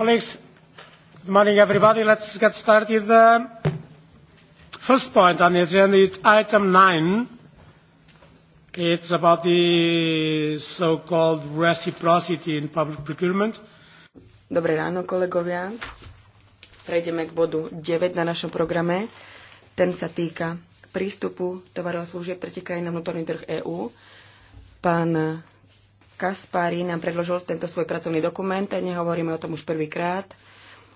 colleagues. Good morning, everybody. Let's get started. first point on the agenda is item nine. It's about the so-called reciprocity in public procurement. Dobré ráno, kolegovia. Prejdeme k bodu 9 na našom programe. Ten sa týka prístupu tovarov a služieb tretich krajín na vnútorný trh EÚ. Pán Kaspari nám predložil tento svoj pracovný dokument. Nehovoríme o tom už prvýkrát.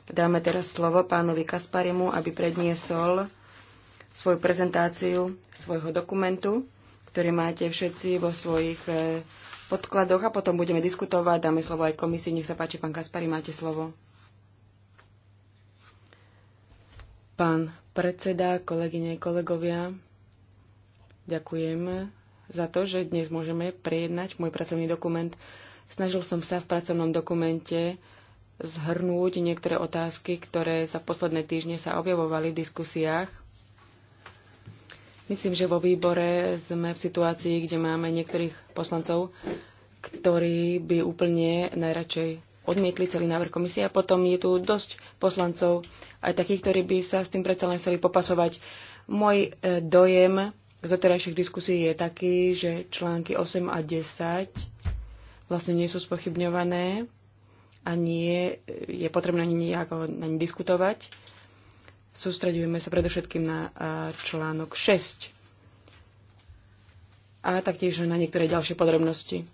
Dáme teraz slovo pánovi Kasparimu, aby predniesol svoju prezentáciu svojho dokumentu, ktorý máte všetci vo svojich e, podkladoch a potom budeme diskutovať. Dáme slovo aj komisii. Nech sa páči, pán Kaspari, máte slovo. Pán predseda, kolegyne, kolegovia, ďakujem za to, že dnes môžeme prejednať môj pracovný dokument. Snažil som sa v pracovnom dokumente zhrnúť niektoré otázky, ktoré za posledné týždne sa objavovali v diskusiách. Myslím, že vo výbore sme v situácii, kde máme niektorých poslancov, ktorí by úplne najradšej odmietli celý návrh komisie a potom je tu dosť poslancov, aj takých, ktorí by sa s tým predsa len chceli popasovať. Môj e, dojem z doterajších diskusí je taký, že články 8 a 10 vlastne nie sú spochybňované a nie je potrebné ani nejako na ne diskutovať. Sústredujeme sa predovšetkým na článok 6 a taktiež na niektoré ďalšie podrobnosti.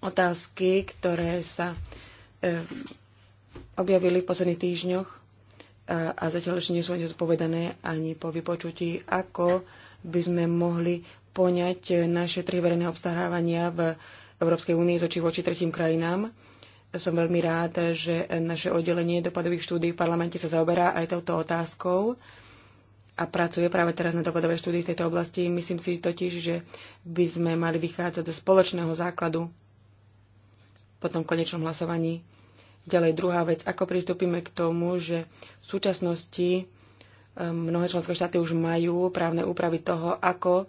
Otázky, ktoré sa e, objavili v posledných týždňoch, a zatiaľ ešte nie sú ani zodpovedané ani po vypočutí, ako by sme mohli poňať naše trhy verejného obstarávania v Európskej únii z očí voči tretím krajinám. Som veľmi rád, že naše oddelenie dopadových štúdí v parlamente sa zaoberá aj touto otázkou a pracuje práve teraz na dopadové štúdii v tejto oblasti. Myslím si totiž, že by sme mali vychádzať do spoločného základu po tom konečnom hlasovaní Ďalej druhá vec, ako pristúpime k tomu, že v súčasnosti ehm, mnohé členské štáty už majú právne úpravy toho, ako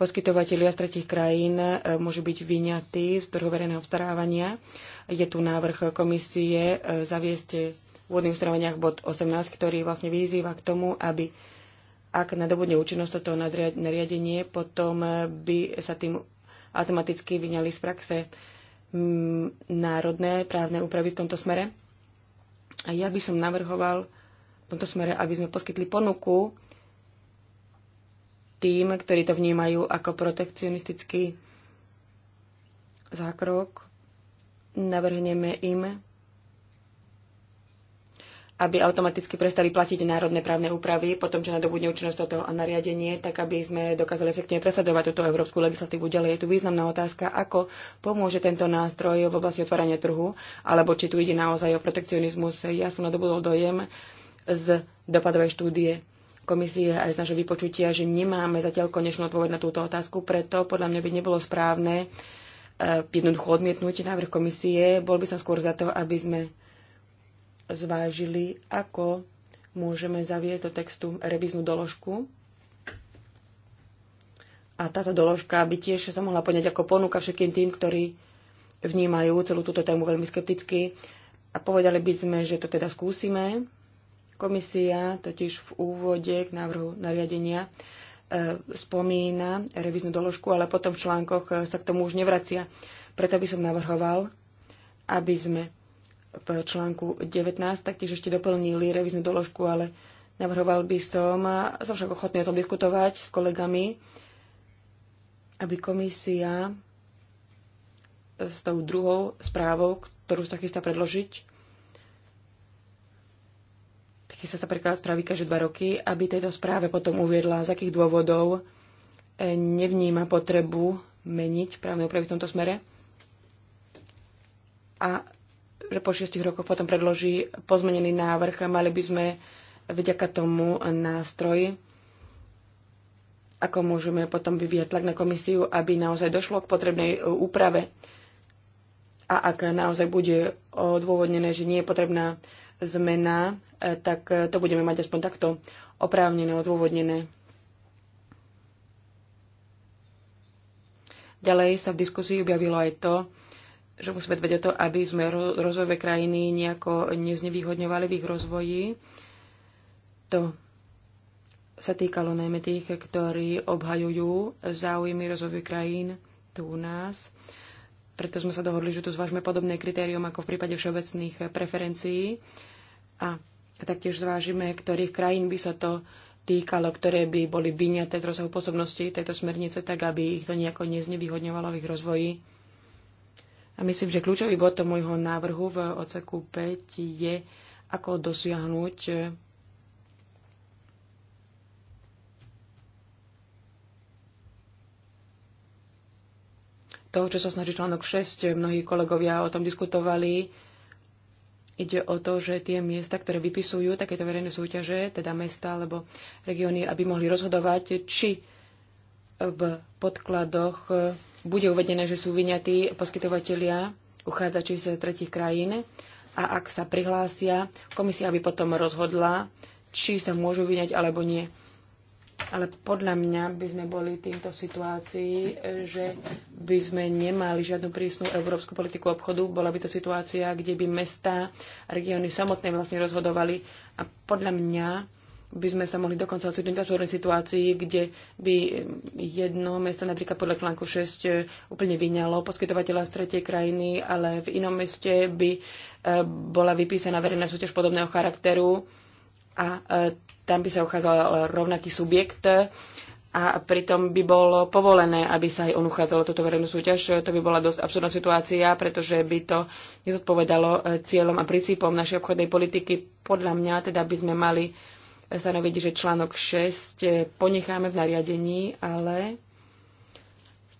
poskytovateľia z tretich krajín ehm, môžu byť vyňatí z trhu verejného obstarávania. Je tu návrh komisie ehm, zaviesť v vodných ustanoveniach bod 18, ktorý vlastne vyzýva k tomu, aby ak nadobudne účinnosť toto nariadenie, potom by sa tým automaticky vyňali z praxe Mm, národné právne úpravy v tomto smere. A ja by som navrhoval v tomto smere, aby sme poskytli ponuku tým, ktorí to vnímajú ako protekcionistický zákrok. Navrhneme im aby automaticky prestali platiť národné právne úpravy, potom čo nadobudne účinnosť toto a nariadenie, tak aby sme dokázali efektívne presadovať túto európsku legislatívu ďalej. Je tu významná otázka, ako pomôže tento nástroj v oblasti otvárania trhu, alebo či tu ide naozaj o protekcionizmus. Ja som nadobudol dojem z dopadovej štúdie komisie aj z nášho vypočutia, že nemáme zatiaľ konečnú odpoveď na túto otázku, preto podľa mňa by nebolo správne eh, jednoducho odmietnúť návrh komisie. Bol by som skôr za to, aby sme zvážili, ako môžeme zaviesť do textu revíznu doložku. A táto doložka by tiež sa mohla poňať ako ponuka všetkým tým, ktorí vnímajú celú túto tému veľmi skepticky. A povedali by sme, že to teda skúsime. Komisia totiž v úvode k návrhu nariadenia e, spomína revíznu doložku, ale potom v článkoch sa k tomu už nevracia. Preto by som navrhoval, aby sme v článku 19 taktiež ešte doplnili revíznu doložku, ale navrhoval by som, a som však ochotný o tom diskutovať s kolegami, aby komisia s tou druhou správou, ktorú sa chystá predložiť, chystá sa preklad správy každé dva roky, aby tejto správe potom uviedla, z akých dôvodov nevníma potrebu meniť právne úpravy v tomto smere. A že po šiestich rokoch potom predloží pozmenený návrh a mali by sme vďaka tomu nástroj, ako môžeme potom vyvíjať tlak na komisiu, aby naozaj došlo k potrebnej e, úprave. A ak naozaj bude odôvodnené, že nie je potrebná zmena, e, tak e, to budeme mať aspoň takto oprávnené, odôvodnené. Ďalej sa v diskusii objavilo aj to, že musíme dbať o to, aby sme rozvojové krajiny nejako neznevýhodňovali v ich rozvoji. To sa týkalo najmä tých, ktorí obhajujú záujmy rozvojových krajín tu u nás. Preto sme sa dohodli, že tu zvážme podobné kritérium ako v prípade všeobecných preferencií a taktiež zvážime, ktorých krajín by sa to týkalo, ktoré by boli vyňaté z rozsahu pôsobnosti tejto smernice, tak aby ich to nejako neznevýhodňovalo v ich rozvoji. A myslím, že kľúčový bod môjho návrhu v odseku 5 je, ako dosiahnuť To, čo sa snaží článok 6. Mnohí kolegovia o tom diskutovali. Ide o to, že tie miesta, ktoré vypisujú takéto verejné súťaže, teda mesta alebo regióny, aby mohli rozhodovať, či v podkladoch bude uvedené, že sú vyňatí poskytovatelia, uchádzači z tretich krajín a ak sa prihlásia, komisia by potom rozhodla, či sa môžu vyňať alebo nie. Ale podľa mňa by sme boli týmto v situácii, že by sme nemali žiadnu prísnu európsku politiku obchodu. Bola by to situácia, kde by mestá, regióny samotné vlastne rozhodovali. A podľa mňa by sme sa mohli dokonca ocitnúť v absurdnej situácii, kde by jedno mesto napríklad podľa článku 6 e, úplne vyňalo poskytovateľa z tretej krajiny, ale v inom meste by e, bola vypísaná verejná súťaž podobného charakteru a e, tam by sa uchádzal rovnaký subjekt a pritom by bolo povolené, aby sa aj on uchádzalo túto verejnú súťaž. To by bola dosť absurdná situácia, pretože by to nezodpovedalo cieľom a princípom našej obchodnej politiky. Podľa mňa teda by sme mali stanoviť, že článok 6 eh, ponecháme v nariadení, ale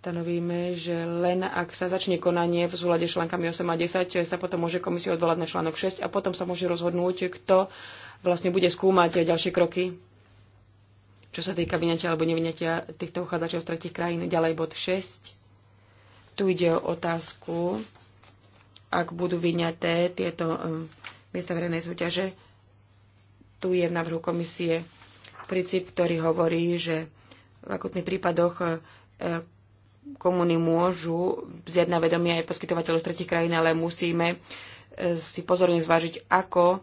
stanovíme, že len ak sa začne konanie v súlade s článkami 8 a 10, eh, sa potom môže komisia odvolať na článok 6 a potom sa môže rozhodnúť, kto vlastne bude skúmať eh, ďalšie kroky, čo sa týka vyňatia alebo nevyňatia týchto uchádzačov z tretich krajín. Ďalej bod 6. Tu ide o otázku, ak budú vyňaté tieto um, miesta verejnej súťaže, tu je v návrhu komisie princíp, ktorý hovorí, že v akutných prípadoch e, komuny môžu vziať na vedomie aj poskytovateľov z tretich krajín, ale musíme e, si pozorne zvážiť, ako e,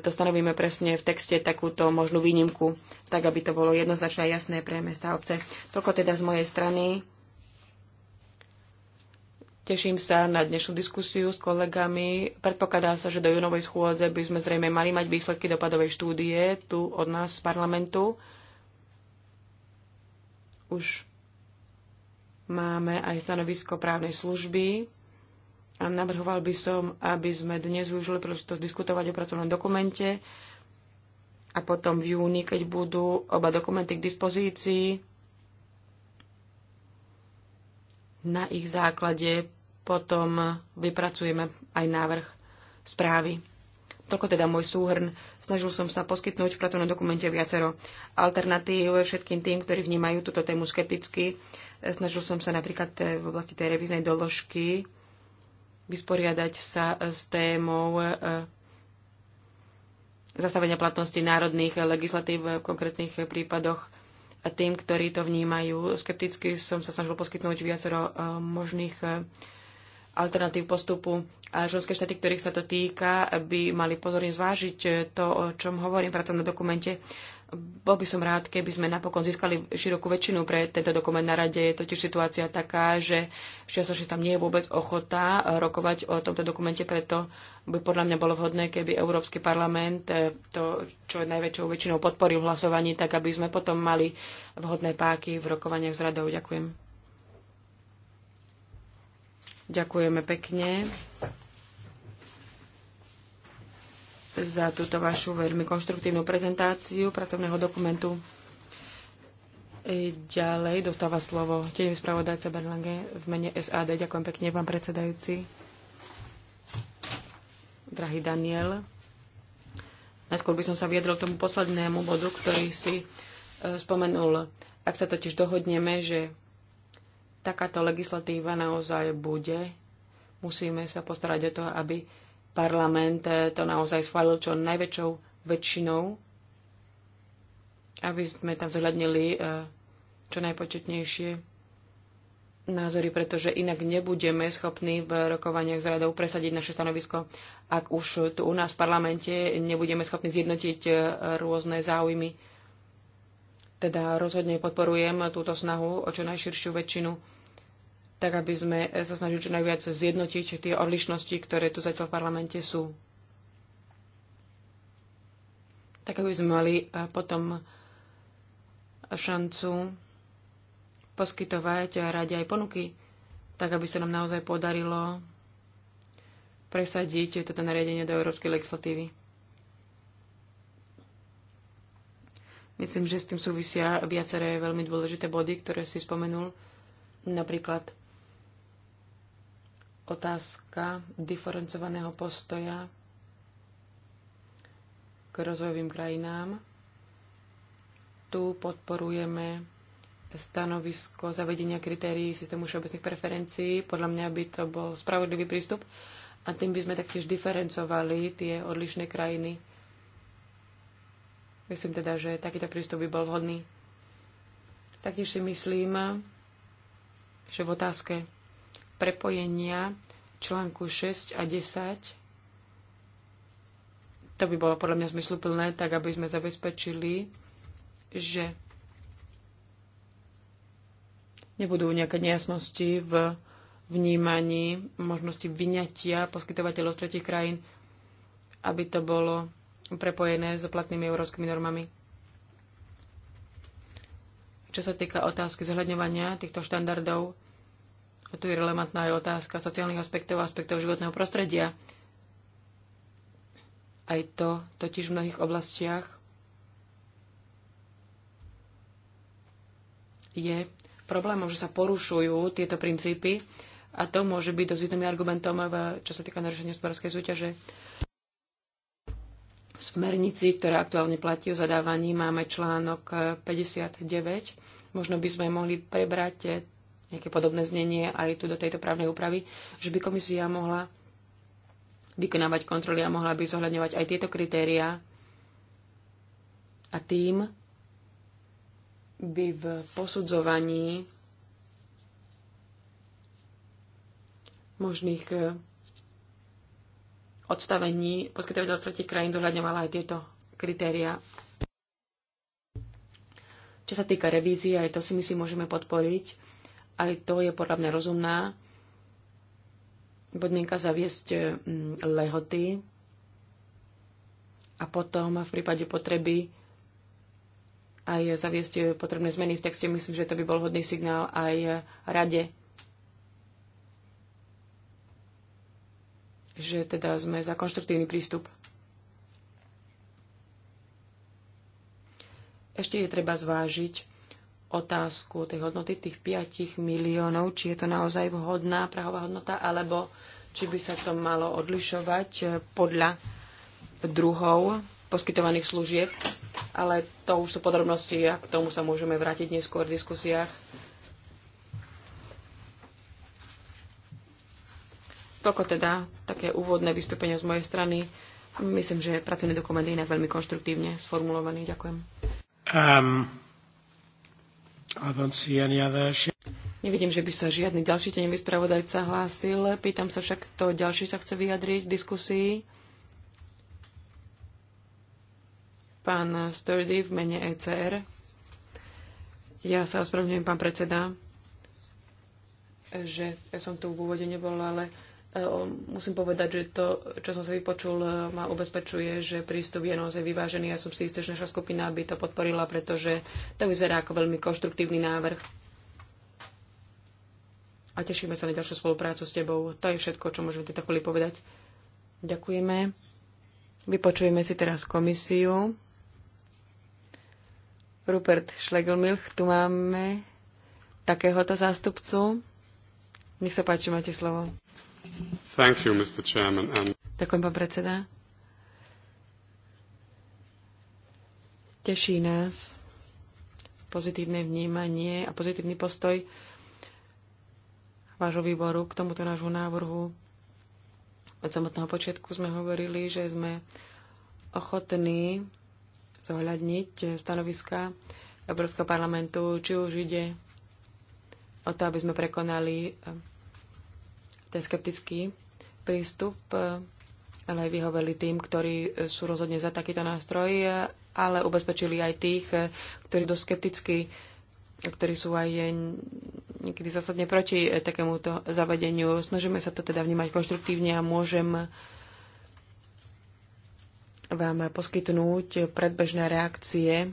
to stanovíme presne v texte takúto možnú výnimku, tak aby to bolo jednoznačne jasné pre mesta a obce. Toľko teda z mojej strany. Teším sa na dnešnú diskusiu s kolegami. Predpokladá sa, že do junovej schôdze by sme zrejme mali mať výsledky dopadovej štúdie tu od nás z parlamentu. Už máme aj stanovisko právnej služby. A navrhoval by som, aby sme dnes využili príležitosť diskutovať o pracovnom dokumente a potom v júni, keď budú oba dokumenty k dispozícii, na ich základe potom vypracujeme aj návrh správy. Toľko teda môj súhrn. Snažil som sa poskytnúť v pracovnom dokumente viacero alternatív všetkým tým, ktorí vnímajú túto tému skepticky. Snažil som sa napríklad eh, v oblasti tej revíznej doložky vysporiadať sa s témou eh, zastavenia platnosti národných legislatív v konkrétnych prípadoch. A tým, ktorí to vnímajú skepticky, som sa snažil poskytnúť viacero eh, možných alternatív postupu. A členské štáty, ktorých sa to týka, by mali pozorne zvážiť to, o čom hovorím v pracovnom dokumente. Bol by som rád, keby sme napokon získali širokú väčšinu pre tento dokument na rade. Je totiž situácia taká, že čiastočne tam nie je vôbec ochota rokovať o tomto dokumente, preto by podľa mňa bolo vhodné, keby Európsky parlament eh, to, čo je najväčšou väčšinou podporil v hlasovaní, tak aby sme potom mali vhodné páky v rokovaniach s radou. Ďakujem. Ďakujeme pekne za túto vašu veľmi konštruktívnu prezentáciu pracovného dokumentu. Ďalej dostáva slovo tým spravodajca Berlange v mene SAD. Ďakujem pekne, pán predsedajúci. Drahý Daniel, najskôr by som sa k tomu poslednému bodu, ktorý si e, spomenul. Ak sa totiž dohodneme, že takáto legislatíva naozaj bude, musíme sa postarať o to, aby parlament eh, to naozaj schválil čo najväčšou väčšinou, aby sme tam zhľadnili eh, čo najpočetnejšie názory, pretože inak nebudeme schopní v rokovaniach s radou presadiť naše stanovisko, ak už tu u nás v parlamente nebudeme schopní zjednotiť eh, rôzne záujmy. Teda rozhodne podporujem túto snahu o čo najširšiu väčšinu tak aby sme sa snažili čo najviac zjednotiť tie odlišnosti, ktoré tu zatiaľ v parlamente sú. Tak aby sme mali eh, potom šancu poskytovať a rade aj ponuky, tak aby sa nám naozaj podarilo presadiť toto nariadenie do európskej legislatívy. Myslím, že s tým súvisia viaceré veľmi dôležité body, ktoré si spomenul. Napríklad otázka diferencovaného postoja k rozvojovým krajinám. Tu podporujeme stanovisko zavedenia kritérií systému všeobecných preferencií. Podľa mňa by to bol spravodlivý prístup a tým by sme taktiež diferencovali tie odlišné krajiny. Myslím teda, že takýto prístup by bol vhodný. Taktiež si myslím, že v otázke prepojenia článku 6 a 10. To by bolo podľa mňa zmysluplné, tak aby sme zabezpečili, že nebudú nejaké nejasnosti v vnímaní možnosti vyňatia poskytovateľov z tretich krajín, aby to bolo prepojené s platnými európskymi normami. Čo sa týka otázky zhľadňovania týchto štandardov, a tu je relevantná aj otázka sociálnych aspektov a aspektov životného prostredia. Aj to totiž v mnohých oblastiach je problémom, že sa porušujú tieto princípy a to môže byť dosť významným argumentom, čo sa týka narušenia hospodárskej súťaže. V smernici, ktorá aktuálne platí o zadávaní, máme článok 59. Eh, Možno by sme mohli prebrať eh, nejaké podobné znenie aj tu do tejto právnej úpravy, že by komisia mohla vykonávať kontroly a mohla by zohľadňovať aj tieto kritériá a tým by v posudzovaní možných e, odstavení poskytovateľov tretich krajín zohľadňovala aj tieto kritéria. Čo sa týka revízie, aj to si myslím môžeme podporiť. Aj to je podľa mňa rozumná podmienka zaviesť mm, lehoty a potom v prípade potreby aj zaviesť potrebné zmeny v texte. Myslím, že to by bol hodný signál aj rade, že teda sme za konštruktívny prístup. Ešte je treba zvážiť, otázku tej hodnoty tých 5 miliónov, či je to naozaj vhodná prahová hodnota, alebo či by sa to malo odlišovať eh, podľa druhov poskytovaných služieb. Ale to už sú podrobnosti a k tomu sa môžeme vrátiť neskôr v diskusiách. Toľko teda také úvodné vystúpenia z mojej strany. Myslím, že pracovný dokument je inak veľmi konštruktívne sformulovaný. Ďakujem. Um. Nevidím, že by sa žiadny ďalší tenevý spravodajca hlásil. Pýtam sa však, kto ďalší sa chce vyjadriť v diskusii. Pán Sturdy v mene ECR. Ja sa ospravedlňujem, pán predseda, že ja som tu v úvode nebol, ale E, musím povedať, že to, čo som si vypočul, e, ma ubezpečuje, že prístup je naozaj vyvážený. Ja som si istý, že naša skupina by to podporila, pretože to vyzerá ako veľmi konštruktívny návrh. A tešíme sa na ďalšiu spoluprácu s tebou. To je všetko, čo môžeme tejto chvíli povedať. Ďakujeme. Vypočujeme si teraz komisiu. Rupert Schlegelmilch, tu máme takéhoto zástupcu. Nech sa páči, máte slovo. Thank you, Mr. Chairman. And... Ďakujem, pán predseda. Teší nás pozitívne vnímanie a pozitívny postoj vášho výboru k tomuto nášmu návrhu. Od samotného počiatku sme hovorili, že sme ochotní zohľadniť stanoviska Európskeho parlamentu, či už ide o to, aby sme prekonali eh, ten skeptický prístup, e, ale vyhoveli tým, ktorí e, sú rozhodne za takýto nástroj, e, ale ubezpečili aj tých, ktorí dosť skepticky ktorí sú aj niekedy zásadne proti takémuto zavedeniu. Snažíme sa to teda vnímať konštruktívne a môžem vám poskytnúť predbežné reakcie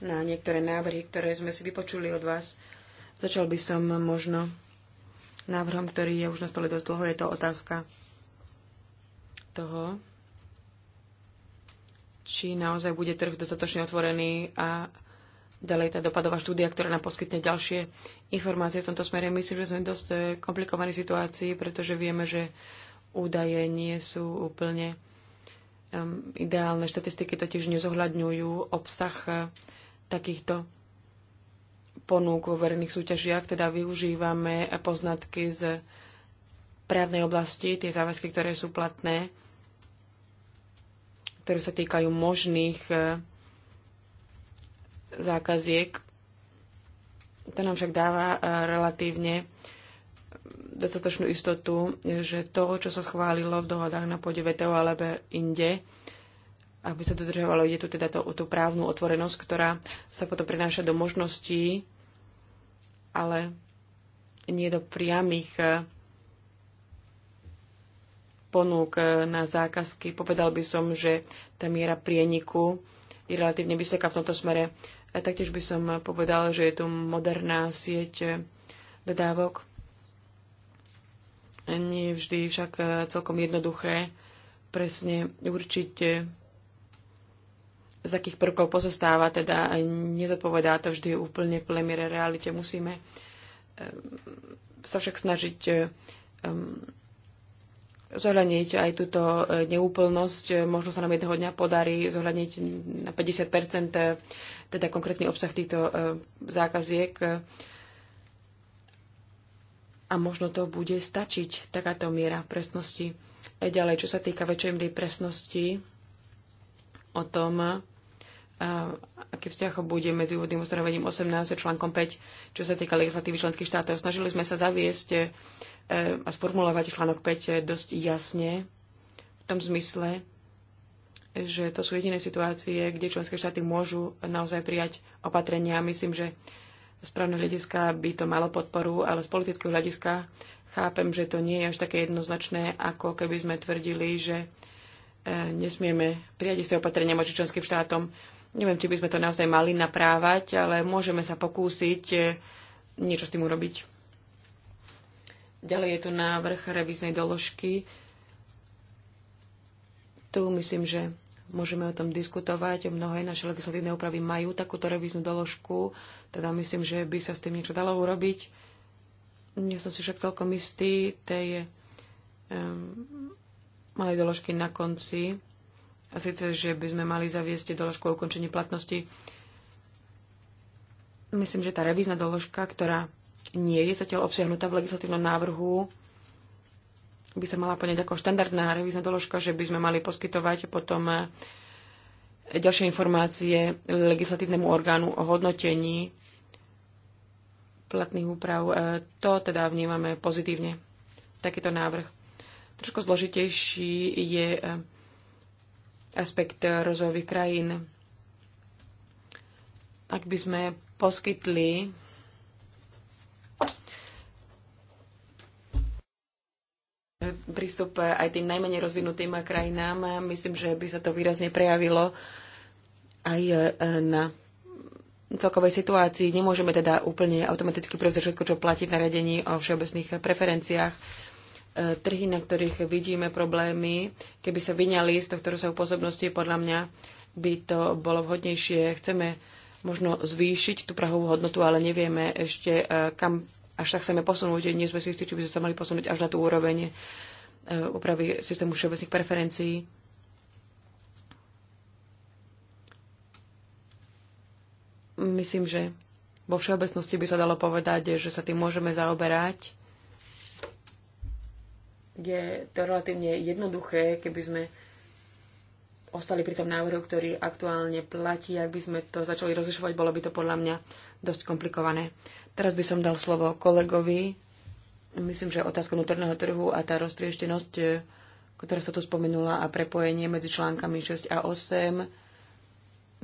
na niektoré návrhy, ktoré sme si vypočuli od vás. Začal by som možno návrhom, ktorý je už na stole dosť dlho, je to otázka toho, či naozaj bude trh dostatočne otvorený a ďalej tá dopadová štúdia, ktorá nám poskytne ďalšie informácie v tomto smere. Myslím, že sme v dosť eh, komplikovanej situácii, pretože vieme, že údaje nie sú úplne um, ideálne. Štatistiky totiž nezohľadňujú obsah uh, takýchto ponúk vo verejných súťažiach, teda využívame poznatky z právnej oblasti, tie záväzky, ktoré sú platné, ktoré sa týkajú možných e, zákaziek. To nám však dáva e, relatívne dostatočnú istotu, že to, čo sa schválilo v dohodách na pôde VTO alebo inde, aby sa dodržovalo, ide tu teda to, tú právnu otvorenosť, ktorá sa potom prináša do možností ale nie do priamých eh, ponúk eh, na zákazky. Povedal by som, že tá miera prieniku je relatívne vysoká v tomto smere. A taktiež by som eh, povedal, že je tu moderná sieť dodávok. Nie vždy však celkom jednoduché presne určite z akých prvkov pozostáva, teda nezodpovedá to vždy úplne v plemire miere realite. Musíme ehm, sa však snažiť ehm, zohľadniť aj túto e, neúplnosť. Možno sa nám jedného dňa podarí zohľadniť na 50 e, teda konkrétny obsah týchto e, zákaziek. A možno to bude stačiť, takáto miera presnosti. A ďalej, čo sa týka väčšej miery presnosti, o tom aký vzťah bude medzi úvodným ustanovením 18 a článkom 5, čo sa týka legislatívy členských štátov. Snažili sme sa zaviesť e, a sformulovať článok 5 e, dosť jasne, v tom zmysle, že to sú jediné situácie, kde členské štáty môžu naozaj prijať opatrenia. Myslím, že z právneho hľadiska by to malo podporu, ale z politického hľadiska chápem, že to nie je až také jednoznačné, ako keby sme tvrdili, že e, nesmieme prijať isté opatrenia voči členským štátom. Neviem, či by sme to naozaj mali naprávať, ale môžeme sa pokúsiť eh, niečo s tým urobiť. Ďalej je tu návrh revíznej doložky. Tu myslím, že môžeme o tom diskutovať. Mnohé naše legislatívne úpravy majú takúto revíznu doložku, teda myslím, že by sa s tým niečo dalo urobiť. Nie som si však celkom istý tej um, malej doložky na konci a síce, že by sme mali zaviesť doložku o ukončení platnosti. Myslím, že tá revízna doložka, ktorá nie je zatiaľ obsiahnutá v legislatívnom návrhu, by sa mala poňať ako štandardná revízna doložka, že by sme mali poskytovať potom eh, ďalšie informácie legislatívnemu orgánu o hodnotení platných úprav. Eh, to teda vnímame pozitívne, takýto návrh. Trošku zložitejší je eh, aspekt rozvojových krajín. Ak by sme poskytli prístup aj tým najmenej rozvinutým krajinám. Myslím, že by sa to výrazne prejavilo aj e, na celkovej situácii. Nemôžeme teda úplne automaticky prevziať všetko, čo platí v naredení o všeobecných preferenciách. Eh, trhy, na ktorých vidíme problémy, keby sa vyňali z tohto rozsahu pôsobnosti, podľa mňa by to bolo vhodnejšie. Chceme možno zvýšiť tú prahovú hodnotu, ale nevieme ešte, eh, kam až sa chceme posunúť. Nie sme si istí, či by sme sa mali posunúť až na tú úroveň eh, úpravy systému všeobecných preferencií. Myslím, že vo všeobecnosti by sa dalo povedať, že sa tým môžeme zaoberať je to relatívne jednoduché, keby sme ostali pri tom návrhu, ktorý aktuálne platí. Ak by sme to začali rozlišovať, bolo by to podľa mňa dosť komplikované. Teraz by som dal slovo kolegovi. Myslím, že otázka vnútorného trhu a tá roztrieštenosť, e, ktorá sa tu spomenula a prepojenie medzi článkami 6 a 8,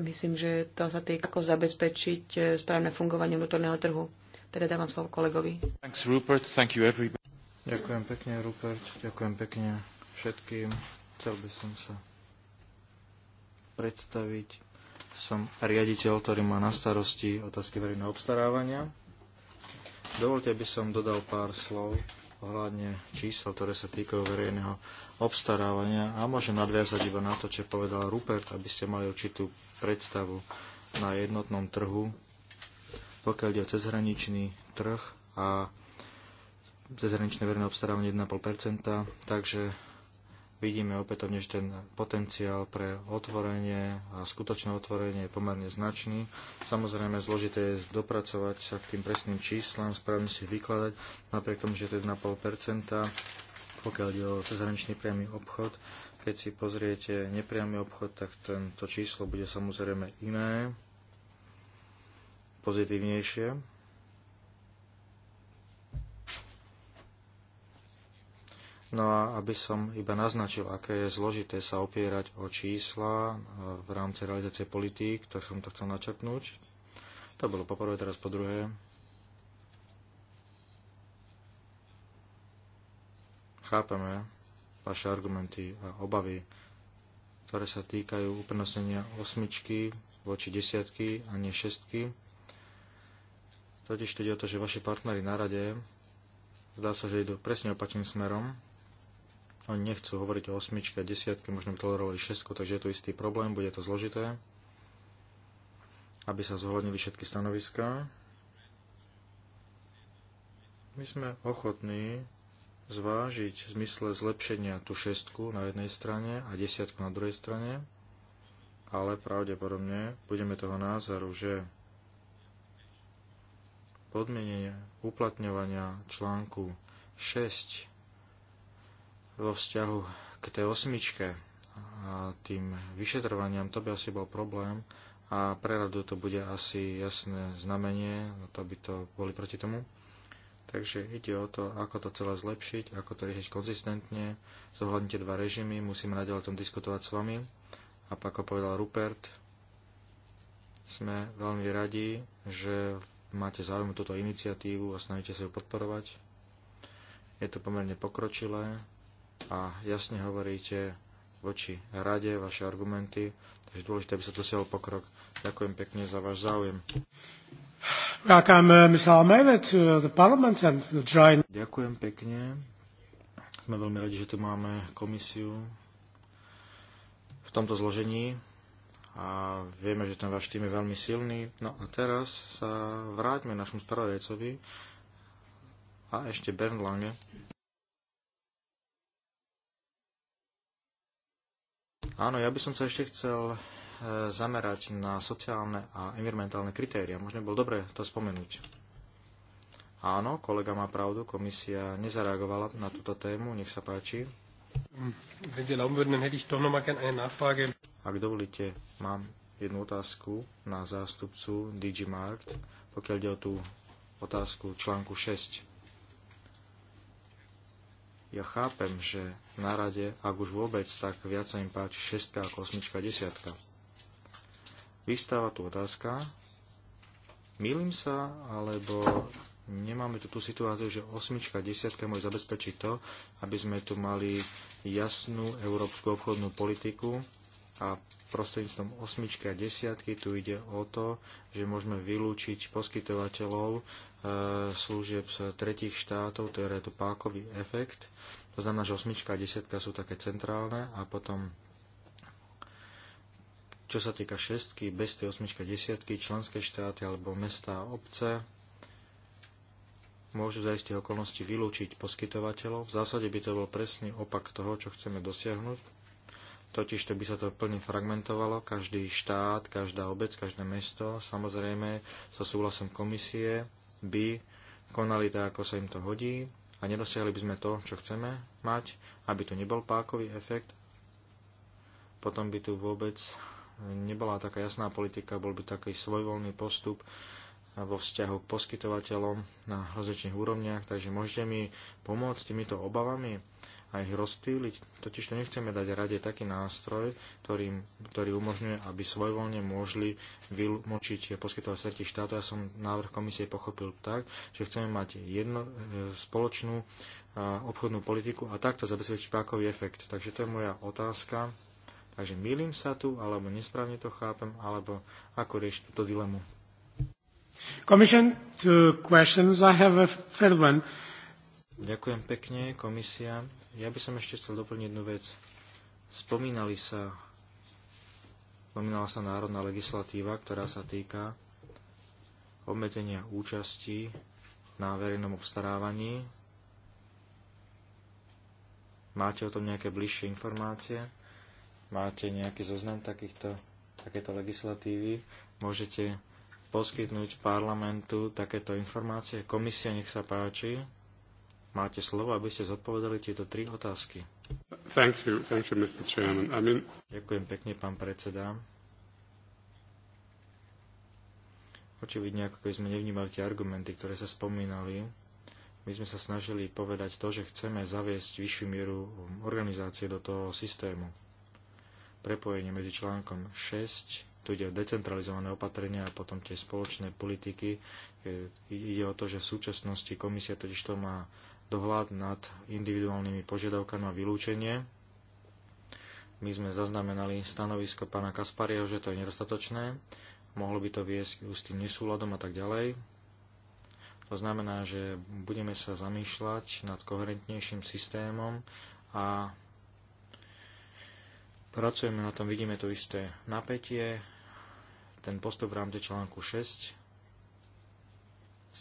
myslím, že to sa týka, ako zabezpečiť e, správne fungovanie vnútorného trhu. Teda dávam slovo kolegovi. Thanks, Rupert. Thank you, everybody. Ďakujem pekne, Rupert. Ďakujem pekne všetkým. Chcel by som sa predstaviť. Som riaditeľ, ktorý má na starosti otázky verejného obstarávania. Dovolte, aby som dodal pár slov ohľadne čísel, ktoré sa týkajú verejného obstarávania a môžem nadviazať iba na to, čo povedal Rupert, aby ste mali určitú predstavu na jednotnom trhu, pokiaľ ide o cezhraničný trh a cezhraničné verejné obstarávanie 1,5%, takže vidíme opätovne, že ten potenciál pre otvorenie a skutočné otvorenie je pomerne značný. Samozrejme, zložité je dopracovať sa k tým presným číslam, správne si vykladať, napriek tomu, že to je 1,5%, pokiaľ ide o cezhraničný priamy obchod. Keď si pozriete nepriamy obchod, tak tento číslo bude samozrejme iné, pozitívnejšie. No a aby som iba naznačil, aké je zložité sa opierať o čísla e, v rámci realizácie politík, tak som to chcel načrtnúť. To bolo poprvé, teraz po druhé. Chápeme vaše argumenty a obavy, ktoré sa týkajú uprnostnenia osmičky voči desiatky a nie šestky. Totiž to ide o to, že vaši partnery na rade zdá sa, že idú presne opačným smerom, oni no, nechcú hovoriť o osmičke, desiatke, možno by tolerovali šestku, takže je to istý problém, bude to zložité, aby sa zohľadnili všetky stanoviská. My sme ochotní zvážiť v zmysle zlepšenia tú šestku na jednej strane a desiatku na druhej strane, ale pravdepodobne budeme toho názoru, že podmienenie uplatňovania článku 6 vo vzťahu k tej osmičke a tým vyšetrovaniam, to by asi bol problém a pre radu to bude asi jasné znamenie, no to by to boli proti tomu. Takže ide o to, ako to celé zlepšiť, ako to riešiť konzistentne, zohľadnite dva režimy, musíme naďalej o tom diskutovať s vami. A ako povedal Rupert, sme veľmi radi, že máte záujem túto iniciatívu a snažíte sa ju podporovať. Je to pomerne pokročilé, a jasne hovoríte voči rade vaše argumenty, takže dôležité, aby sa siel pokrok. Ďakujem pekne za váš záujem. Uh, Ďakujem pekne. Sme veľmi radi, že tu máme komisiu v tomto zložení a vieme, že ten váš tým je veľmi silný. No a teraz sa vráťme našmu spravodajcovi a ešte Bernd Lange. Áno, ja by som sa ešte chcel e, zamerať na sociálne a environmentálne kritéria. Možno bol dobre to spomenúť. Áno, kolega má pravdu, komisia nezareagovala na túto tému, nech sa páči. Ak dovolíte, mám jednu otázku na zástupcu DigiMarkt, pokiaľ ide o tú otázku článku 6. Ja chápem, že na rade, ak už vôbec, tak viac sa im páči 6 ako 8 10. Vystáva tu otázka, milím sa, alebo nemáme tu tú situáciu, že 8 10 môže zabezpečiť to, aby sme tu mali jasnú európsku obchodnú politiku a prostredníctvom 8 a 10 tu ide o to, že môžeme vylúčiť poskytovateľov E, služieb z tretich štátov, to je tu pákový efekt. To znamená, že osmička a desiatka sú také centrálne a potom čo sa týka šestky, bez tej osmička desiatky, členské štáty alebo mesta a obce môžu za istých okolností vylúčiť poskytovateľov. V zásade by to bol presný opak toho, čo chceme dosiahnuť. Totiž to by sa to plne fragmentovalo. Každý štát, každá obec, každé mesto, samozrejme so súhlasom komisie, by konali tak, ako sa im to hodí a nedosiahli by sme to, čo chceme mať, aby tu nebol pákový efekt, potom by tu vôbec nebola taká jasná politika, bol by taký svojvoľný postup vo vzťahu k poskytovateľom na rozličných úrovniach, takže môžete mi pomôcť týmito obavami a ich rozptýliť. Totiž to nechceme dať rade taký nástroj, ktorý, ktorý umožňuje, aby svojvoľne môžli vymočiť poskytovať tretí štátu, Ja som návrh komisie pochopil tak, že chceme mať jedno, e, spoločnú e, obchodnú politiku a takto zabezpečiť pákový efekt. Takže to je moja otázka. Takže milím sa tu, alebo nesprávne to chápem, alebo ako riešiť túto dilemu. Commission, two questions. I have a third one. Ďakujem pekne, komisia. Ja by som ešte chcel doplniť jednu vec. Spomínali sa, spomínala sa národná legislatíva, ktorá sa týka obmedzenia účasti na verejnom obstarávaní. Máte o tom nejaké bližšie informácie? Máte nejaký zoznam takýchto, takéto legislatívy? Môžete poskytnúť parlamentu takéto informácie? Komisia, nech sa páči. Máte slovo, aby ste zodpovedali tieto tri otázky. Thank you. Thank you, Mr. Chairman. I mean... Ďakujem pekne, pán predseda. Očividne, ako keby sme nevnímali tie argumenty, ktoré sa spomínali, my sme sa snažili povedať to, že chceme zaviesť vyššiu mieru organizácie do toho systému. Prepojenie medzi článkom 6, tu ide o decentralizované opatrenia a potom tie spoločné politiky. E, ide o to, že v súčasnosti komisia totiž to má dohľad nad individuálnymi požiadavkami a vylúčenie. My sme zaznamenali stanovisko pána Kaspariho, že to je nedostatočné, mohlo by to viesť s tým nesúladom a tak ďalej. To znamená, že budeme sa zamýšľať nad koherentnejším systémom a pracujeme na tom, vidíme to isté napätie. Ten postup v rámci článku 6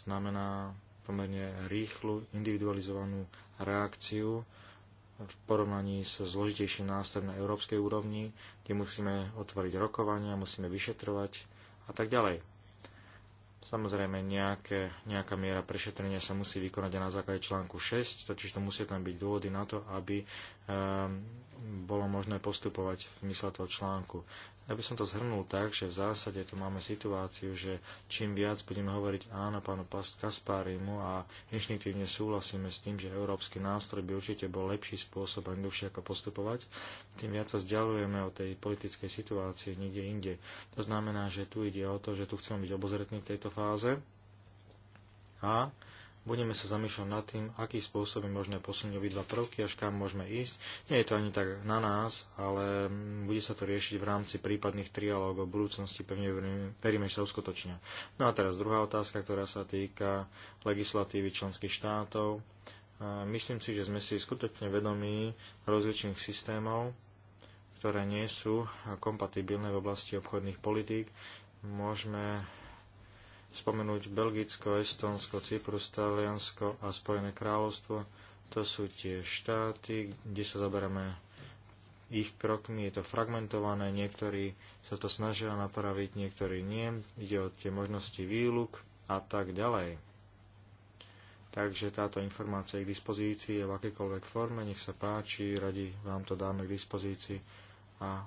znamená pomerne rýchlu, individualizovanú reakciu v porovnaní s zložitejším nástrojom na európskej úrovni, kde musíme otvoriť rokovania, musíme vyšetrovať a tak ďalej. Samozrejme, nejaké, nejaká miera prešetrenia sa musí vykonať aj na základe článku 6, totiž to musia tam byť dôvody na to, aby e, bolo možné postupovať v mysle toho článku. Ja by som to zhrnul tak, že v zásade tu máme situáciu, že čím viac budeme hovoriť áno pánu Kaspárimu a inštinktívne súhlasíme s tým, že európsky nástroj by určite bol lepší spôsob a jednoduchšie ako postupovať, tým viac sa vzdialujeme od tej politickej situácie niekde inde. To znamená, že tu ide o to, že tu chceme byť obozretní v tejto fáze a budeme sa zamýšľať nad tým, aký spôsob je možné posunúť obidva prvky, až kam môžeme ísť. Nie je to ani tak na nás, ale bude sa to riešiť v rámci prípadných trialógov v budúcnosti, pevne veríme, že sa uskutočnia. No a teraz druhá otázka, ktorá sa týka legislatívy členských štátov. Myslím si, že sme si skutočne vedomí rozličných systémov, ktoré nie sú kompatibilné v oblasti obchodných politík. Môžeme spomenúť Belgicko, Estonsko, Cyprus, Taliansko a Spojené kráľovstvo. To sú tie štáty, kde sa zaberáme ich krokmi, je to fragmentované, niektorí sa to snažia napraviť, niektorí nie, ide o tie možnosti výluk a tak ďalej. Takže táto informácia je k dispozícii je v akékoľvek forme, nech sa páči, radi vám to dáme k dispozícii a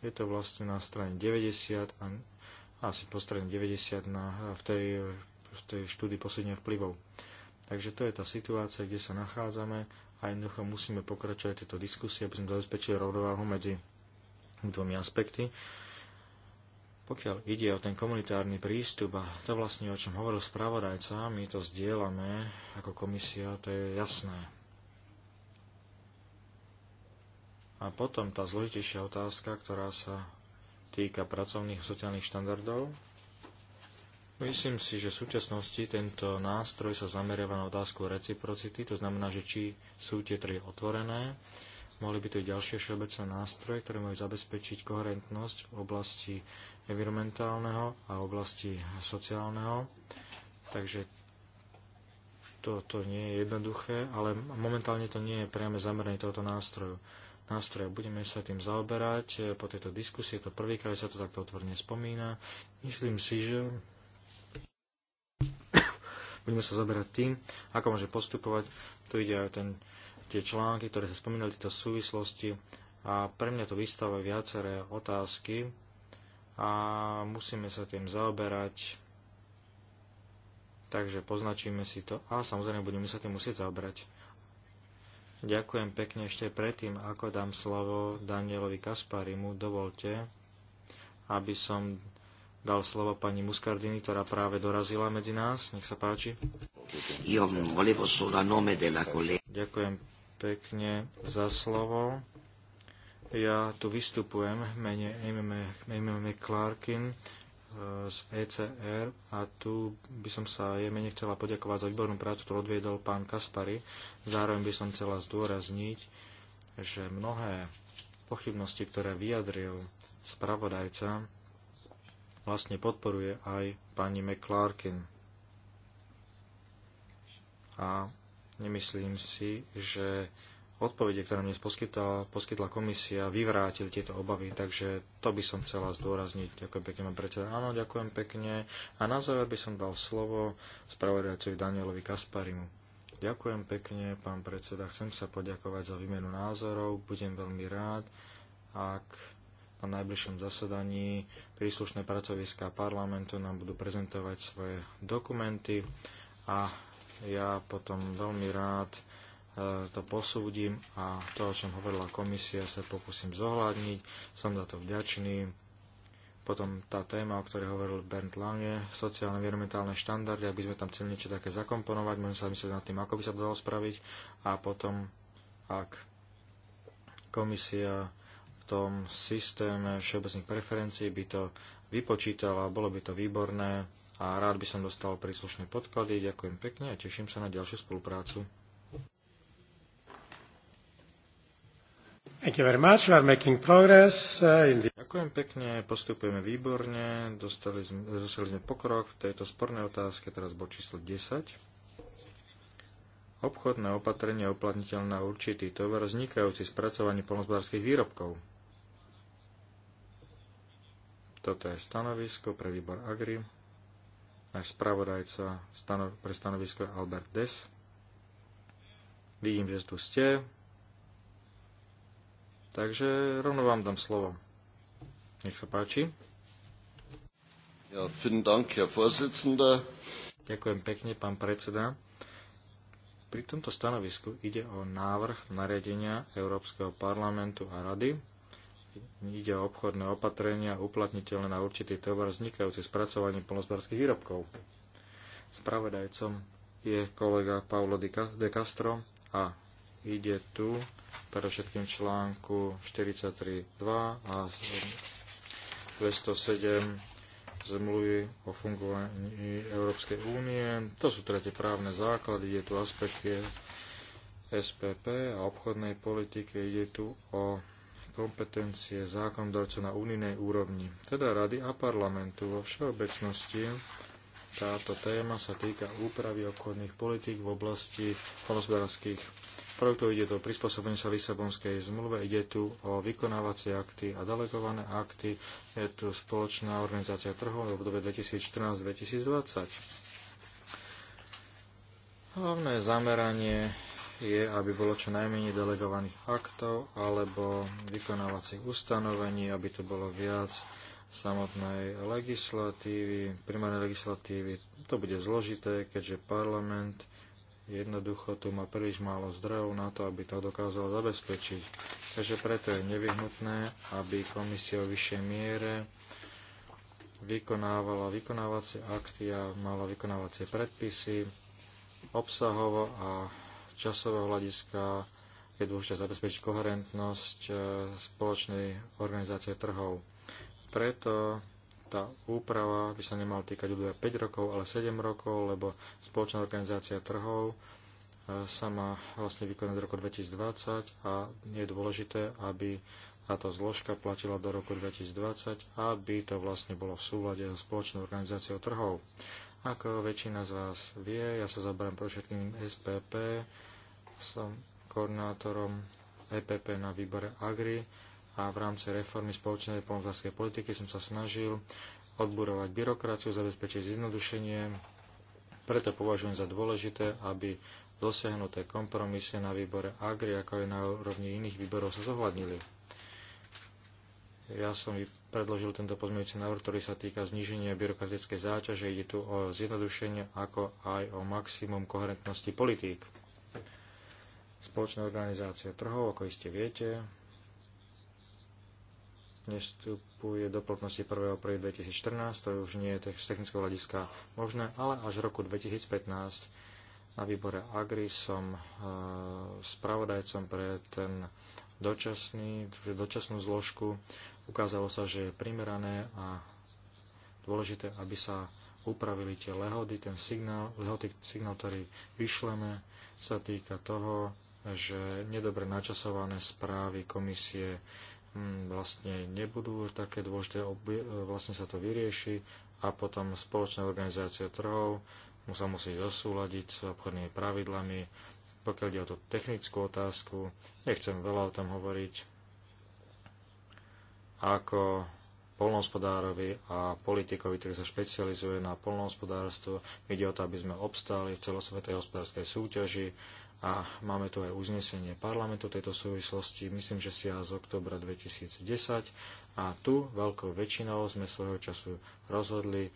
je to vlastne na strane 90 a asi po strane 90 na, v, tej, v tej štúdii posúdenia vplyvov. Takže to je tá situácia, kde sa nachádzame a jednoducho musíme pokračovať tieto diskusie, aby sme zabezpečili rovnováhu medzi dvomi aspekty. Pokiaľ ide o ten komunitárny prístup, a to vlastne o čom hovoril spravodajca, my to zdieľame ako komisia, to je jasné. A potom tá zložitejšia otázka, ktorá sa týka pracovných a sociálnych štandardov. Myslím si, že v súčasnosti tento nástroj sa zameriava na otázku reciprocity, to znamená, že či sú tie trhy otvorené. Mohli by to byť ďalšie všeobecné nástroje, ktoré majú zabezpečiť koherentnosť v oblasti environmentálneho a oblasti sociálneho. Takže toto to nie je jednoduché, ale momentálne to nie je priame zameranie tohoto nástroju nástroje Budeme sa tým zaoberať. E, po tejto diskusii to prvýkrát sa to takto otvorene spomína. Myslím si, že budeme sa zaoberať tým, ako môže postupovať. Tu ide aj ten, tie články, ktoré sa spomínali, tieto súvislosti. A pre mňa to vystávajú viaceré otázky a musíme sa tým zaoberať. Takže poznačíme si to a samozrejme budeme sa tým musieť zaoberať. Ďakujem pekne ešte predtým, ako dám slovo Danielovi Kasparimu. Dovolte, aby som dal slovo pani Muscardini, ktorá práve dorazila medzi nás. Nech sa páči. Ďakujem pekne za slovo. Ja tu vystupujem mene Amy McClarkin, z ECR a tu by som sa jemene chcela poďakovať za výbornú prácu, ktorú odviedol pán Kaspari. Zároveň by som chcela zdôrazniť, že mnohé pochybnosti, ktoré vyjadril spravodajca, vlastne podporuje aj pani McClarkin. A nemyslím si, že odpovede, ktoré mi poskytla, poskytla komisia, vyvrátili tieto obavy, takže to by som chcela zdôrazniť. Ďakujem pekne, pán predseda. Áno, ďakujem pekne. A na záver by som dal slovo spravodajcovi Danielovi Kasparimu. Ďakujem pekne, pán predseda. Chcem sa poďakovať za výmenu názorov. Budem veľmi rád, ak na najbližšom zasadaní príslušné pracoviská parlamentu nám budú prezentovať svoje dokumenty a ja potom veľmi rád E, to posúdim a to, o čom hovorila komisia, sa pokúsim zohľadniť. Som za to vďačný. Potom tá téma, o ktorej hovoril Bernd Lange, sociálne environmentálne štandardy, aby sme tam chceli niečo také zakomponovať, môžeme sa myslieť nad tým, ako by sa to dalo spraviť. A potom, ak komisia v tom systéme všeobecných preferencií by to vypočítala, bolo by to výborné a rád by som dostal príslušné podklady. Ďakujem pekne a teším sa na ďalšiu spoluprácu. Uh, the... Ďakujem pekne, postupujeme výborne, dostali sme, dostali sme pokrok v tejto spornej otázke, teraz bol číslo 10. Obchodné opatrenie uplatniteľné na určitý tovar vznikajúci z pracovaní polnospodárských výrobkov. Toto je stanovisko pre výbor Agri. Náš spravodajca pre stanovisko je Albert Des. Vidím, že tu ste. Takže rovno vám dám slovo. Nech sa páči. Ja, Dank, Herr Ďakujem pekne, pán predseda. Pri tomto stanovisku ide o návrh nariadenia Európskeho parlamentu a rady. Ide o obchodné opatrenia uplatniteľné na určitý tovar vznikajúci spracovaním polnospodárských výrobkov. Spravodajcom je kolega Paulo de Castro a Ide tu všetkým článku 43.2 a 207 zmluvy o fungovaní Európskej únie. To sú tretie právne základy, je tu aspekty SPP a obchodnej politike, ide tu o kompetencie zákonodarcu na unijnej úrovni, teda rady a parlamentu. Vo všeobecnosti táto téma sa týka úpravy obchodných politík v oblasti hospodárskych produktov, ide do prispôsobenia sa Lisabonskej zmluve, ide tu o vykonávacie akty a delegované akty, je tu spoločná organizácia trhov v obdobie 2014-2020. Hlavné zameranie je, aby bolo čo najmenej delegovaných aktov alebo vykonávacích ustanovení, aby tu bolo viac samotnej legislatívy, primárnej legislatívy. To bude zložité, keďže parlament Jednoducho tu má príliš málo zdrojov na to, aby to dokázal zabezpečiť. Takže preto je nevyhnutné, aby komisia v vyššej miere vykonávala vykonávacie akty a mala vykonávacie predpisy. Obsahovo a časového hľadiska je dôležité zabezpečiť koherentnosť e, spoločnej organizácie trhov. Preto tá úprava by sa nemala týkať obdobia 5 rokov, ale 7 rokov, lebo spoločná organizácia trhov e, sa má vlastne vykonať do roku 2020 a je dôležité, aby táto zložka platila do roku 2020, aby to vlastne bolo v súlade so spoločnou organizáciou trhov. Ako väčšina z vás vie, ja sa zaberám pro všetkým SPP, som koordinátorom EPP na výbore AGRI a v rámci reformy spoločnej polnohospodárskej politiky som sa snažil odburovať byrokraciu, zabezpečiť zjednodušenie. Preto považujem za dôležité, aby dosiahnuté kompromisy na výbore Agri, ako aj na úrovni iných výborov sa zohľadnili. Ja som predložil tento pozmeňujúci návrh, ktorý sa týka zníženia byrokratickej záťaže. Ide tu o zjednodušenie, ako aj o maximum koherentnosti politík. Spoločná organizácia trhov, ako iste viete, nestupuje do platnosti 1. 2014, to už nie je z technického hľadiska možné, ale až v roku 2015 na výbore Agri som e, spravodajcom pre ten dočasný, dočasnú zložku. Ukázalo sa, že je primerané a dôležité, aby sa upravili tie lehody, ten signál, lehoty, signál, ktorý vyšleme, sa týka toho, že nedobre načasované správy komisie Hm, vlastne nebudú také dôležité, e, vlastne sa to vyrieši a potom spoločná organizácia trhov mu sa musí zosúľadiť s obchodnými pravidlami. Pokiaľ ide o tú technickú otázku, nechcem veľa o tom hovoriť. Ako polnohospodárovi a politikovi, ktorý sa špecializuje na polnohospodárstvo, ide o to, aby sme obstáli v celosvetej hospodárskej súťaži a máme tu aj uznesenie parlamentu tejto súvislosti, myslím, že si z oktobra 2010 a tu veľkou väčšinou sme svojho času rozhodli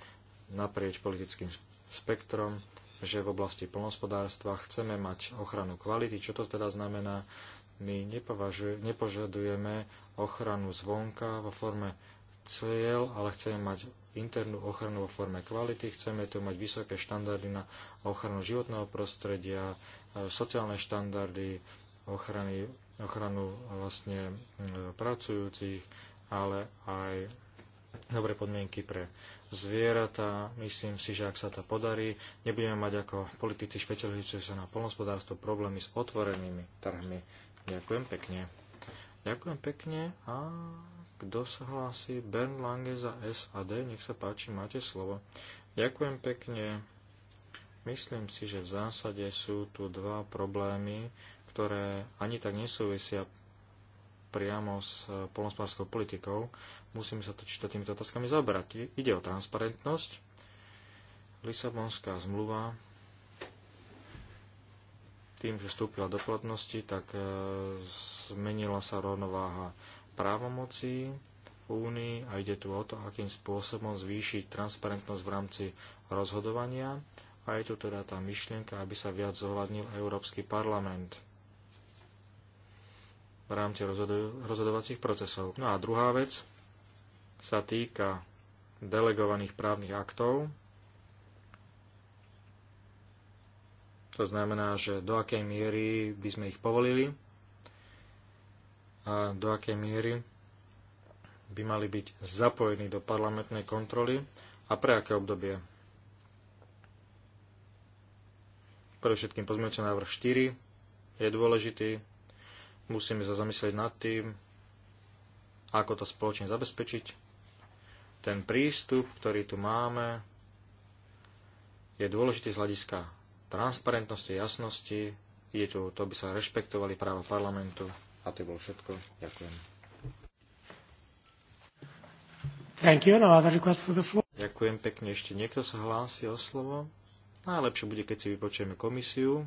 naprieč politickým spektrom, že v oblasti plnospodárstva chceme mať ochranu kvality. Čo to teda znamená? My nepožadujeme ochranu zvonka vo forme cieľ, ale chceme mať internú ochranu vo forme kvality, chceme tu mať vysoké štandardy na ochranu životného prostredia, e, sociálne štandardy, ochrany, ochranu vlastne e, pracujúcich, ale aj dobré podmienky pre zvieratá. Myslím si, že ak sa to podarí, nebudeme mať ako politici špecializujúci sa na polnospodárstvo problémy s otvorenými trhmi. Ďakujem pekne. Ďakujem pekne a kto sa hlási? Bern Lange za SAD. Nech sa páči, máte slovo. Ďakujem pekne. Myslím si, že v zásade sú tu dva problémy, ktoré ani tak nesúvisia priamo s eh, polnospodárskou politikou. Musíme sa točiť týmito otázkami zabrať. Ide o transparentnosť. Lisabonská zmluva tým, že vstúpila do platnosti, tak eh, zmenila sa rovnováha právomocí únii a ide tu o to, akým spôsobom zvýšiť transparentnosť v rámci rozhodovania a je tu teda tá myšlienka, aby sa viac zohľadnil Európsky parlament v rámci rozhodovacích procesov. No a druhá vec sa týka delegovaných právnych aktov. To znamená, že do akej miery by sme ich povolili a do akej miery by mali byť zapojení do parlamentnej kontroly a pre aké obdobie. Pre všetkým pozmeňujúci návrh 4 je dôležitý. Musíme sa zamyslieť nad tým, ako to spoločne zabezpečiť. Ten prístup, ktorý tu máme, je dôležitý z hľadiska transparentnosti, jasnosti. Je tu, to by sa rešpektovali práva parlamentu. A to bolo všetko. Ďakujem. Thank you. No other request for the floor. Ďakujem pekne. Ešte niekto sa hlási o slovo? Najlepšie bude, keď si vypočujeme komisiu.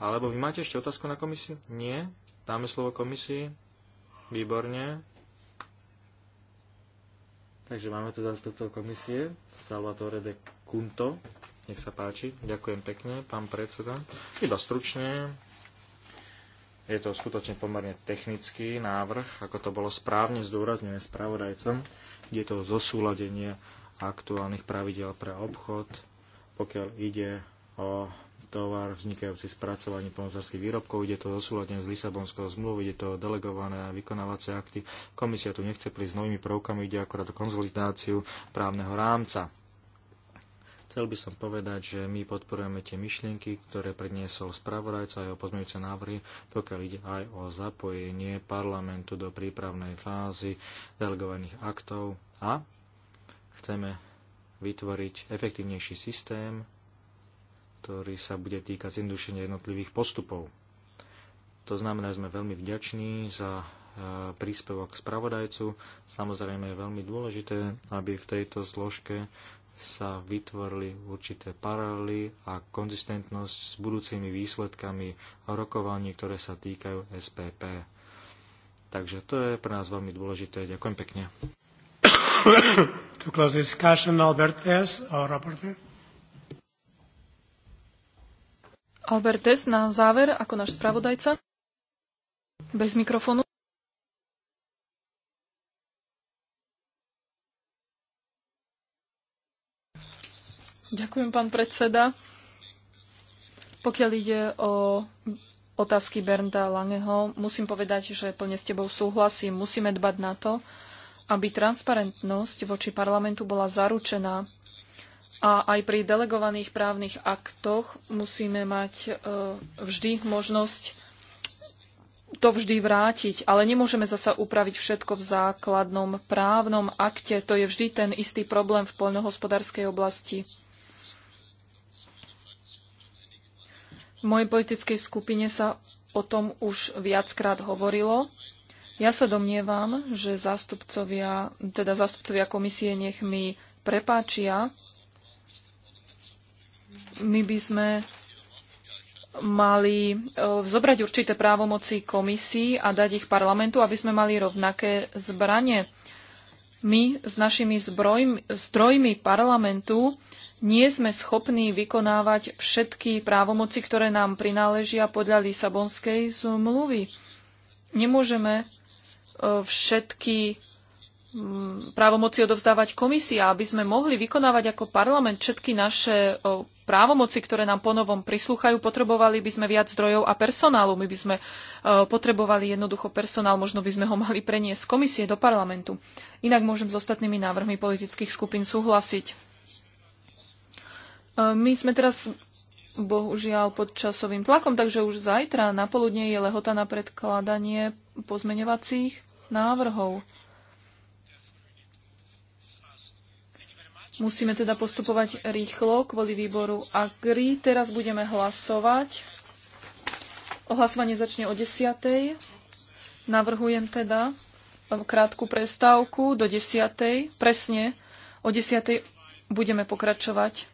Alebo vy máte ešte otázku na komisiu? Nie? Dáme slovo komisii? Výborne. Takže máme tu toto komisie, Salvatore de Kunto. Nech sa páči. Ďakujem pekne, pán predseda. Iba stručne, je to skutočne pomerne technický návrh, ako to bolo správne zdôraznené spravodajcom. Je to zosúladenie aktuálnych pravidel pre obchod, pokiaľ ide o tovar vznikajúci spracovaní pracovaní výrobkov, ide to zosúladenie z Lisabonského zmluvy, ide to o delegované a vykonávacie akty. Komisia tu nechce prísť s novými prvkami, ide akorát o konzolidáciu právneho rámca. Chcel by som povedať, že my podporujeme tie myšlienky, ktoré predniesol spravodajca a jeho pozmeňujúce návrhy, pokiaľ ide aj o zapojenie parlamentu do prípravnej fázy delegovaných aktov a chceme vytvoriť efektívnejší systém, ktorý sa bude týkať zjednodušenia jednotlivých postupov. To znamená, že sme veľmi vďační za e, príspevok spravodajcu. Samozrejme je veľmi dôležité, aby v tejto zložke sa vytvorili určité paralely a konzistentnosť s budúcimi výsledkami rokovaní, ktoré sa týkajú SPP. Takže to je pre nás veľmi dôležité. Ďakujem pekne. to close discussion, na záver, ako náš spravodajca. Bez mikrofonu. Ďakujem, pán predseda. Pokiaľ ide o otázky Bernda Langeho, musím povedať, že plne s tebou súhlasím. Musíme dbať na to, aby transparentnosť voči parlamentu bola zaručená. A aj pri delegovaných právnych aktoch musíme mať e, vždy možnosť to vždy vrátiť, ale nemôžeme zasa upraviť všetko v základnom právnom akte. To je vždy ten istý problém v poľnohospodárskej oblasti. V mojej politickej skupine sa o tom už viackrát hovorilo. Ja sa domnievam, že zástupcovia, teda zástupcovia komisie nech mi prepáčia. My by sme mali e, zobrať určité právomoci komisii a dať ich parlamentu, aby sme mali rovnaké zbranie. My s našimi zbrojmi, zdrojmi parlamentu nie sme schopní vykonávať všetky právomoci, ktoré nám prináležia podľa Lisabonskej zmluvy. Nemôžeme e, všetky mm, právomoci odovzdávať komisia, aby sme mohli vykonávať ako parlament všetky naše e, právomoci, ktoré nám ponovom prislúchajú, potrebovali by sme viac zdrojov a personálu. My by sme e, potrebovali jednoducho personál, možno by sme ho mali preniesť z komisie do parlamentu. Inak môžem s ostatnými návrhmi politických skupín súhlasiť. My sme teraz bohužiaľ pod časovým tlakom, takže už zajtra na poludne je lehota na predkladanie pozmeňovacích návrhov. Musíme teda postupovať rýchlo kvôli výboru AGRI. Teraz budeme hlasovať. Hlasovanie začne o 10. Navrhujem teda krátku prestávku do 10. Presne o 10. budeme pokračovať.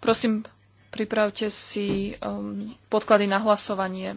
Prosím, pripravte si um, podklady na hlasovanie.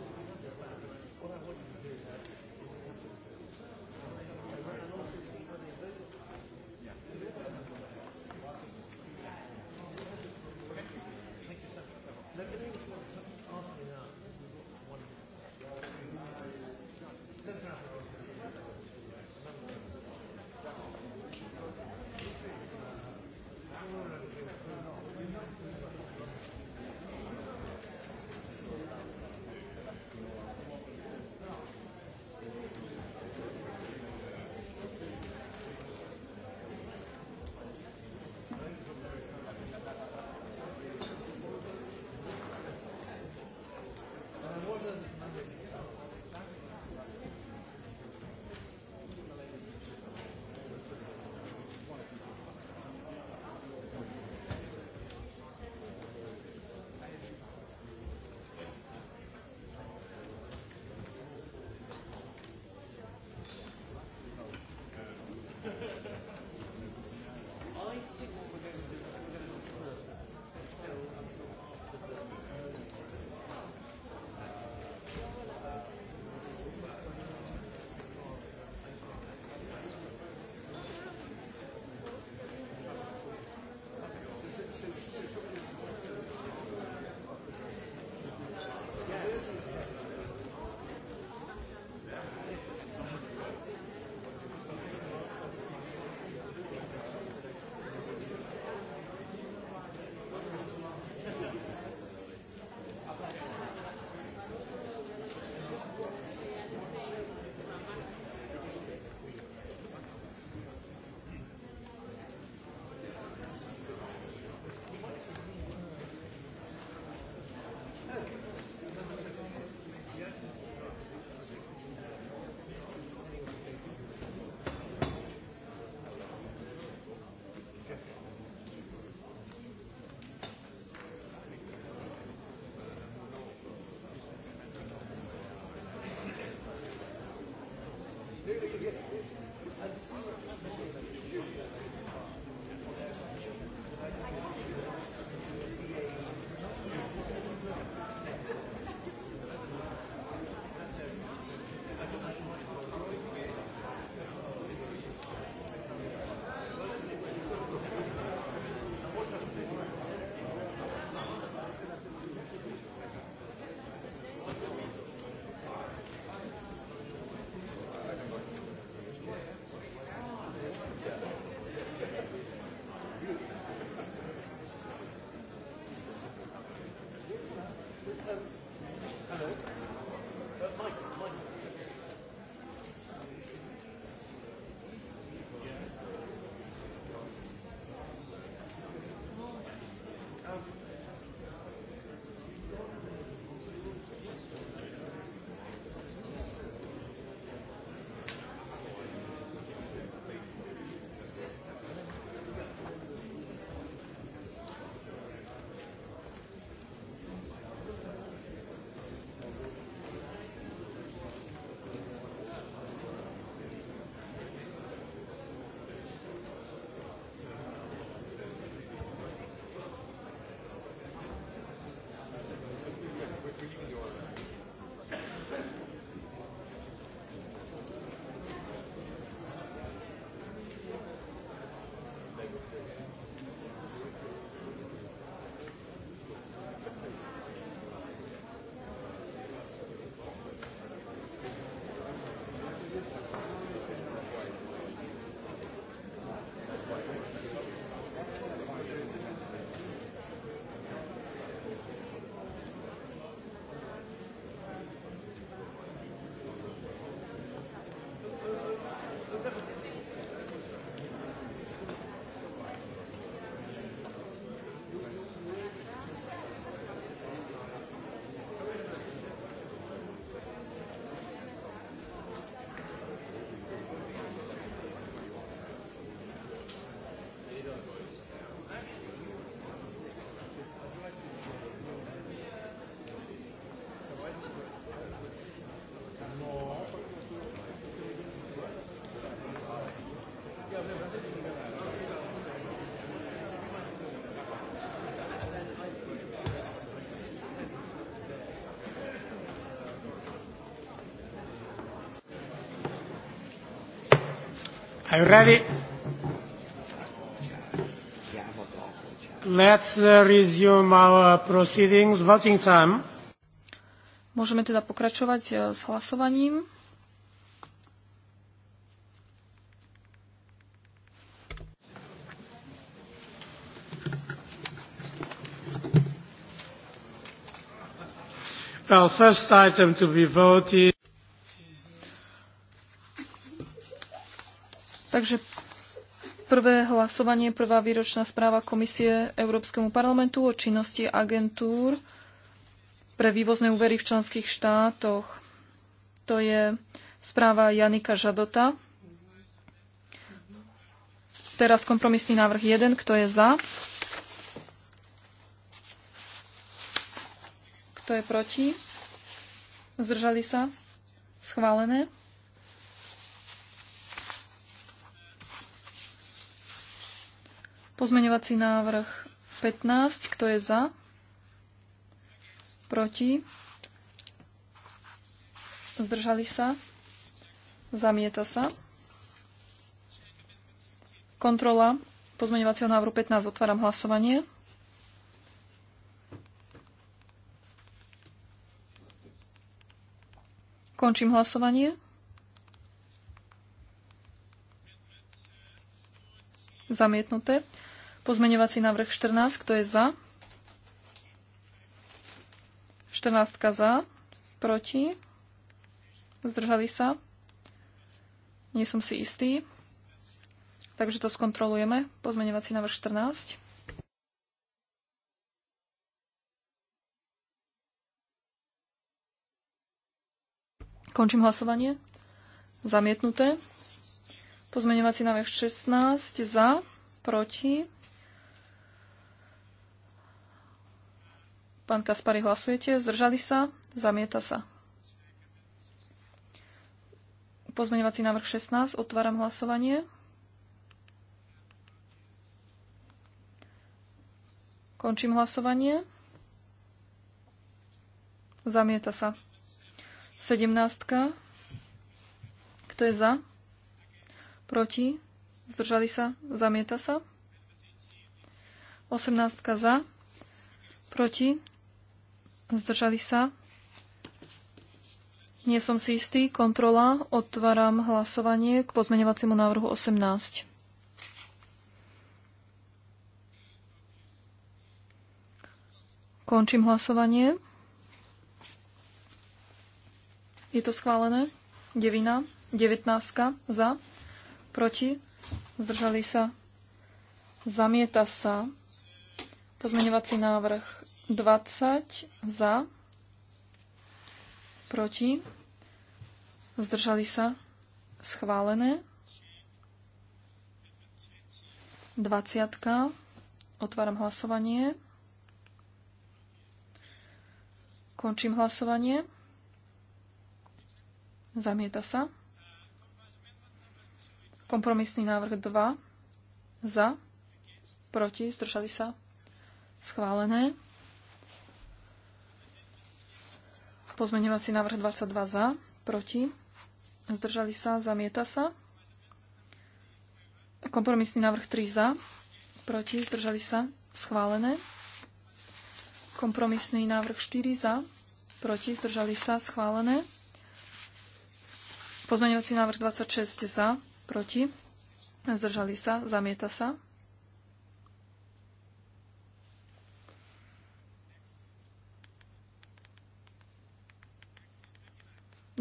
Are you ready? Let's uh, resume our proceedings. Voting time. Môžeme teda pokračovať uh, s hlasovaním. Well, first item to be voted Takže prvé hlasovanie, prvá výročná správa Komisie Európskemu parlamentu o činnosti agentúr pre vývozné úvery v členských štátoch. To je správa Janika Žadota. Teraz kompromisný návrh 1. Kto je za? Kto je proti? Zdržali sa? Schválené. Pozmeňovací návrh 15. Kto je za? Proti? Zdržali sa? Zamieta sa? Kontrola pozmeňovacieho návrhu 15. Otváram hlasovanie. Končím hlasovanie. Zamietnuté. Pozmeňovací návrh 14, kto je za? 14 za, proti, zdržali sa. Nie som si istý, takže to skontrolujeme. Pozmeňovací návrh 14. Končím hlasovanie. Zamietnuté. Pozmeňovací návrh 16 za, proti, Pán Kaspari, hlasujete? Zdržali sa? Zamieta sa. Pozmeňovací návrh 16. Otváram hlasovanie. Končím hlasovanie. Zamieta sa. 17. Kto je za? Proti? Zdržali sa? Zamieta sa? 18. za? Proti? Zdržali sa? Nie som si istý. Kontrola. Otváram hlasovanie k pozmeňovaciemu návrhu 18. Končím hlasovanie. Je to schválené. 9. 19. Za. Proti. Zdržali sa. Zamieta sa. Pozmeňovací návrh 20 za, proti, zdržali sa, schválené. 20. Otváram hlasovanie. Končím hlasovanie. Zamieta sa. Kompromisný návrh 2. Za. Proti. Zdržali sa. Schválené. Pozmeňovací návrh 22 za, proti, zdržali sa, zamieta sa. Kompromisný návrh 3 za, proti, zdržali sa, schválené. Kompromisný návrh 4 za, proti, zdržali sa, schválené. Pozmeňovací návrh 26 za, proti, zdržali sa, zamieta sa.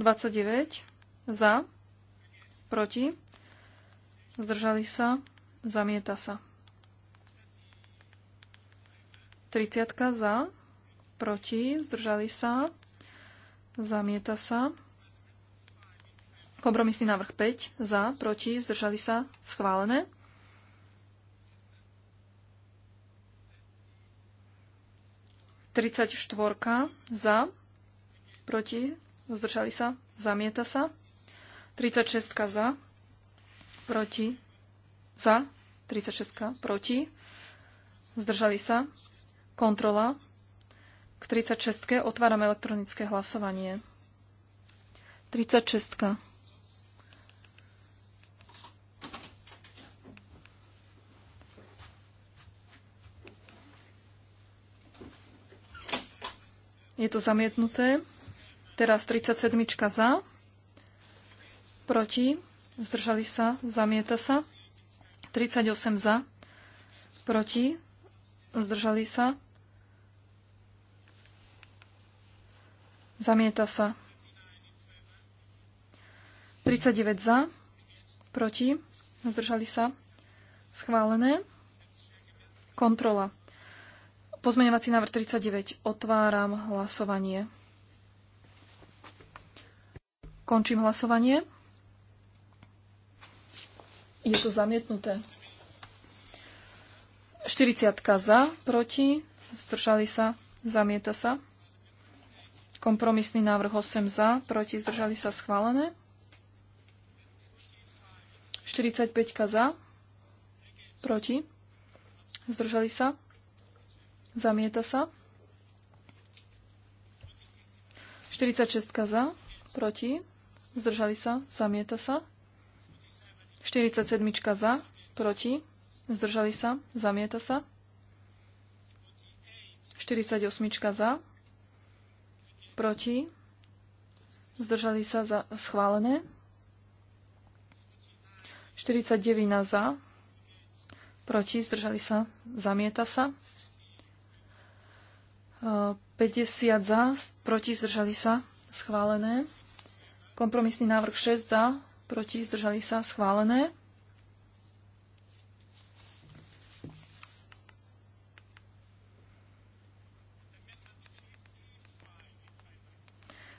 29 za, proti, zdržali sa, zamieta sa. 30 za, proti, zdržali sa, zamieta sa. Kompromisný návrh 5 za, proti, zdržali sa, schválené. Tridsať štvorka za, proti, zdržali sa, zamieta sa. 36 za, proti, za, 36 proti, zdržali sa, kontrola. K 36 otváram elektronické hlasovanie. 36. Je to zamietnuté. Teraz 37 za, proti, zdržali sa, zamieta sa. 38 za, proti, zdržali sa, zamieta sa. 39 za, proti, zdržali sa, schválené. Kontrola. Pozmeňovací návrh 39. Otváram hlasovanie. Končím hlasovanie. Je to zamietnuté. 40 za, proti, zdržali sa, zamieta sa. Kompromisný návrh 8 za, proti, zdržali sa, schválené. 45 za, proti, zdržali sa, zamieta sa. 46 za, proti, zdržali sa, zamieta sa. 47 za, proti, zdržali sa, zamieta sa. 48 za, proti, zdržali sa, za, schválené. 49 za, proti, zdržali sa, zamieta sa. 50 ehm, za, proti, zdržali sa, schválené. Kompromisný návrh 6 za, proti, zdržali sa, schválené.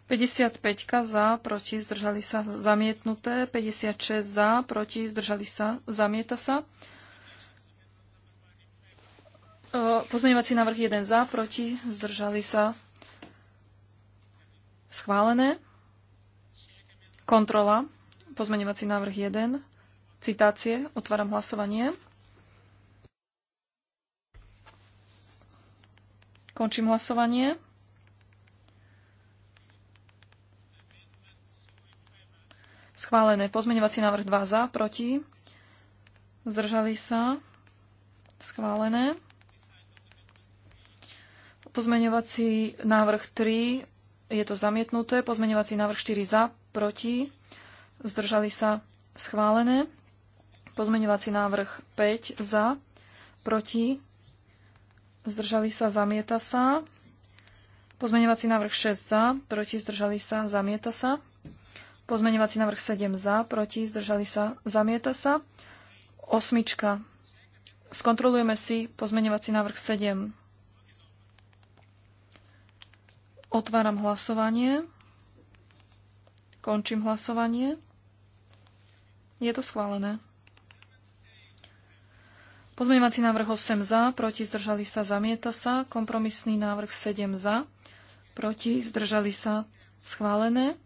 Päťdesiatpäťka za, proti, zdržali sa, zamietnuté. 56 za, proti, zdržali sa, zamieta sa. Pozmeňovací návrh 1 za, proti, zdržali sa, schválené. Kontrola. Pozmeňovací návrh 1. Citácie. Otváram hlasovanie. Končím hlasovanie. Schválené. Pozmeňovací návrh 2 za, proti. Zdržali sa. Schválené. Pozmeňovací návrh 3 je to zamietnuté. Pozmeňovací návrh 4 za, proti, zdržali sa schválené. Pozmeňovací návrh 5 za, proti, zdržali sa, zamieta sa. Pozmeňovací návrh 6 za, proti, zdržali sa, zamieta sa. Pozmeňovací návrh 7 za, proti, zdržali sa, zamieta sa. Osmička. Skontrolujeme si pozmeňovací návrh 7. Otváram hlasovanie. Končím hlasovanie. Je to schválené. Pozmeňovací návrh 8 za, proti zdržali sa, zamieta sa. Kompromisný návrh 7 za, proti zdržali sa, schválené.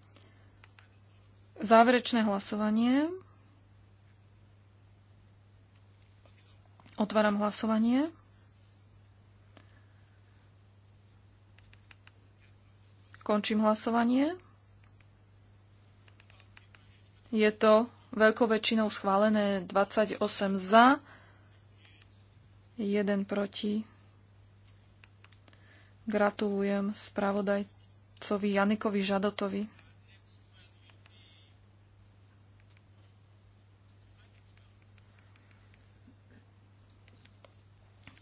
Záverečné hlasovanie. Otváram hlasovanie. Končím hlasovanie. Je to veľkou väčšinou schválené 28 za, 1 proti. Gratulujem spravodajcovi Janikovi Žadotovi.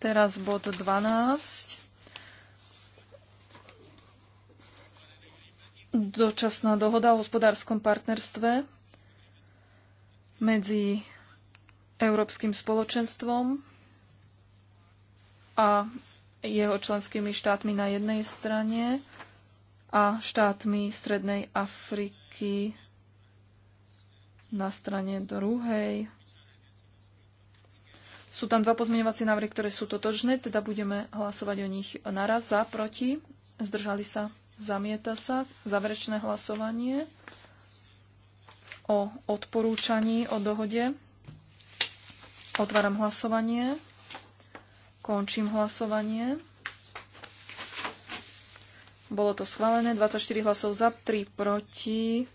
Teraz bod 12. Dočasná dohoda o hospodárskom partnerstve medzi Európskym spoločenstvom a jeho členskými štátmi na jednej strane a štátmi Strednej Afriky na strane druhej. Sú tam dva pozmeňovacie návrhy, ktoré sú totožné, teda budeme hlasovať o nich naraz za, proti. Zdržali sa, zamieta sa, záverečné hlasovanie o odporúčaní o dohode. Otváram hlasovanie. Končím hlasovanie. Bolo to schválené. 24 hlasov za, 3 proti.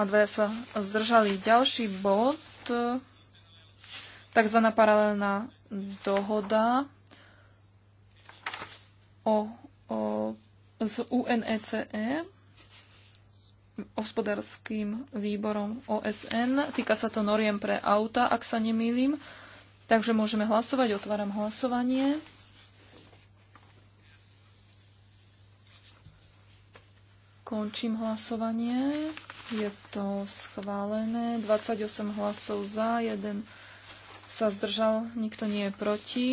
A dvaja sa zdržali. Ďalší bod, takzvaná paralelná dohoda o, o z UNECE, e, hospodárským výborom OSN. Týka sa to noriem pre auta, ak sa nemýlim. Takže môžeme hlasovať. Otváram hlasovanie. Končím hlasovanie. Je to schválené. 28 hlasov za, jeden sa zdržal, nikto nie je proti.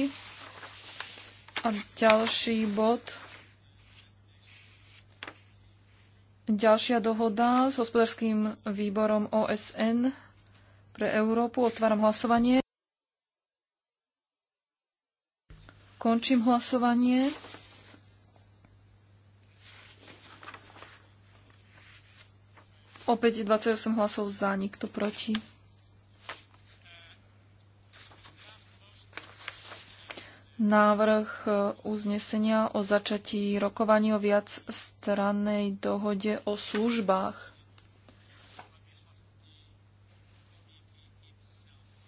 A ďalší bod Ďalšia dohoda s hospodárským výborom OSN pre Európu. Otváram hlasovanie. Končím hlasovanie. Opäť 28 hlasov za, nikto proti. návrh e, uznesenia o začatí rokovaní o viac strannej dohode o službách.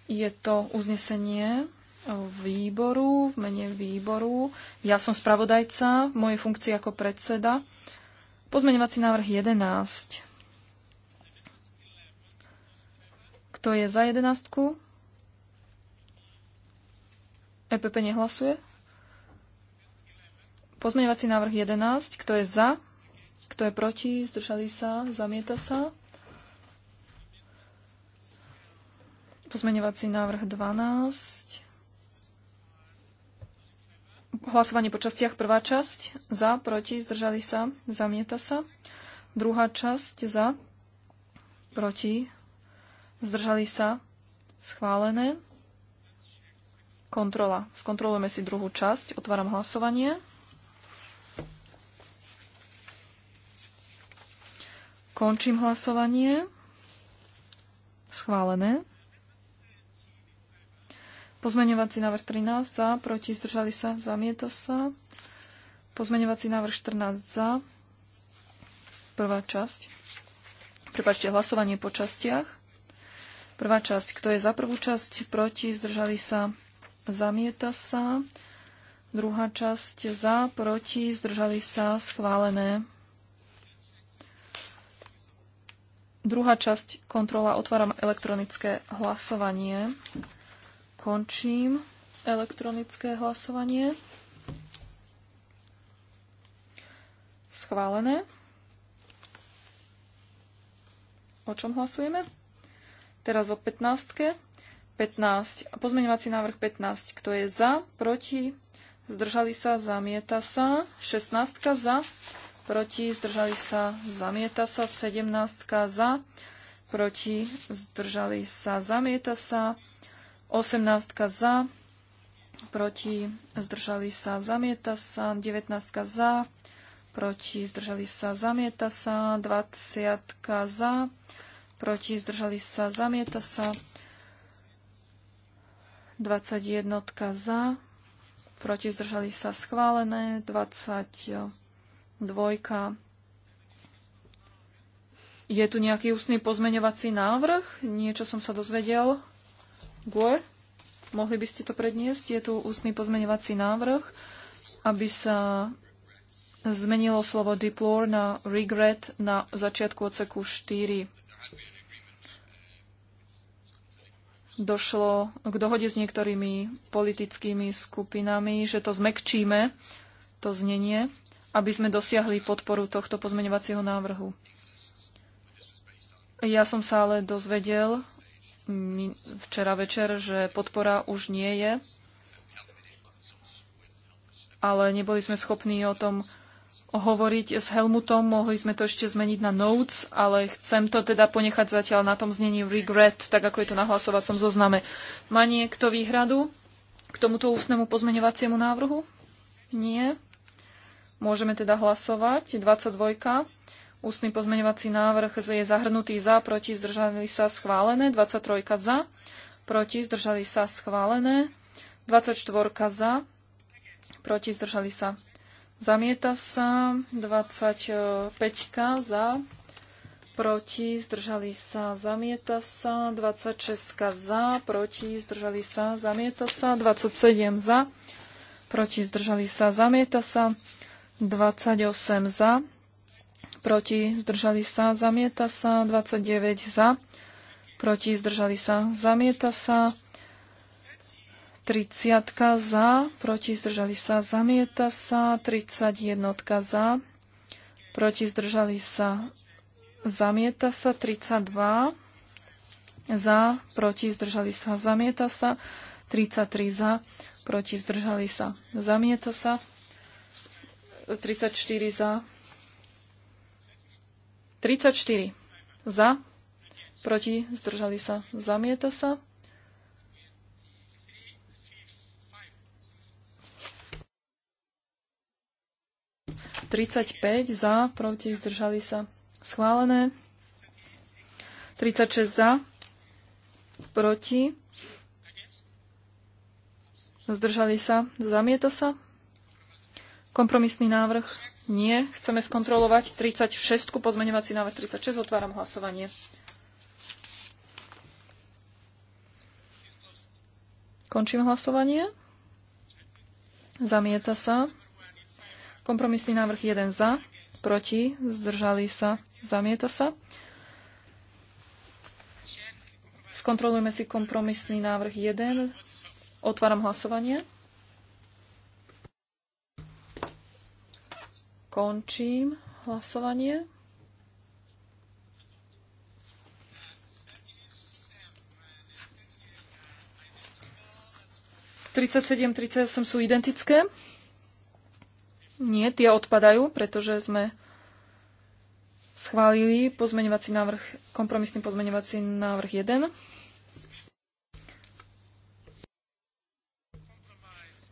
Je to uznesenie výboru, v mene výboru. Ja som spravodajca v mojej funkcii ako predseda. Pozmeňovací návrh 11. Kto je za jedenastku? EPP nehlasuje. Pozmeňovací návrh 11. Kto je za? Kto je proti? Zdržali sa? Zamieta sa? Pozmeňovací návrh 12. Hlasovanie po častiach. Prvá časť. Za, proti, zdržali sa, zamieta sa. Druhá časť. Za, proti, zdržali sa, schválené. Kontrola. Skontrolujeme si druhú časť. Otváram hlasovanie. Končím hlasovanie. Schválené. Pozmeňovací návrh 13 za, proti, zdržali sa, zamieta sa. Pozmeňovací návrh 14 za, prvá časť. Prepačte, hlasovanie po častiach. Prvá časť, kto je za prvú časť, proti, zdržali sa, zamieta sa. Druhá časť za, proti, zdržali sa, schválené. Druhá časť kontrola, otváram elektronické hlasovanie. Končím elektronické hlasovanie. Schválené. O čom hlasujeme? Teraz o 15. 15. Pozmeňovací návrh 15. Kto je za? Proti? Zdržali sa? Zamieta sa. 16. Za? Proti? Zdržali sa? Zamieta sa. 17. Za? Proti? Zdržali sa? Zamieta sa. 18. Za? Proti? Zdržali sa? Zamieta sa. 19. Za? Proti? Zdržali sa? Zamieta sa. 20. Za? Proti? Zdržali sa? Zamieta sa. za, 21 za, proti zdržali sa schválené, 22. Je tu nejaký ústny pozmeňovací návrh? Niečo som sa dozvedel. Gue, mohli by ste to predniesť? Je tu ústny pozmeňovací návrh, aby sa zmenilo slovo deplore na regret na začiatku odseku 4 došlo k dohode s niektorými politickými skupinami, že to zmekčíme, to znenie, aby sme dosiahli podporu tohto pozmeňovacieho návrhu. Ja som sa ale dozvedel včera večer, že podpora už nie je, ale neboli sme schopní o tom hovoriť s Helmutom, mohli sme to ešte zmeniť na notes, ale chcem to teda ponechať zatiaľ na tom znení regret, tak ako je to na hlasovacom zozname. Má niekto výhradu k tomuto ústnemu pozmeňovaciemu návrhu? Nie. Môžeme teda hlasovať. 22. Ústny pozmeňovací návrh je zahrnutý za, proti, zdržali sa schválené. 23. za, proti, zdržali sa schválené. 24. za, proti, zdržali sa Zamieta sa 25 za, proti, zdržali sa, zamieta sa, 26 za, proti, zdržali sa, zamieta sa, 27 za, proti, zdržali sa, zamieta sa, 28 za, proti, zdržali sa, zamieta sa, 29 za, proti, zdržali sa, zamieta sa, 30 za, proti zdržali sa, zamieta sa. 31 za, proti zdržali sa, zamieta sa. 32 za, proti zdržali sa, zamieta sa. 33 za, proti zdržali sa, zamieta sa. 34 za, 34 za, proti zdržali sa, zamieta sa. 35 za, proti, zdržali sa schválené. 36 za, proti, zdržali sa, zamieta sa. Kompromisný návrh nie. Chceme skontrolovať 36, pozmeňovací návrh 36, otváram hlasovanie. Končím hlasovanie. Zamieta sa. Kompromisný návrh 1 za, proti, zdržali sa, zamieta sa. Skontrolujeme si kompromisný návrh 1. Otváram hlasovanie. Končím hlasovanie. Tridsaťsedem, tridsaťosem sú identické. Nie, tie odpadajú, pretože sme schválili pozmeňovací návrh, kompromisný pozmeňovací návrh 1.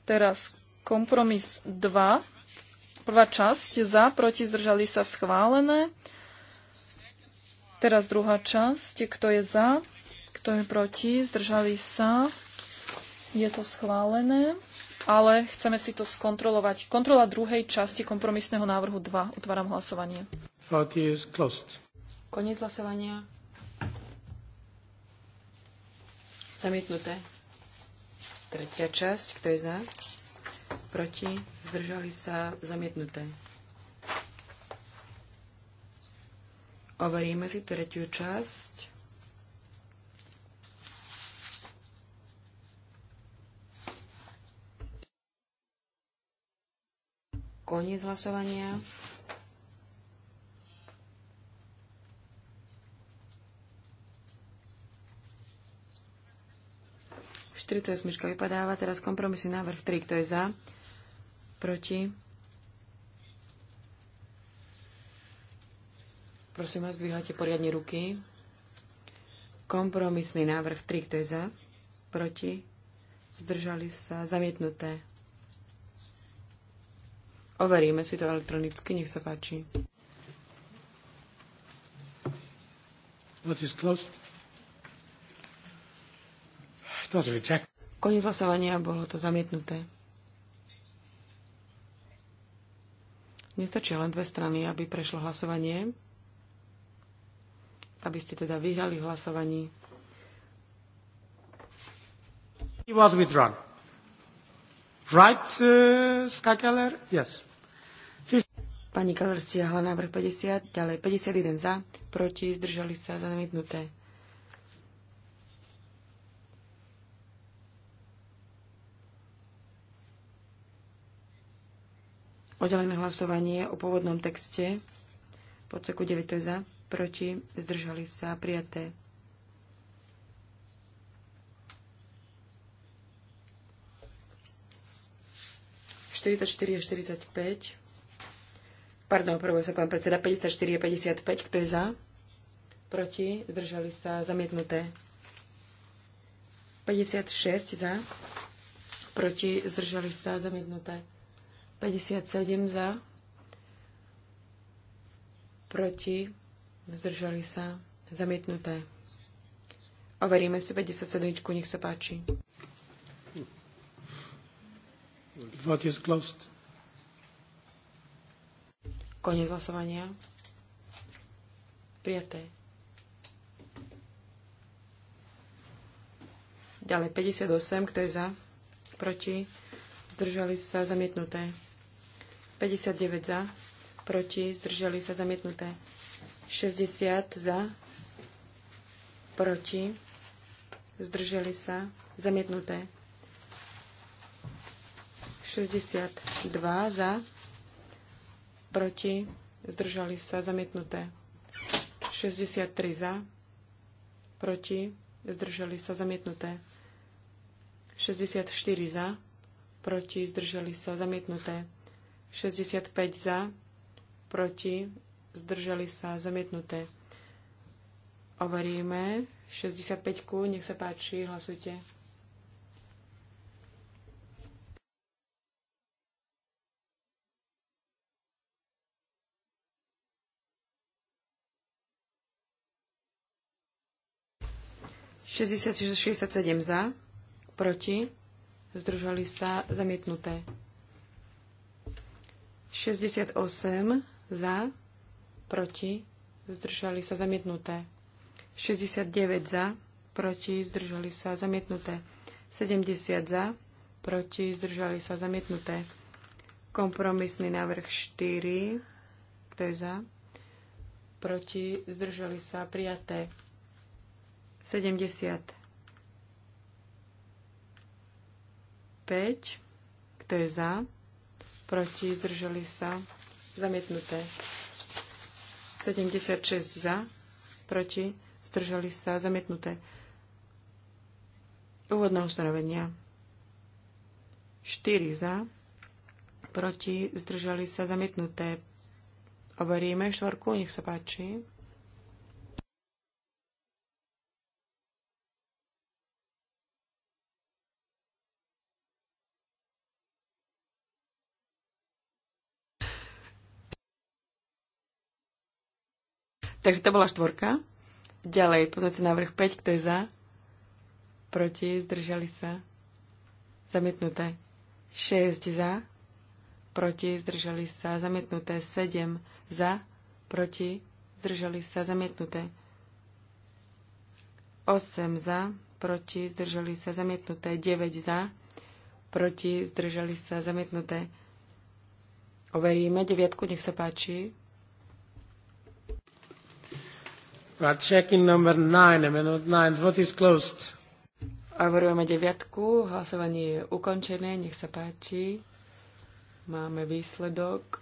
Teraz kompromis 2. Prvá časť za, proti, zdržali sa schválené. Teraz druhá časť, kto je za, kto je proti, zdržali sa. Je to schválené ale chceme si to skontrolovať. Kontrola druhej časti kompromisného návrhu 2. Otváram hlasovanie. is closed. Koniec hlasovania. Zamietnuté. Tretia časť. Kto je za? Proti? Zdržali sa? Zamietnuté. Overíme si tretiu časť. Koniec hlasovania. smyčka vypadáva. Teraz kompromisný návrh 3. Kto je za? Proti? Prosím vás, zdvíhajte poriadne ruky. Kompromisný návrh 3. Kto je za? Proti? Zdržali sa? Zamietnuté. Overíme si to elektronicky, nech sa páči. Koniec hlasovania bolo to zamietnuté. Nestačia len dve strany, aby prešlo hlasovanie, aby ste teda vyhrali hlasovaní. He was withdrawn. Right, uh, Skakeller? Yes. Pani Keller stiahla návrh 50, ďalej 51 za, proti, zdržali sa, zamietnuté. Oddelené hlasovanie o pôvodnom texte. Po ceku 9 je za, proti, zdržali sa, prijaté. Štyridsať a štyridsať Pardon, prvý sa pán predseda. 54 je 55. Kto je za? Proti? Zdržali sa zamietnuté. 56 za. Proti? Zdržali sa zamietnuté. 57 za. Proti? Zdržali sa zamietnuté. Overíme 157. Nech sa páči. Vot Koniec hlasovania. Prijaté. Ďalej 58, kto je za? Proti? Zdržali sa zamietnuté. 59 za. Proti? Zdržali sa zamietnuté. 60 za. Proti? Zdržali sa zamietnuté. 62 za proti, zdržali sa zamietnuté. 63 za, proti, zdržali sa zamietnuté. 64 za, proti, zdržali sa zamietnuté. 65 za, proti, zdržali sa zamietnuté. Overíme 65, nech sa páči, hlasujte. 67 za, proti, zdržali sa, zamietnuté. 68 za, proti, zdržali sa, zamietnuté. 69 za, proti, zdržali sa, zamietnuté. 70 za, proti, zdržali sa, zamietnuté. Kompromisný návrh 4, kto je za, proti, zdržali sa, prijaté. 70. 5. Kto je za? Proti? Zdržali sa? Zamietnuté. 76 za. Proti? Zdržali sa? Zamietnuté. Úvodné ustanovenia. 4 za. Proti? Zdržali sa? Zamietnuté. Overíme štvorku. Nech sa páči. Takže to bola štvorka. Ďalej, poznáte návrh 5, kto je za? Proti, zdržali sa. Zamietnuté. 6 za, proti, zdržali sa. Zamietnuté. 7 za, proti, zdržali sa. Zamietnuté. 8 za, proti, zdržali sa. Zamietnuté. 9 za, proti, zdržali sa. Zamietnuté. Overíme 9, nech sa páči. We are checking number 9, amendment 9. is closed. deviatku, hlasovanie je ukončené, nech sa páči. Máme výsledok.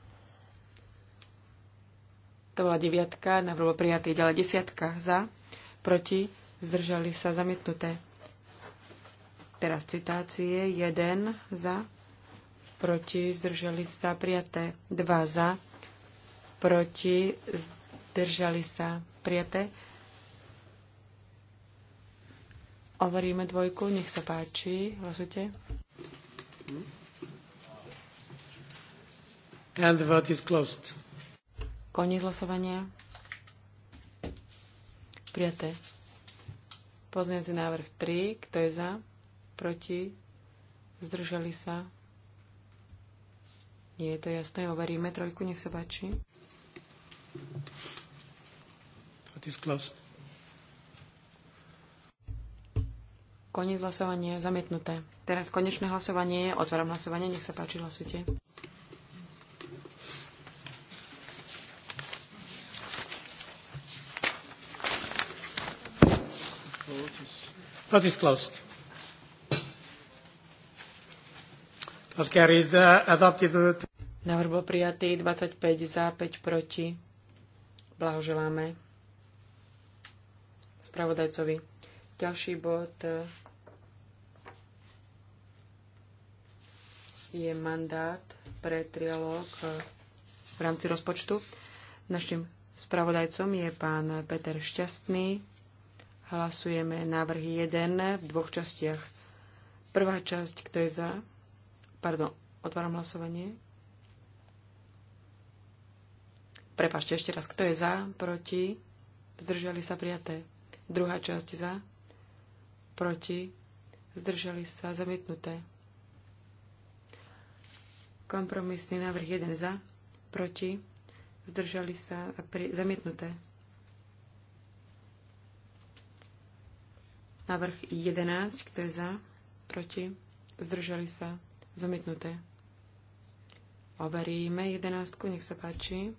To bola deviatka, návrh bol prijatý, ďalej desiatka za, proti, zdržali sa zamietnuté. Teraz citácie, 1 za, proti, zdržali sa prijaté, dva za, proti, zdržali sa prijaté. Overíme dvojku, nech sa páči, hlasujte. And the vote is closed. Koniec hlasovania. Prijaté. Pozňujúci návrh 3, kto je za, proti, zdržali sa. Nie je to jasné, overíme trojku, nech sa páči. Vote Koniec hlasovanie zamietnuté. Teraz konečné hlasovanie, otváram hlasovanie, nech sa páči, hlasujte. Vote is closed. Was carried, uh, adopted. Návrh bol prijatý, 25 za, 5 proti. Blahoželáme spravodajcovi. Ďalší bod eh, je mandát pre trialóg eh, v rámci rozpočtu. Našim spravodajcom je pán Peter Šťastný. Hlasujeme návrhy 1 v dvoch častiach. Prvá časť, kto je za? Pardon, otváram hlasovanie. Prepašte ešte raz, kto je za, proti, zdržali sa prijaté. Druhá časť za, proti, zdržali sa, zamietnuté. Kompromisný návrh 1 za, proti, zdržali sa, pri, zamietnuté. Návrh 11, kto je za, proti, zdržali sa, zamietnuté. Overíme jedenáctku, nech sa páči.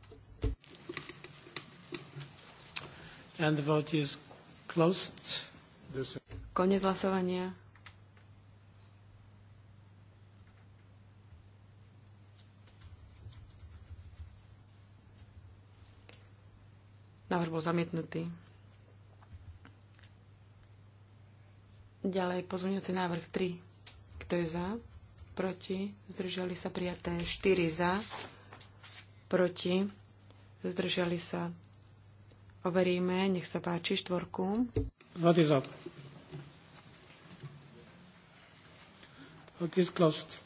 And the vote is Closed. Konec hlasovania. Návrh bol zamietnutý. Ďalej pozmeňujúci návrh 3. Kto je za? Proti? Zdržali sa prijaté 4 za. Proti? Zdržali sa Overíme, nech sa páči, štvorku. What is up? What is closed?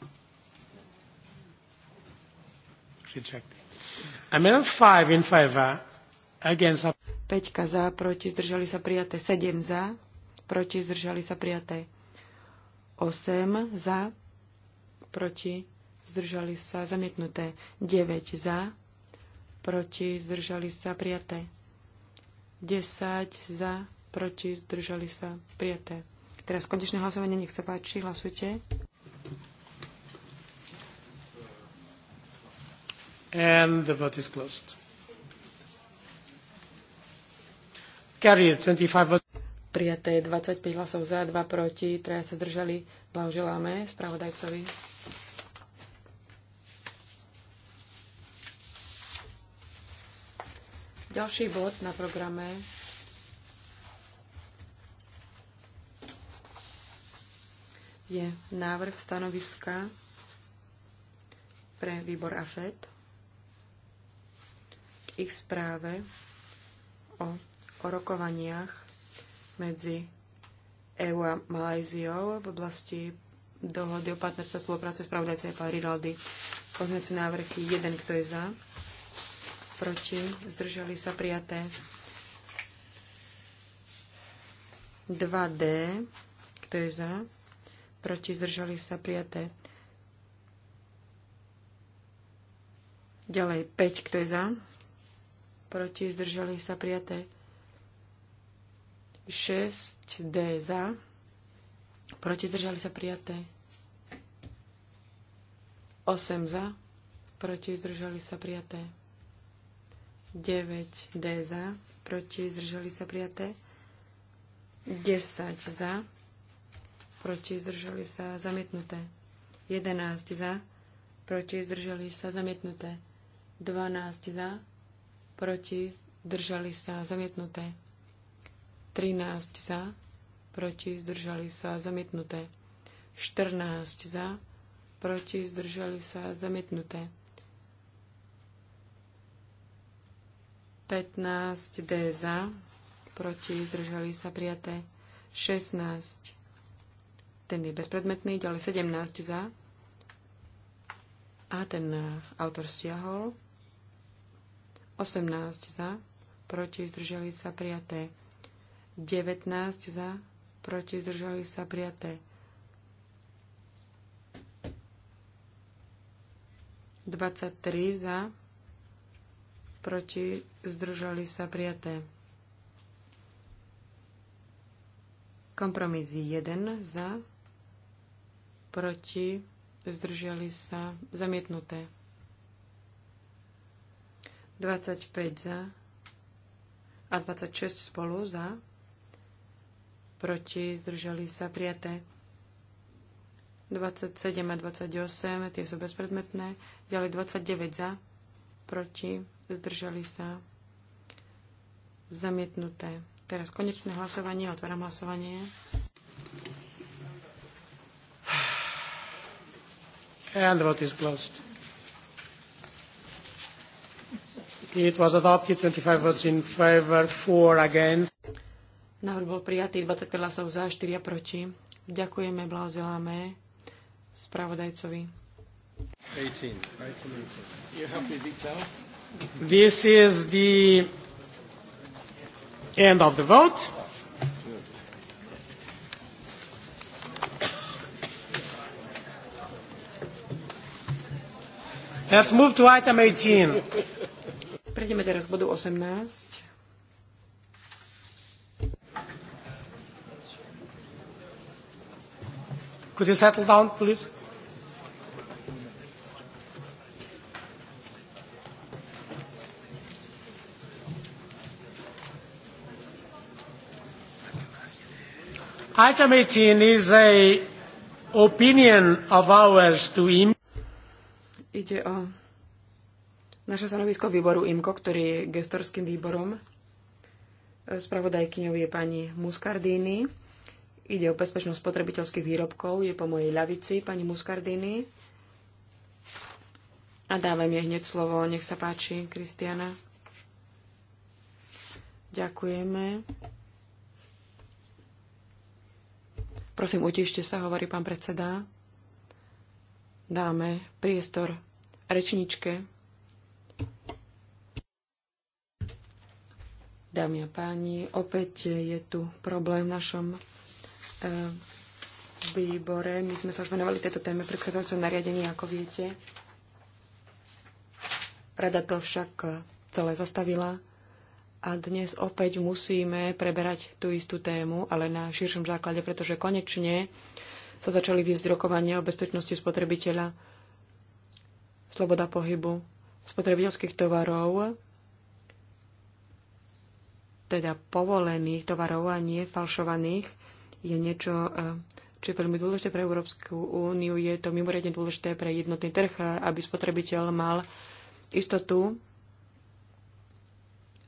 Rejected. Amendment 5 in favor, against... Peťka za, proti, zdržali sa prijaté. Sedem za, proti, zdržali sa prijaté. 8 za, proti, zdržali sa zamietnuté. 9 za, proti, zdržali sa prijaté. 10 za, proti, zdržali sa, prijaté. Teraz konečné hlasovanie, nech sa páči, hlasujte. And the vote is closed. Carried, 25 Prijaté 25 hlasov za, 2 proti, 3 sa zdržali. Blahoželáme spravodajcovi. Ďalší bod na programe je návrh stanoviska pre výbor AFED k ich správe o, o rokovaniach medzi EU a Malajziou v oblasti dohody o partnerstve spolupráce s je Pali Rinaldi. Pozmeňujúci návrh 1, kto je za, proti, zdržali sa prijaté. 2D, kto je za, proti, zdržali sa prijaté. Ďalej 5, kto je za, proti, zdržali sa prijaté. 6D za, proti, zdržali sa prijaté. 8 za, proti, zdržali sa prijaté. 9D za, proti zdržali sa prijaté. 10 za, proti zdržali sa zamietnuté. 11 za, proti zdržali sa zamietnuté. 12 za, proti zdržali sa zamietnuté. 13 za, proti zdržali sa zamietnuté. 14 za, proti zdržali sa zamietnuté. 15D za, proti, zdržali sa prijaté 16, ten je bezpredmetný, ďalej 17 za a ten autor stiahol 18 za, proti, zdržali sa prijaté 19 za, proti, zdržali sa prijaté 23 za, proti, zdržali sa prijaté. Kompromis 1 za, proti, zdržali sa zamietnuté. 25 za a 26 spolu za, proti, zdržali sa prijaté. 27 a 28, tie sú bezpredmetné. Ďalej 29 za, proti, zdržali sa Zamietnuté. Teraz konečné hlasovanie. Otváram hlasovanie. And the vote is closed. It was adopted 25 votes in favor, 4 against. Návrh bol prijatý 25 hlasov za, 4 proti. Ďakujeme, blahoželáme spravodajcovi. 18, 18. You have the detail? This is the End of the vote. Let's move to item 18. Prejdeme teraz k bodu 18. Could you settle down, please? Item 18 is a opinion of ours to IM. Ide o naše stanovisko výboru IMKO, ktorý je gestorským výborom. Spravodajkyňou je pani Muscardini. Ide o bezpečnosť spotrebiteľských výrobkov. Je po mojej ľavici pani Muscardini. A dávam jej hneď slovo. Nech sa páči, Kristiana. Ďakujeme. Prosím, utište sa, hovorí pán predseda. Dáme priestor rečničke. Dámy a páni, opäť je tu problém v našom e, výbore. My sme sa už venovali tejto téme predchádzajúcom nariadení, ako viete. Rada to však e, celé zastavila. A dnes opäť musíme preberať tú istú tému, ale na širšom základe, pretože konečne sa začali viesť rokovania o bezpečnosti spotrebiteľa, sloboda pohybu spotrebiteľských tovarov, teda povolených tovarov a nie falšovaných, je niečo, eh, čo je veľmi dôležité pre Európsku úniu. Je to mimoriadne dôležité pre jednotný trh, aby spotrebiteľ mal istotu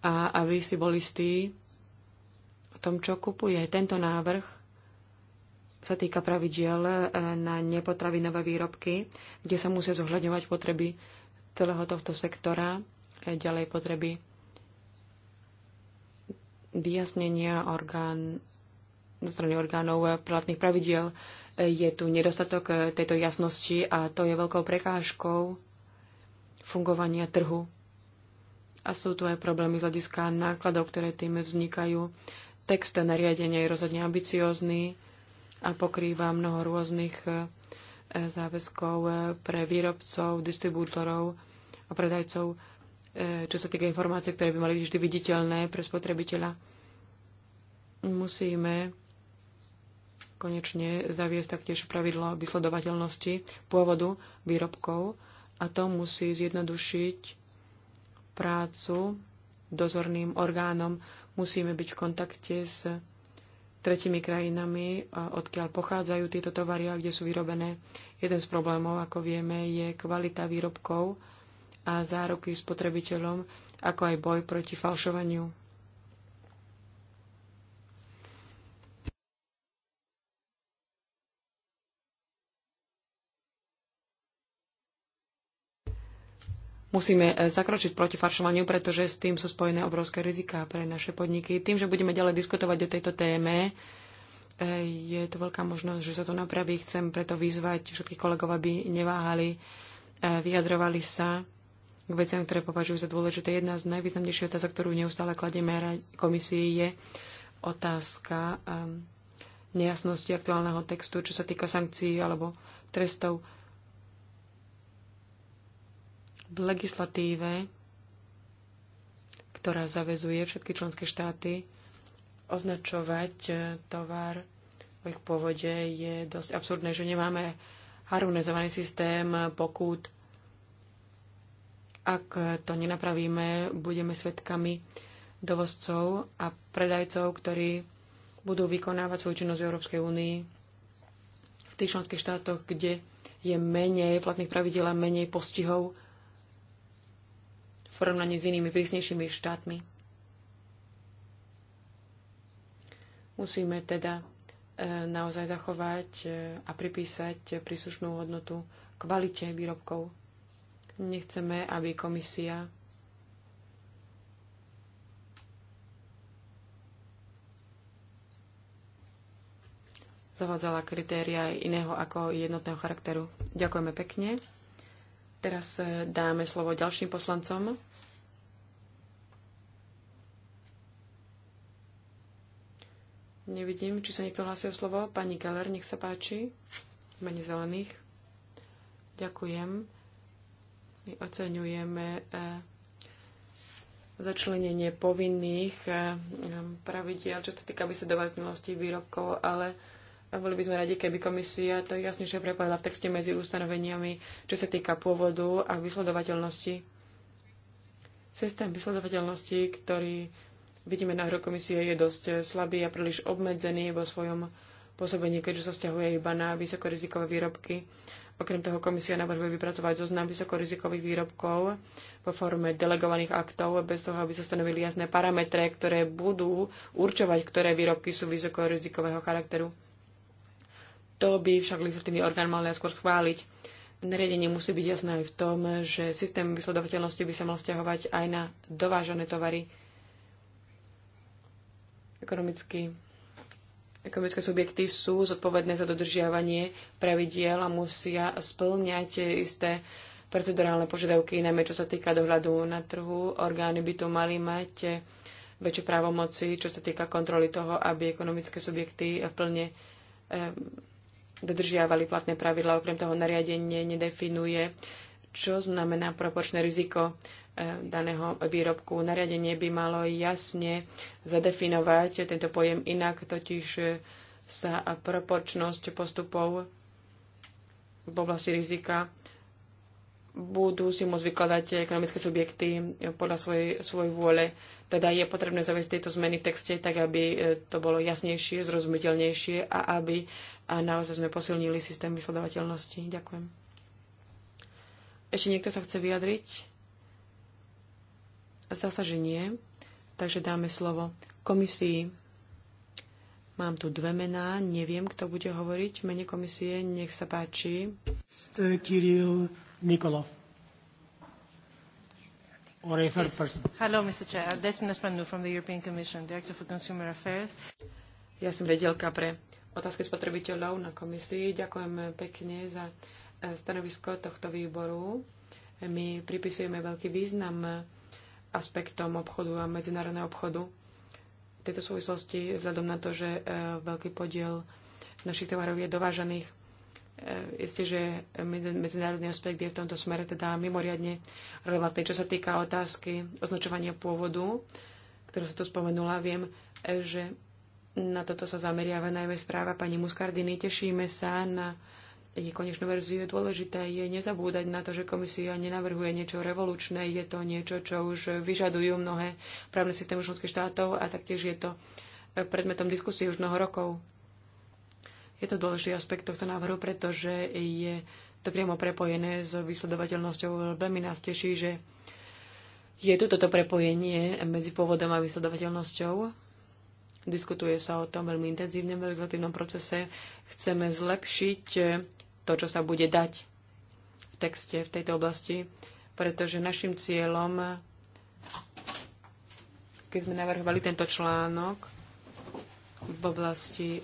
a aby si boli istí o tom, čo kupuje. Tento návrh sa týka pravidiel e, na nepotravinové výrobky, kde sa musia zohľadňovať potreby celého tohto sektora, e, ďalej potreby vyjasnenia orgán, strany orgánov e, platných pravidiel. Je tu nedostatok tejto jasnosti a to je veľkou prekážkou fungovania trhu a sú tu aj problémy z hľadiska nákladov, ktoré tým vznikajú. Text nariadenia je rozhodne ambiciózny a pokrýva mnoho rôznych e, záväzkov e, pre výrobcov, distribútorov a predajcov, e, čo sa týka informácií, ktoré by mali vždy viditeľné pre spotrebiteľa. Musíme konečne zaviesť taktiež pravidlo vysledovateľnosti pôvodu výrobkov a to musí zjednodušiť prácu dozorným orgánom. Musíme byť v kontakte s tretimi krajinami, odkiaľ pochádzajú tieto tovary a kde sú vyrobené. Jeden z problémov, ako vieme, je kvalita výrobkov a zároky spotrebiteľom, ako aj boj proti falšovaniu. musíme e, zakročiť proti faršovaniu, pretože s tým sú spojené obrovské riziká pre naše podniky. Tým, že budeme ďalej diskutovať o tejto téme, e, je to veľká možnosť, že sa to napraví. Chcem preto vyzvať všetkých kolegov, aby neváhali, e, vyjadrovali sa k veciam, ktoré považujú za dôležité. Jedna z najvýznamnejších otázok, ktorú neustále kladieme komisii, je otázka nejasnosti aktuálneho textu, čo sa týka sankcií alebo trestov v legislatíve, ktorá zavezuje všetky členské štáty označovať e, tovar o ich pôvode, je dosť absurdné, že nemáme harmonizovaný systém pokút. Ak to nenapravíme, budeme svetkami dovozcov a predajcov, ktorí budú vykonávať svoju činnosť v Európskej únii v tých členských štátoch, kde je menej platných pravidel a menej postihov v porovnaní s inými prísnejšími štátmi. Musíme teda e, naozaj zachovať e, a pripísať príslušnú hodnotu kvalite výrobkov. Nechceme, aby komisia zavádzala kritéria iného ako jednotného charakteru. Ďakujeme pekne. Teraz e, dáme slovo ďalším poslancom. Nevidím, či sa niekto hlási o slovo. Pani Keller, nech sa páči. mene zelených. Ďakujem. My oceňujeme e, začlenenie povinných e, pravidiel, čo sa týka vysedovateľnosti výrobkov, ale a boli by sme radi, keby komisia to jasnejšie prepojila v texte medzi ustanoveniami, čo sa týka pôvodu a vysledovateľnosti. Systém vysledovateľnosti, ktorý vidíme na hru komisie, je dosť slabý a príliš obmedzený vo svojom pôsobení, keďže sa vzťahuje iba na vysokorizikové výrobky. Okrem toho komisia navrhuje vypracovať zoznam vysokorizikových výrobkov vo forme delegovaných aktov, bez toho, aby sa stanovili jasné parametre, ktoré budú určovať, ktoré výrobky sú vysokorizikového charakteru. To by však legislatívny orgán mal najskôr schváliť. Nariadenie musí byť jasné aj v tom, že systém vysledovateľnosti by sa mal stiahovať aj na dovážané tovary. Ekonomicky ekonomické subjekty sú zodpovedné za dodržiavanie pravidiel a musia splňať isté procedurálne požiadavky, najmä čo sa týka dohľadu na trhu. Orgány by tu mali mať väčšie právomoci, čo sa týka kontroly toho, aby ekonomické subjekty plne dodržiavali platné pravidla. Okrem toho nariadenie nedefinuje, čo znamená proporčné riziko eh, daného výrobku. Nariadenie by malo jasne zadefinovať tento pojem inak, totiž eh, sa proporčnosť postupov v oblasti rizika budú si môcť vykladať ekonomické subjekty podľa svojej, svojej vôle. Teda je potrebné zaviesť tieto zmeny v texte tak, aby eh, to bolo jasnejšie, zrozumiteľnejšie a aby a naozaj sme posilnili systém vysledovateľnosti. Ďakujem. Ešte niekto sa chce vyjadriť? Zdá sa, že nie. Takže dáme slovo komisii. Mám tu dve mená, neviem, kto bude hovoriť mene komisie. Nech sa páči. Kirill Nikolov. Ja som riaditeľka pre otázky spotrebiteľov na komisii. Ďakujem pekne za e, stanovisko tohto výboru. My pripisujeme veľký význam aspektom obchodu a medzinárodného obchodu. V tejto súvislosti, vzhľadom na to, že e, veľký podiel našich tovarov je dovážaných, Isté, e, že medzinárodný aspekt je v tomto smere teda mimoriadne relevantný. Čo sa týka otázky označovania pôvodu, ktorú sa tu spomenula, viem, že na toto sa zameriava najmä správa pani Muscardini. Tešíme sa na jej konečnú verziu. Je dôležité je nezabúdať na to, že komisia nenavrhuje niečo revolučné. Je to niečo, čo už vyžadujú mnohé právne systémy členských štátov a taktiež je to predmetom diskusie už mnoho rokov. Je to dôležitý aspekt tohto návrhu, pretože je to priamo prepojené s vysledovateľnosťou. Veľmi nás teší, že je tu toto prepojenie medzi pôvodom a vysledovateľnosťou Diskutuje sa o tom veľmi intenzívne v legislatívnom procese. Chceme zlepšiť eh, to, čo sa bude dať v texte v tejto oblasti, pretože našim cieľom, keď sme navrhovali tento článok v oblasti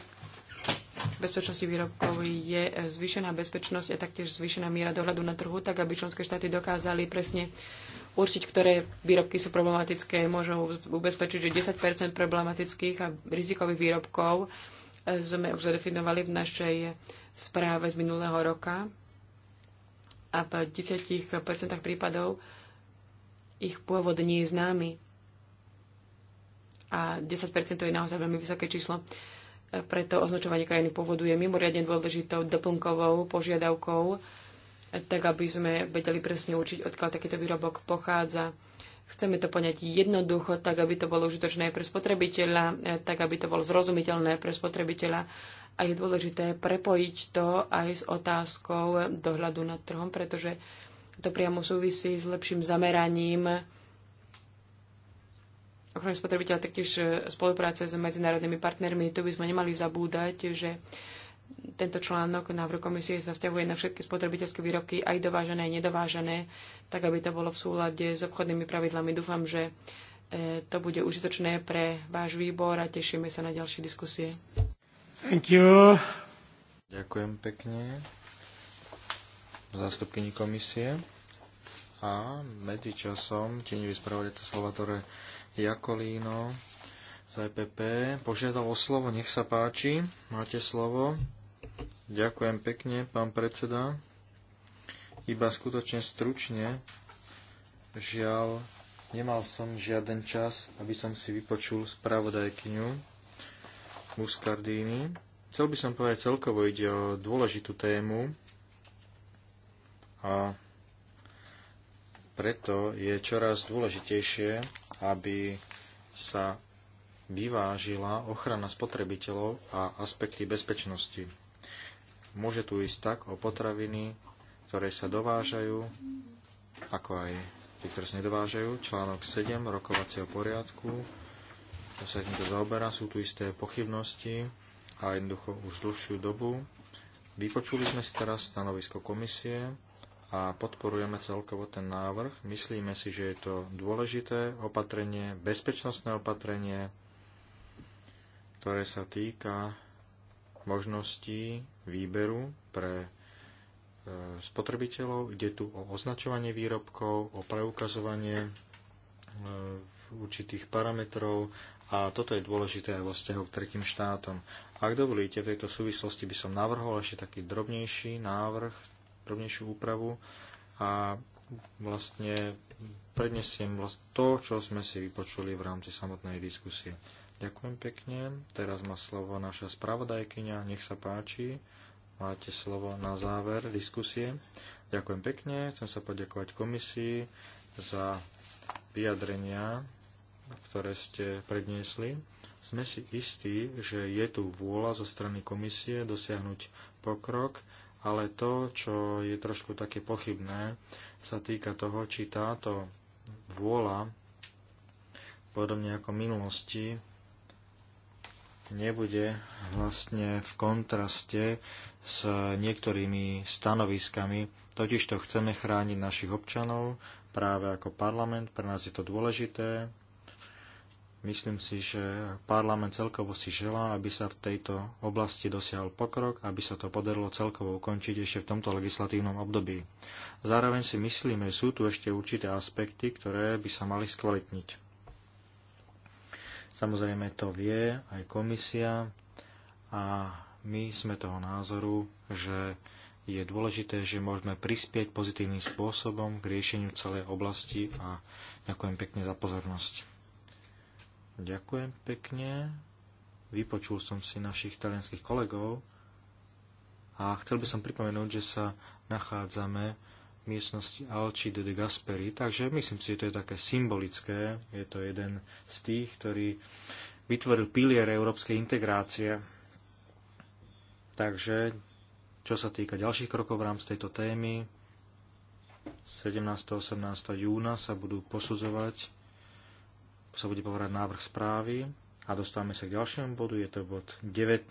bezpečnosti výrobkov je eh, zvýšená bezpečnosť a taktiež zvýšená miera dohľadu na trhu, tak aby členské štáty dokázali presne určiť, ktoré výrobky sú problematické. Môžu ubezpečiť, že 10 problematických a rizikových výrobkov e, sme už zadefinovali v našej správe z minulého roka a v 10 prípadov ich pôvod nie je známy. A 10 to je naozaj veľmi vysoké číslo. E, preto označovanie krajiny pôvodu je mimoriadne dôležitou doplnkovou požiadavkou tak aby sme vedeli presne určiť, odkiaľ takýto výrobok pochádza. Chceme to poňať jednoducho, tak aby to bolo užitočné pre spotrebiteľa, e, tak aby to bolo zrozumiteľné pre spotrebiteľa a je dôležité prepojiť to aj s otázkou dohľadu nad trhom, pretože to priamo súvisí s lepším zameraním ochrany spotrebiteľa, taktiež e, spolupráce s medzinárodnými partnermi. Tu by sme nemali zabúdať, že tento článok návrhu komisie sa vzťahuje na všetky spotrebiteľské výrobky, aj dovážené, aj nedovážené, tak aby to bolo v súlade s obchodnými pravidlami. Dúfam, že e, to bude užitočné pre váš výbor a tešíme sa na ďalšie diskusie. Thank you. Ďakujem pekne zástupkyni komisie. A medzičasom tieňový spravodajca Salvatore Jakolíno z IPP e požiadal o slovo, nech sa páči, máte slovo. Ďakujem pekne, pán predseda. Iba skutočne stručne. Žiaľ, nemal som žiaden čas, aby som si vypočul spravodajkyňu Muscardini. Chcel by som povedať celkovo ide o dôležitú tému a preto je čoraz dôležitejšie, aby sa vyvážila ochrana spotrebiteľov a aspekty bezpečnosti. Môže tu ísť tak o potraviny, ktoré sa dovážajú, ako aj tí, ktoré sa nedovážajú. Článok 7 rokovacieho poriadku. To sa týmto zaoberá. Sú tu isté pochybnosti a jednoducho už dlhšiu dobu. Vypočuli sme si teraz stanovisko komisie a podporujeme celkovo ten návrh. Myslíme si, že je to dôležité opatrenie, bezpečnostné opatrenie, ktoré sa týka možností výberu pre e, spotrebiteľov. Ide tu o označovanie výrobkov, o preukazovanie e, určitých parametrov a toto je dôležité aj vo vzťahu k tretím štátom. Ak dovolíte, v tejto súvislosti by som navrhol ešte taký drobnejší návrh, drobnejšiu úpravu a vlastne prednesiem vlast to, čo sme si vypočuli v rámci samotnej diskusie. Ďakujem pekne. Teraz má slovo naša spravodajkyňa. Nech sa páči. Máte slovo na záver diskusie. Ďakujem pekne. Chcem sa poďakovať komisii za vyjadrenia, ktoré ste predniesli. Sme si istí, že je tu vôľa zo strany komisie dosiahnuť pokrok, ale to, čo je trošku také pochybné, sa týka toho, či táto vôľa, podobne ako minulosti, nebude vlastne v kontraste s niektorými stanoviskami. Totižto chceme chrániť našich občanov práve ako parlament. Pre nás je to dôležité. Myslím si, že parlament celkovo si želá, aby sa v tejto oblasti dosiahol pokrok, aby sa to podarilo celkovo ukončiť ešte v tomto legislatívnom období. Zároveň si myslíme, že sú tu ešte určité aspekty, ktoré by sa mali skvalitniť. Samozrejme to vie aj komisia a my sme toho názoru, že je dôležité, že môžeme prispieť pozitívnym spôsobom k riešeniu celej oblasti a ďakujem pekne za pozornosť. Ďakujem pekne. Vypočul som si našich talianských kolegov a chcel by som pripomenúť, že sa nachádzame miestnosti Alcide de Gasperi, takže myslím si, že to je také symbolické. Je to jeden z tých, ktorý vytvoril pilier európskej integrácie. Takže, čo sa týka ďalších krokov v rámci tejto témy, 17. 18. júna sa budú posudzovať, sa bude povedať návrh správy a dostávame sa k ďalšiemu bodu, je to bod 19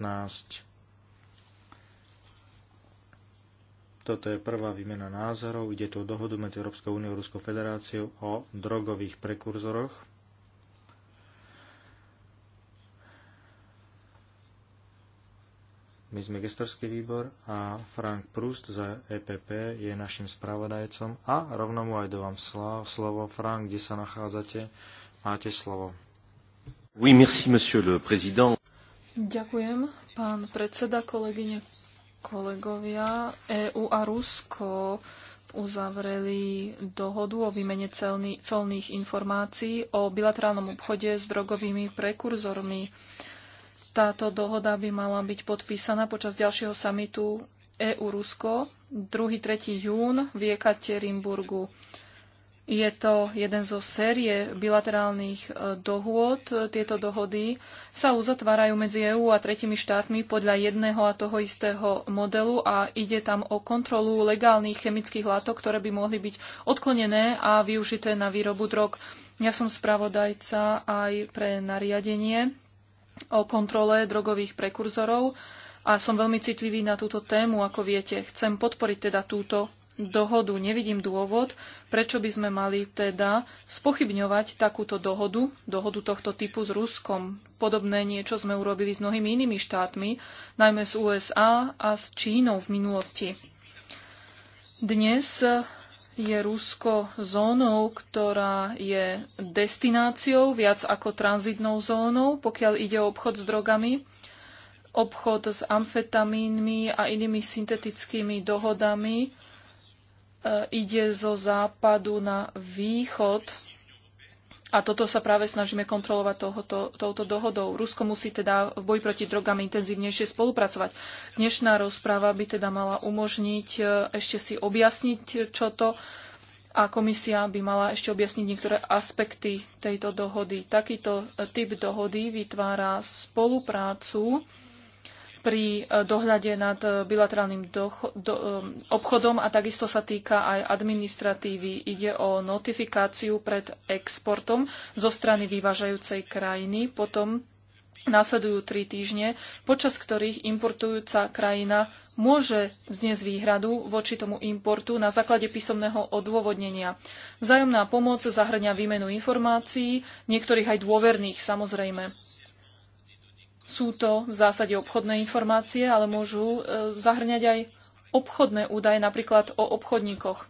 Toto je prvá výmena názorov. Ide tu o dohodu medzi Európskou úniou a Ruskou federáciou o drogových prekurzoroch. My sme gestorský výbor a Frank Prust za EPP je našim spravodajcom a rovno mu aj dovám slovo. Frank, kde sa nachádzate? Máte slovo. Oui, merci, monsieur le président. Ďakujem, pán predseda, kolegyne, kolegovia, EÚ a Rusko uzavreli dohodu o výmene celný, colných informácií o bilaterálnom obchode s drogovými prekurzormi. Táto dohoda by mala byť podpísaná počas ďalšieho samitu EU-Rusko 2. 3. jún v Ekaterinburgu. Je to jeden zo série bilaterálnych e, dohôd. Tieto dohody sa uzatvárajú medzi EÚ a tretimi štátmi podľa jedného a toho istého modelu a ide tam o kontrolu legálnych chemických látok, ktoré by mohli byť odklonené a využité na výrobu drog. Ja som spravodajca aj pre nariadenie o kontrole drogových prekurzorov a som veľmi citlivý na túto tému, ako viete. Chcem podporiť teda túto dohodu. Nevidím dôvod, prečo by sme mali teda spochybňovať takúto dohodu, dohodu tohto typu s Ruskom. Podobné niečo sme urobili s mnohými inými štátmi, najmä s USA a s Čínou v minulosti. Dnes je Rusko zónou, ktorá je destináciou viac ako tranzitnou zónou, pokiaľ ide o obchod s drogami obchod s amfetamínmi a inými syntetickými dohodami E, ide zo západu na východ. A toto sa práve snažíme kontrolovať tohoto, touto dohodou. Rusko musí teda v boji proti drogám intenzívnejšie spolupracovať. Dnešná rozpráva by teda mala umožniť e, ešte si objasniť, čo to a komisia by mala ešte objasniť niektoré aspekty tejto dohody. Takýto e, typ dohody vytvára spoluprácu pri e, dohľade nad e, bilaterálnym doch- do, e, obchodom a takisto sa týka aj administratívy. Ide o notifikáciu pred exportom zo strany vyvážajúcej krajiny, potom Následujú tri týždne, počas ktorých importujúca krajina môže vzniesť výhradu voči tomu importu na základe písomného odôvodnenia. Vzájomná pomoc zahrňa výmenu informácií, niektorých aj dôverných samozrejme. Sú to v zásade obchodné informácie, ale môžu e, zahrňať aj obchodné údaje, napríklad o obchodníkoch.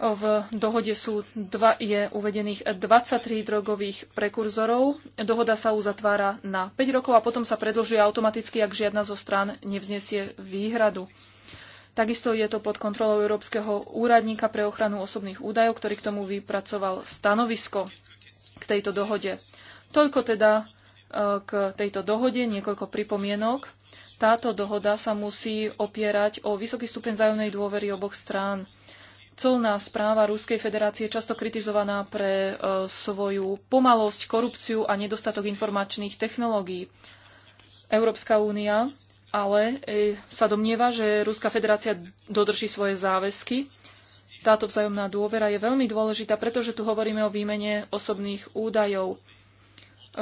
V dohode sú dva, je uvedených 23 drogových prekurzorov. Dohoda sa uzatvára na 5 rokov a potom sa predlžuje automaticky, ak žiadna zo strán nevznesie výhradu. Takisto je to pod kontrolou Európskeho úradníka pre ochranu osobných údajov, ktorý k tomu vypracoval stanovisko k tejto dohode. Toľko teda k tejto dohode niekoľko pripomienok. Táto dohoda sa musí opierať o vysoký stupeň zájomnej dôvery oboch strán. Colná správa Ruskej federácie je často kritizovaná pre e, svoju pomalosť, korupciu a nedostatok informačných technológií. Európska únia ale e, sa domnieva, že Ruská federácia dodrží svoje záväzky. Táto vzájomná dôvera je veľmi dôležitá, pretože tu hovoríme o výmene osobných údajov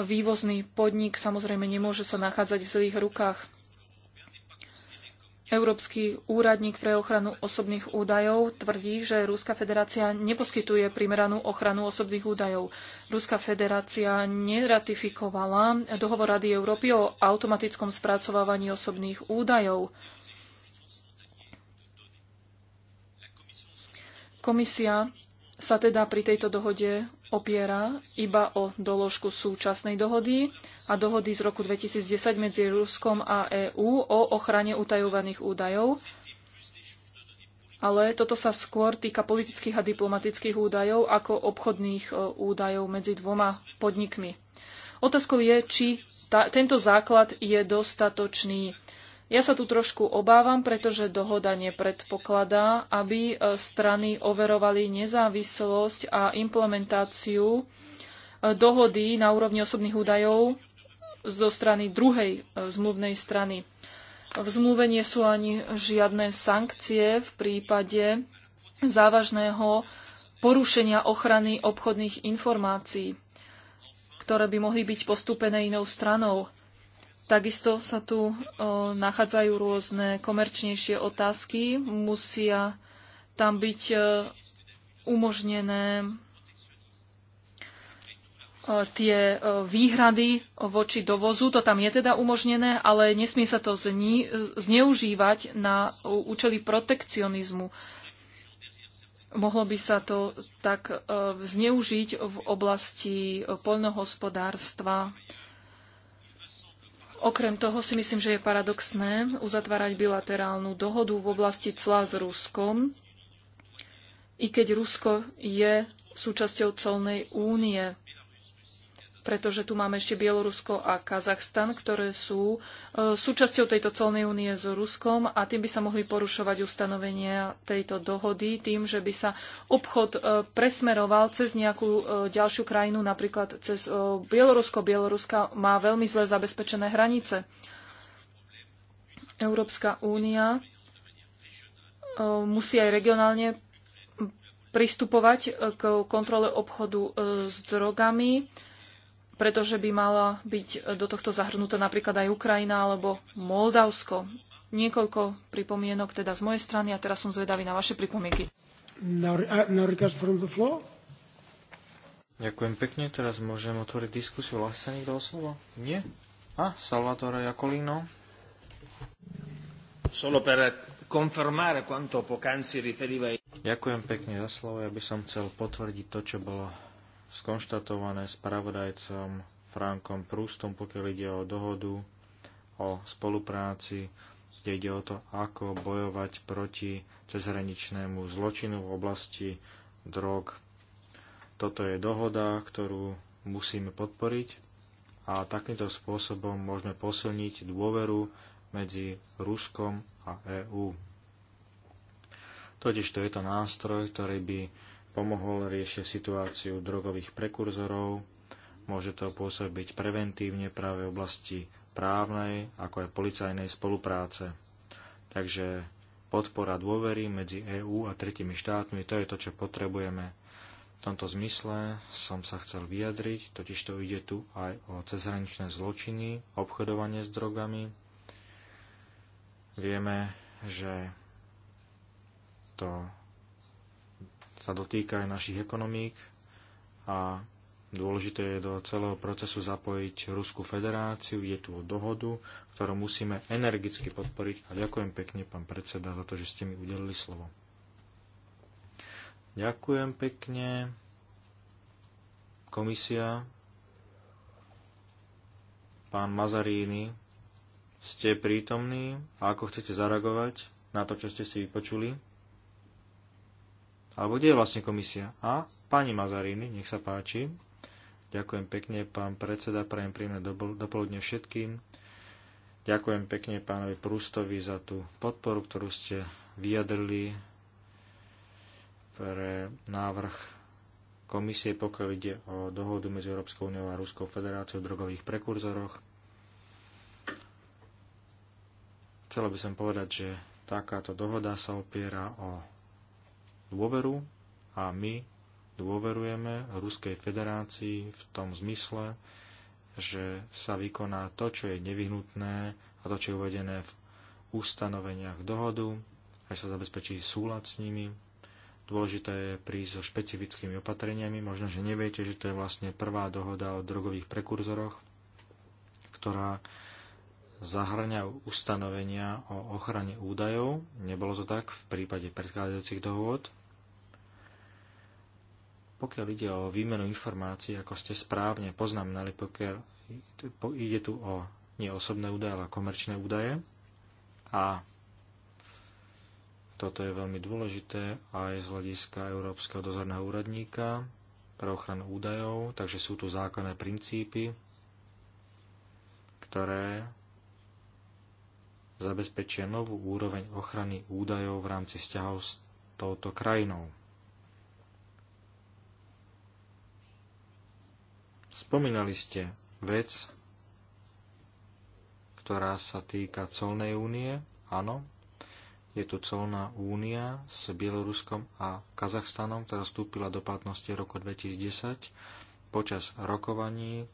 vývozný podnik samozrejme nemôže sa nachádzať v zlých rukách. Európsky úradník pre ochranu osobných údajov tvrdí, že Ruská federácia neposkytuje primeranú ochranu osobných údajov. Ruská federácia neratifikovala dohovor Rady Európy o automatickom spracovávaní osobných údajov. Komisia sa teda pri tejto dohode opiera iba o doložku súčasnej dohody a dohody z roku 2010 medzi Ruskom a EÚ o ochrane utajovaných údajov, ale toto sa skôr týka politických a diplomatických údajov ako obchodných e, údajov medzi dvoma podnikmi. Otázkou je, či ta, tento základ je dostatočný. Ja sa tu trošku obávam, pretože dohoda nepredpokladá, aby e, strany overovali nezávislosť a implementáciu e, dohody na úrovni osobných údajov zo strany druhej e, zmluvnej strany. V zmluve nie sú ani žiadne sankcie v prípade závažného porušenia ochrany obchodných informácií, ktoré by mohli byť postúpené inou stranou. Takisto sa tu o, nachádzajú rôzne komerčnejšie otázky. Musia tam byť o, e, umožnené o, e, tie e, výhrady voči dovozu. To tam je teda umožnené, ale nesmie sa to zni- zneužívať na účely protekcionizmu. Mohlo by sa to tak zneužiť v oblasti poľnohospodárstva Okrem toho si myslím, že je paradoxné uzatvárať bilaterálnu dohodu v oblasti cla s Ruskom, i keď Rusko je súčasťou colnej únie pretože tu máme ešte Bielorusko a Kazachstan, ktoré sú e, súčasťou tejto colnej únie s Ruskom a tým by sa mohli porušovať ustanovenia tejto dohody tým, že by sa obchod e, presmeroval cez nejakú e, ďalšiu krajinu, napríklad cez Bielorusko. Bieloruska má veľmi zle zabezpečené hranice. Európska únia musí aj regionálne pristupovať k kontrole obchodu s drogami pretože by mala byť do tohto zahrnutá napríklad aj Ukrajina alebo Moldavsko. Niekoľko pripomienok teda z mojej strany a teraz som zvedavý na vaše pripomienky. Ďakujem pekne, teraz môžem otvoriť diskusiu. Hlasí sa niekto o slovo? Nie? A, Salvatore Jacolino. Solo per confermare quanto poc'anzi riferiva... Ďakujem pekne za slovo, ja by som chcel potvrdiť to, čo bolo skonštatované spravodajcom Frankom Prustom, pokiaľ ide o dohodu o spolupráci, kde ide o to, ako bojovať proti cezhraničnému zločinu v oblasti drog. Toto je dohoda, ktorú musíme podporiť a takýmto spôsobom môžeme posilniť dôveru medzi Ruskom a EÚ. Totiž to je to nástroj, ktorý by pomohol riešiť situáciu drogových prekurzorov, môže to pôsobiť preventívne práve v oblasti právnej, ako aj policajnej spolupráce. Takže podpora dôvery medzi EÚ a tretimi štátmi, to je to, čo potrebujeme. V tomto zmysle som sa chcel vyjadriť, totiž to ide tu aj o cezhraničné zločiny, obchodovanie s drogami. Vieme, že to sa dotýka aj našich ekonomík a dôležité je do celého procesu zapojiť Ruskú federáciu. Je tu dohodu, ktorú musíme energicky podporiť. A ďakujem pekne, pán predseda, za to, že ste mi udelili slovo. Ďakujem pekne. Komisia. Pán Mazaríny, ste prítomní a ako chcete zareagovať na to, čo ste si vypočuli? Alebo kde je vlastne komisia? A pani Mazarini, nech sa páči. Ďakujem pekne, pán predseda, prajem príjemné dopoludne všetkým. Ďakujem pekne pánovi Prústovi za tú podporu, ktorú ste vyjadrili pre návrh komisie, pokiaľ ide o dohodu medzi Európskou úniou a Ruskou federáciou o drogových prekurzoroch. Chcelo by som povedať, že takáto dohoda sa opiera o dôveru a my dôverujeme Ruskej federácii v tom zmysle, že sa vykoná to, čo je nevyhnutné a to, čo je uvedené v ustanoveniach dohodu, až sa zabezpečí súlad s nimi. Dôležité je prísť so špecifickými opatreniami. Možno, že neviete, že to je vlastne prvá dohoda o drogových prekurzoroch, ktorá zahrňa ustanovenia o ochrane údajov. Nebolo to tak v prípade predchádzajúcich dohôd. Pokiaľ ide o výmenu informácií, ako ste správne poznamenali, pokiaľ ide tu o neosobné údaje, ale komerčné údaje. A toto je veľmi dôležité aj z hľadiska Európskeho dozorného úradníka pre ochranu údajov, takže sú tu zákonné princípy, ktoré zabezpečia novú úroveň ochrany údajov v rámci vzťahov s touto krajinou. Spomínali ste vec, ktorá sa týka colnej únie, áno. Je tu colná únia s Bieloruskom a Kazachstanom, ktorá vstúpila do platnosti roku 2010 počas rokovaní,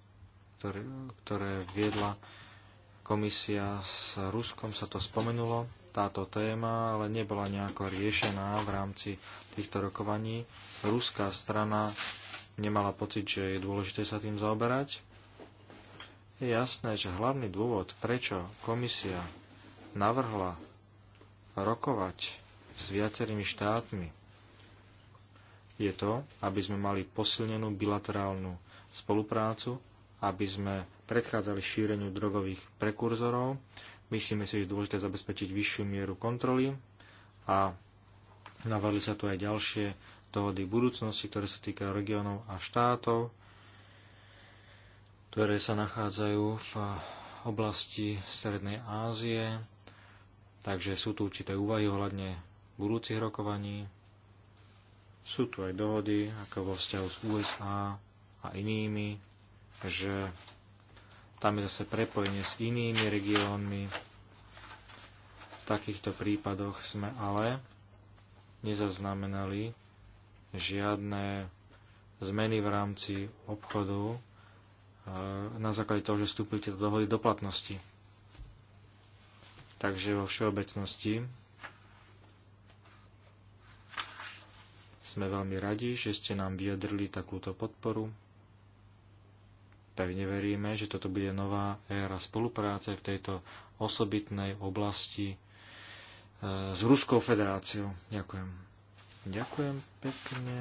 ktoré, ktoré viedla komisia s Ruskom, sa to spomenulo, táto téma, ale nebola nejako riešená v rámci týchto rokovaní. Ruská strana nemala pocit, že je dôležité sa tým zaoberať. Je jasné, že hlavný dôvod, prečo komisia navrhla rokovať s viacerými štátmi, je to, aby sme mali posilnenú bilaterálnu spoluprácu, aby sme predchádzali šíreniu drogových prekurzorov. Myslíme si, že je dôležité zabezpečiť vyššiu mieru kontroly a navrhli sa tu aj ďalšie dohody budúcnosti, ktoré sa týka regiónov a štátov, ktoré sa nachádzajú v oblasti Strednej Ázie. Takže sú tu určité úvahy ohľadne budúcich rokovaní. Sú tu aj dohody, ako vo vzťahu s USA a inými, že tam je zase prepojenie s inými regiónmi. V takýchto prípadoch sme ale nezaznamenali žiadne zmeny v rámci obchodu e, na základe toho, že vstúpili tieto dohody do platnosti. Takže vo všeobecnosti sme veľmi radi, že ste nám vyjadrili takúto podporu. Pevne veríme, že toto bude nová éra spolupráce v tejto osobitnej oblasti e, s Ruskou federáciou. Ďakujem. Ďakujem pekne.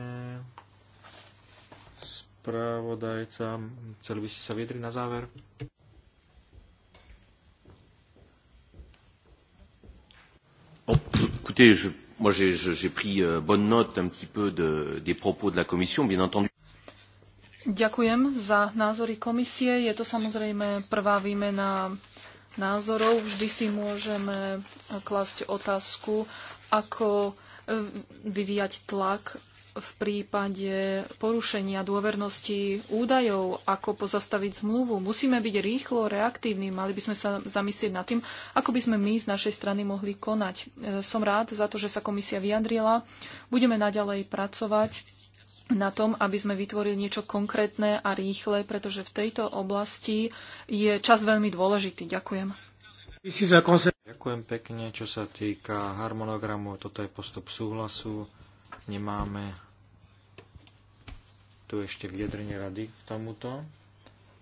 Spravodajca, chceli by ste sa vyjadriť na záver? Oh, écoutez, moi j'ai pris euh, bonne note un petit peu de, des propos de la Commission, bien entendu. Ďakujem za názory komisie. Je to samozrejme prvá výmena názorov. Vždy si môžeme eh, klásť otázku, ako vyvíjať tlak v prípade porušenia dôvernosti údajov, ako pozastaviť zmluvu. Musíme byť rýchlo reaktívni, mali by sme sa zamyslieť nad tým, ako by sme my z našej strany mohli konať. E, som rád za to, že sa komisia vyjadrila. Budeme naďalej pracovať na tom, aby sme vytvorili niečo konkrétne a rýchle, pretože v tejto oblasti je čas veľmi dôležitý. Ďakujem. Ďakujem pekne, čo sa týka harmonogramu, toto je postup súhlasu. Nemáme tu ešte vyjadrenie rady k tomuto,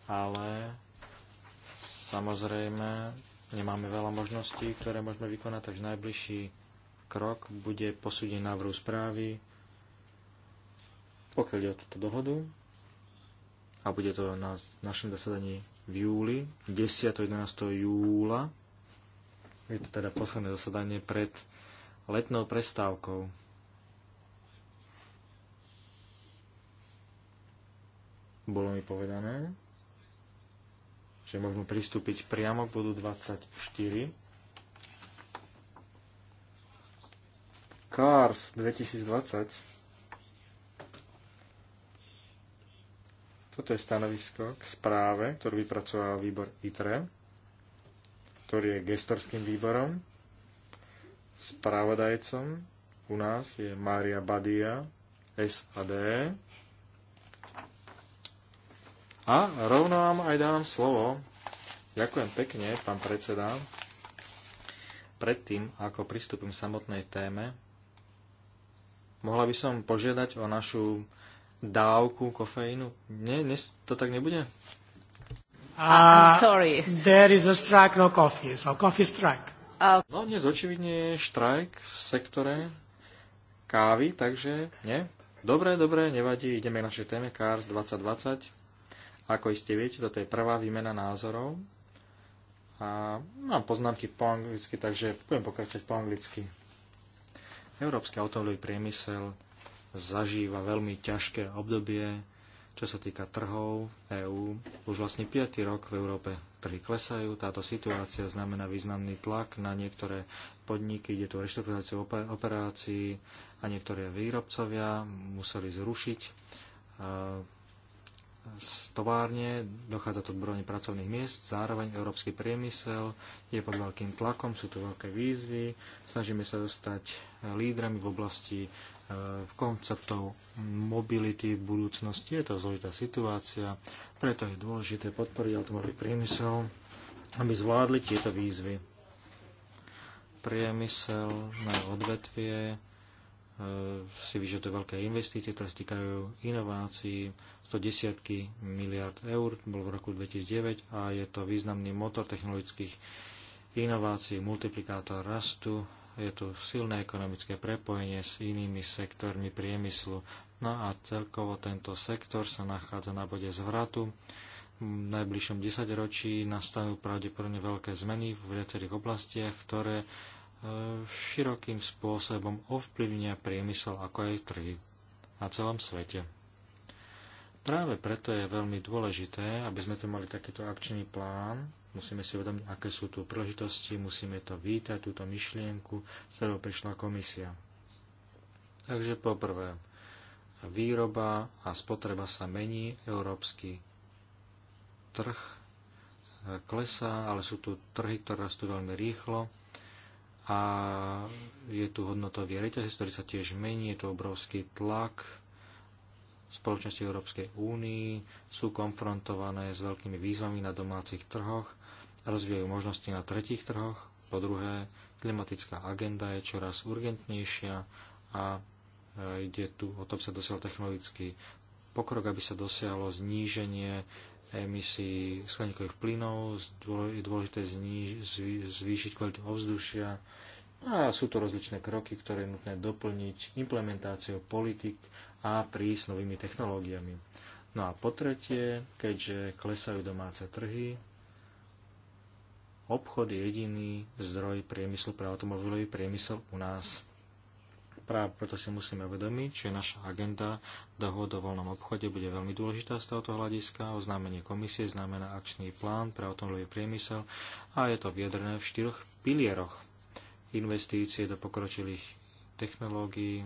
ale samozrejme nemáme veľa možností, ktoré môžeme vykonať, takže najbližší krok bude posúdenie návrhu správy, pokiaľ ide o túto dohodu, a bude to na našom zasadaní v júli, 10. 11. júla je to teda posledné zasadanie pred letnou prestávkou. Bolo mi povedané, že môžeme pristúpiť priamo k bodu 24. Cars 2020. Toto je stanovisko k správe, ktorú vypracoval výbor ITRE ktorý je gestorským výborom. Spravodajcom u nás je Mária Badia, SAD. E. A rovno vám aj dám slovo. Ďakujem pekne, pán predseda. Predtým, ako pristúpim k samotnej téme, mohla by som požiadať o našu dávku kofeínu. Nie, dnes to tak nebude? sorry. There is a strike, no coffee. So coffee strike. Uh. No dnes očividne je štrajk v sektore kávy, takže nie. Dobre, dobre, nevadí, ideme k našej téme CARS 2020. Ako iste viete, toto je prvá výmena názorov. A mám poznámky po anglicky, takže budem pokračovať po anglicky. Európsky automobilový priemysel zažíva veľmi ťažké obdobie, čo sa týka trhov EÚ, už vlastne 5. rok v Európe trhy klesajú. Táto situácia znamená významný tlak na niektoré podniky, ide tu o reštrukturalizáciu operácií a niektoré výrobcovia museli zrušiť z e, továrne, dochádza tu k broni pracovných miest, zároveň európsky priemysel je pod veľkým tlakom, sú tu veľké výzvy, snažíme sa dostať lídrami v oblasti konceptov mobility v budúcnosti. Je to zložitá situácia, preto je dôležité podporiť automobilový priemysel, aby zvládli tieto výzvy. Priemysel na odvetvie e, si vyžaduje veľké investície, ktoré stýkajú týkajú inovácií, 110 miliard eur, bol v roku 2009 a je to významný motor technologických inovácií, multiplikátor rastu je tu silné ekonomické prepojenie s inými sektormi priemyslu. No a celkovo tento sektor sa nachádza na bode zvratu. V najbližšom desaťročí nastanú pravdepodobne veľké zmeny v viacerých oblastiach, ktoré e, širokým spôsobom ovplyvnia priemysel ako aj trhy na celom svete. Práve preto je veľmi dôležité, aby sme tu mali takýto akčný plán, Musíme si uvedomiť, aké sú tu príležitosti, musíme to vítať, túto myšlienku, z ktorou prišla komisia. Takže poprvé, výroba a spotreba sa mení, európsky trh klesá, ale sú tu trhy, ktoré rastú veľmi rýchlo a je tu hodnotový reťazec, ktorý sa tiež mení, je to obrovský tlak, spoločnosti Európskej únii sú konfrontované s veľkými výzvami na domácich trhoch rozvíjajú možnosti na tretích trhoch, po druhé, klimatická agenda je čoraz urgentnejšia a e, ide tu o to, aby sa dosiahol technologický pokrok, aby sa dosiahlo zníženie emisí skleníkových plynov, je dôležité zvýšiť kvalitu ovzdušia a sú to rozličné kroky, ktoré je nutné doplniť implementáciou politik a prísť novými technológiami. No a po tretie, keďže klesajú domáce trhy, obchod je jediný zdroj priemyslu pre automobilový priemysel u nás. Práve preto si musíme uvedomiť, že naša agenda dohod o voľnom obchode bude veľmi dôležitá z tohoto hľadiska. Oznámenie komisie znamená akčný plán pre automobilový priemysel a je to vyjadrené v štyroch pilieroch. Investície do pokročilých technológií,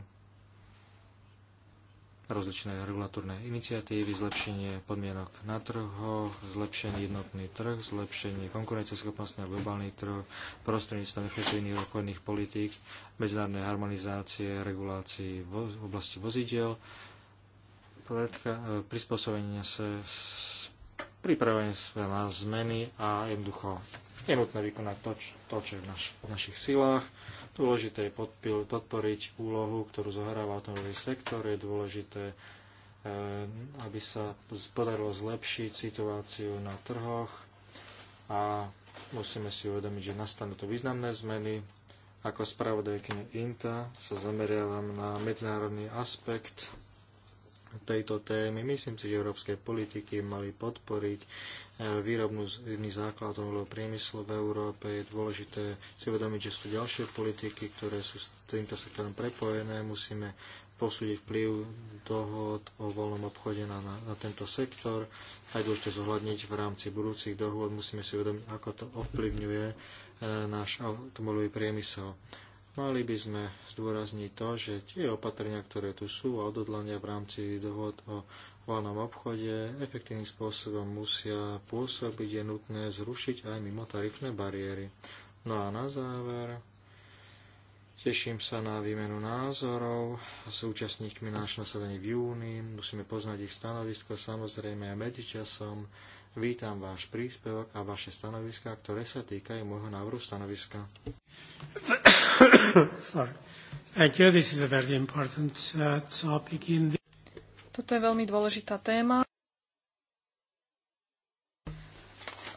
rozličné regulatúrne iniciatívy, zlepšenie podmienok na trhoch, zlepšenie jednotný trh, zlepšenie konkurenceschopnosti na globálny trh, prostredníctvom efektívnych obchodných politík, medzinárodné harmonizácie, regulácií v oblasti vozidiel, e, prispôsobenie sa pripravenie sa na zmeny a jednoducho je nutné vykonať to, čo, to, čo je v, naš, v našich silách. Dôležité je podporiť úlohu, ktorú zohráva automobilový sektor. Je dôležité, eh, aby sa podarilo zlepšiť situáciu na trhoch a musíme si uvedomiť, že nastanú tu významné zmeny. Ako spravodajkyne INTA sa zameriavam na medzinárodný aspekt tejto témy. Myslím si, že európske politiky mali podporiť e, výrobný základ alebo priemyslu v Európe. Je dôležité si uvedomiť, že sú ďalšie politiky, ktoré sú s týmto sektorom prepojené. Musíme posúdiť vplyv dohod o voľnom obchode na, na, na tento sektor. Aj dôležité zohľadniť v rámci budúcich dohôd. Musíme si uvedomiť, ako to ovplyvňuje e, náš automobilový priemysel. Mali by sme zdôrazniť to, že tie opatrenia, ktoré tu sú a odhodlania v rámci dohod o voľnom obchode, efektívnym spôsobom musia pôsobiť, je nutné zrušiť aj mimo tarifné bariéry. No a na záver, teším sa na výmenu názorov s účastníkmi nášho nasadení v júni, musíme poznať ich stanovisko samozrejme a medzičasom Vítam váš príspevok a vaše stanoviska, ktoré sa týkajú môjho návrhu stanoviska. Uh, Toto je veľmi dôležitá téma.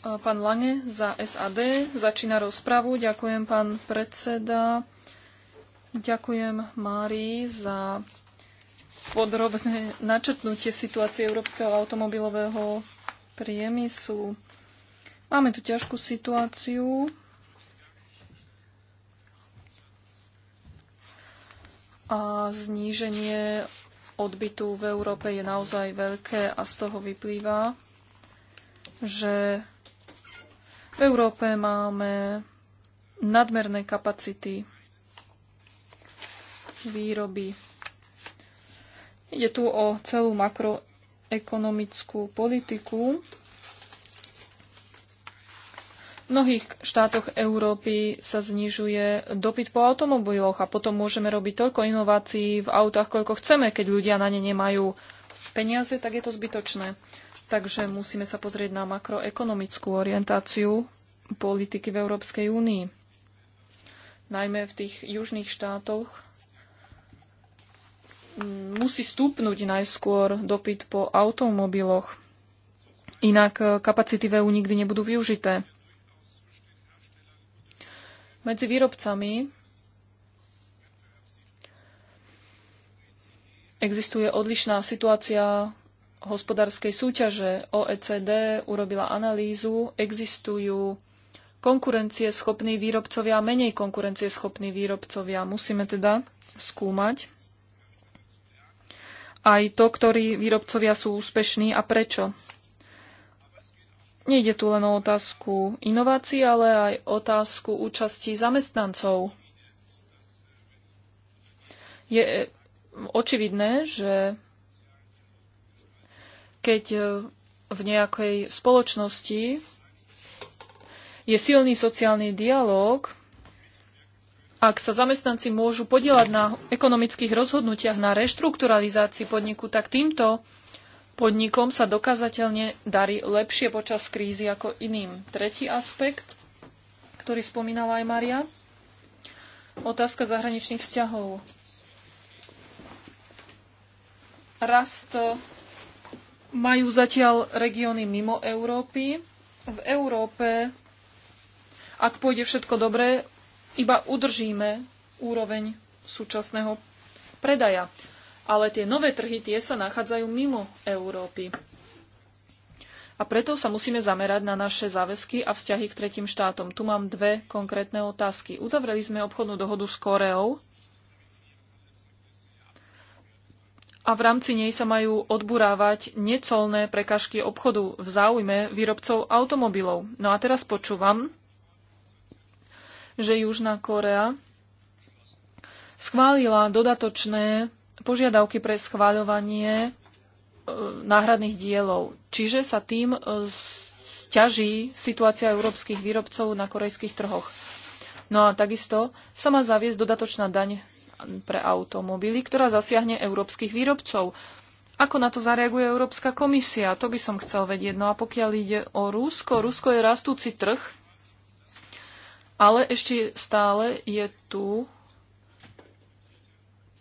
Pán Lange za SAD začína rozpravu. Ďakujem, pán predseda. Ďakujem Márii za podrobné načrtnutie situácie európskeho automobilového priemyslu. Máme tu ťažkú situáciu. A zníženie odbytu v Európe je naozaj veľké a z toho vyplýva, že v Európe máme nadmerné kapacity výroby. Ide tu o celú makro ekonomickú politiku. V mnohých štátoch Európy sa znižuje dopyt po automobiloch a potom môžeme robiť toľko inovácií v autách, koľko chceme. Keď ľudia na ne nemajú peniaze, tak je to zbytočné. Takže musíme sa pozrieť na makroekonomickú orientáciu politiky v Európskej únii. Najmä v tých južných štátoch musí stúpnuť najskôr dopyt po automobiloch. Inak e, kapacity VU e nikdy nebudú využité. Medzi výrobcami existuje odlišná situácia hospodárskej súťaže. OECD urobila analýzu, existujú konkurencieschopní výrobcovia a menej konkurencieschopní výrobcovia. Musíme teda skúmať, aj to, ktorí výrobcovia sú úspešní a prečo. Nejde tu len o otázku inovácií, ale aj otázku účasti zamestnancov. Je e, očividné, že keď e, v nejakej spoločnosti je silný sociálny dialog, ak sa zamestnanci môžu podielať na ekonomických rozhodnutiach na reštrukturalizácii podniku, tak týmto podnikom sa dokázateľne darí lepšie počas krízy ako iným. Tretí aspekt, ktorý spomínala aj Maria, otázka zahraničných vzťahov. Rast majú zatiaľ regióny mimo Európy. V Európe, ak pôjde všetko dobre, iba udržíme úroveň súčasného predaja. Ale tie nové trhy, tie sa nachádzajú mimo Európy. A preto sa musíme zamerať na naše záväzky a vzťahy k tretím štátom. Tu mám dve konkrétne otázky. Uzavreli sme obchodnú dohodu s Koreou a v rámci nej sa majú odburávať necolné prekažky obchodu v záujme výrobcov automobilov. No a teraz počúvam, že Južná Korea schválila dodatočné požiadavky pre schváľovanie e, náhradných dielov. Čiže sa tým e, ťaží situácia európskych výrobcov na korejských trhoch. No a takisto sa má zaviesť dodatočná daň pre automobily, ktorá zasiahne európskych výrobcov. Ako na to zareaguje Európska komisia? To by som chcel vedieť. No a pokiaľ ide o Rusko, Rusko je rastúci trh ale ešte stále je tu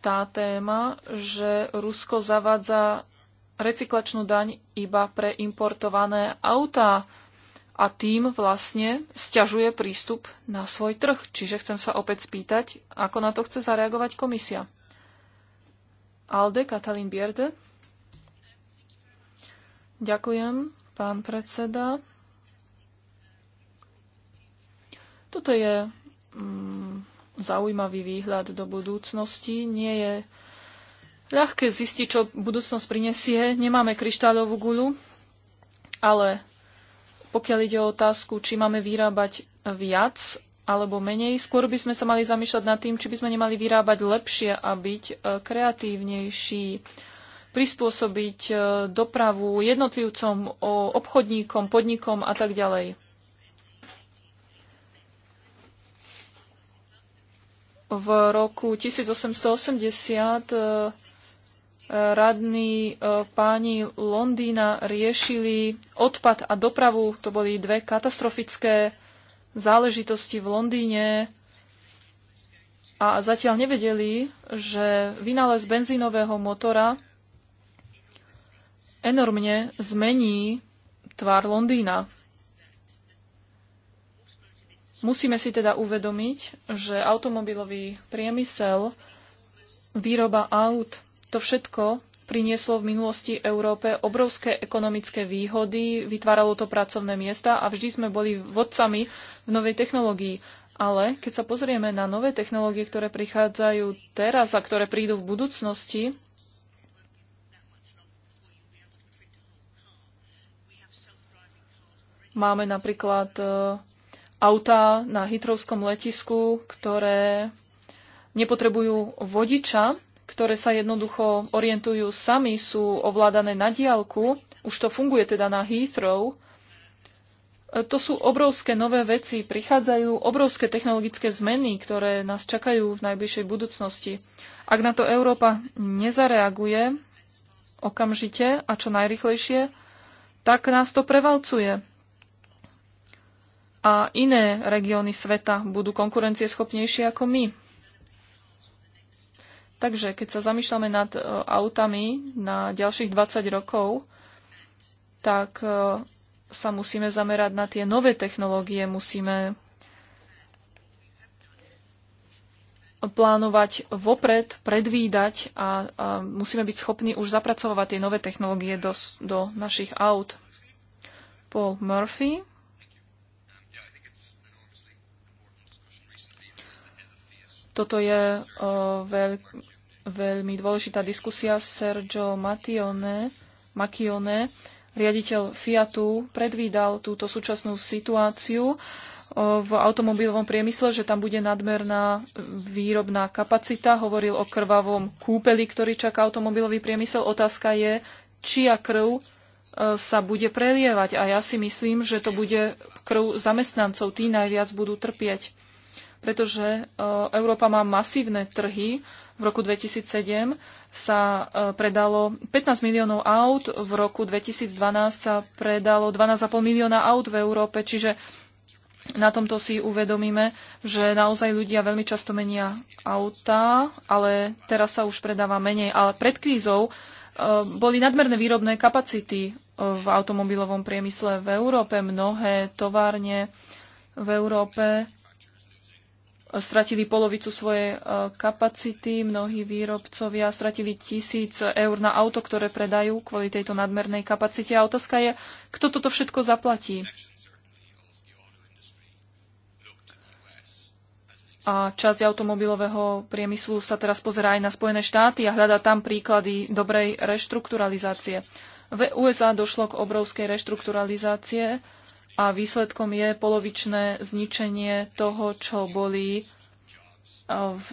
tá téma, že Rusko zavádza recyklačnú daň iba pre importované autá a tým vlastne sťažuje prístup na svoj trh. Čiže chcem sa opäť spýtať, ako na to chce zareagovať komisia. Alde, Katalín Bierde. Ďakujem, pán predseda. Toto je mm, zaujímavý výhľad do budúcnosti. Nie je ľahké zistiť, čo budúcnosť prinesie. Nemáme kryštáľovú guľu, ale pokiaľ ide o otázku, či máme vyrábať viac alebo menej, skôr by sme sa mali zamýšľať nad tým, či by sme nemali vyrábať lepšie a byť e, kreatívnejší, prispôsobiť e, dopravu jednotlivcom, obchodníkom, podnikom a tak ďalej. v roku 1880 e, radní e, páni Londýna riešili odpad a dopravu. To boli dve katastrofické záležitosti v Londýne a zatiaľ nevedeli, že vynález benzínového motora enormne zmení tvár Londýna. Musíme si teda uvedomiť, že automobilový priemysel, výroba aut, to všetko prinieslo v minulosti Európe obrovské ekonomické výhody, vytváralo to pracovné miesta a vždy sme boli vodcami v novej technológii. Ale keď sa pozrieme na nové technológie, ktoré prichádzajú teraz a ktoré prídu v budúcnosti, máme napríklad eh, autá na hitrovskom letisku, ktoré nepotrebujú vodiča, ktoré sa jednoducho orientujú sami, sú ovládané na diálku. Už to funguje teda na Heathrow. E, to sú obrovské nové veci, prichádzajú obrovské technologické zmeny, ktoré nás čakajú v najbližšej budúcnosti. Ak na to Európa nezareaguje okamžite a čo najrychlejšie, tak nás to prevalcuje a iné regióny sveta budú konkurencieschopnejšie ako my. Takže keď sa zamýšľame nad e, autami na ďalších 20 rokov, tak e, sa musíme zamerať na tie nové technológie, musíme plánovať vopred, predvídať a, a musíme byť schopní už zapracovať tie nové technológie do, do našich aut. Paul Murphy Toto je veľ, veľmi dôležitá diskusia. Sergio Mattione, Macchione, riaditeľ Fiatu, predvídal túto súčasnú situáciu v automobilovom priemysle, že tam bude nadmerná výrobná kapacita. Hovoril o krvavom kúpeli, ktorý čaká automobilový priemysel. Otázka je, čia krv sa bude prelievať. A ja si myslím, že to bude krv zamestnancov. Tí najviac budú trpieť pretože e, Európa má masívne trhy. V roku 2007 sa e, predalo 15 miliónov aut, v roku 2012 sa predalo 12,5 milióna aut v Európe, čiže na tomto si uvedomíme, že naozaj ľudia veľmi často menia auta, ale teraz sa už predáva menej. Ale pred krízou e, boli nadmerné výrobné kapacity v automobilovom priemysle v Európe. Mnohé továrne v Európe stratili polovicu svojej e, kapacity, mnohí výrobcovia stratili tisíc eur na auto, ktoré predajú kvôli tejto nadmernej kapacite. A otázka je, kto toto všetko zaplatí. A časť automobilového priemyslu sa teraz pozerá aj na Spojené štáty a hľadá tam príklady dobrej reštrukturalizácie. V USA došlo k obrovskej reštrukturalizácie a výsledkom je polovičné zničenie toho, čo boli e,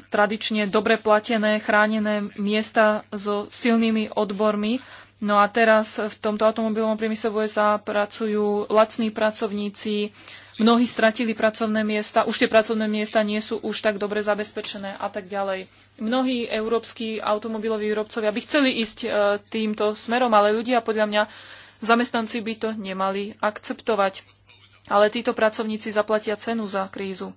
tradične dobre platené, chránené miesta so silnými odbormi. No a teraz v tomto automobilovom priemysle USA pracujú lacní pracovníci, mnohí stratili pracovné miesta, už tie pracovné miesta nie sú už tak dobre zabezpečené a tak ďalej. Mnohí európsky automobiloví výrobcovia by chceli ísť e, týmto smerom, ale ľudia podľa mňa Zamestnanci by to nemali akceptovať. Ale títo pracovníci zaplatia cenu za krízu.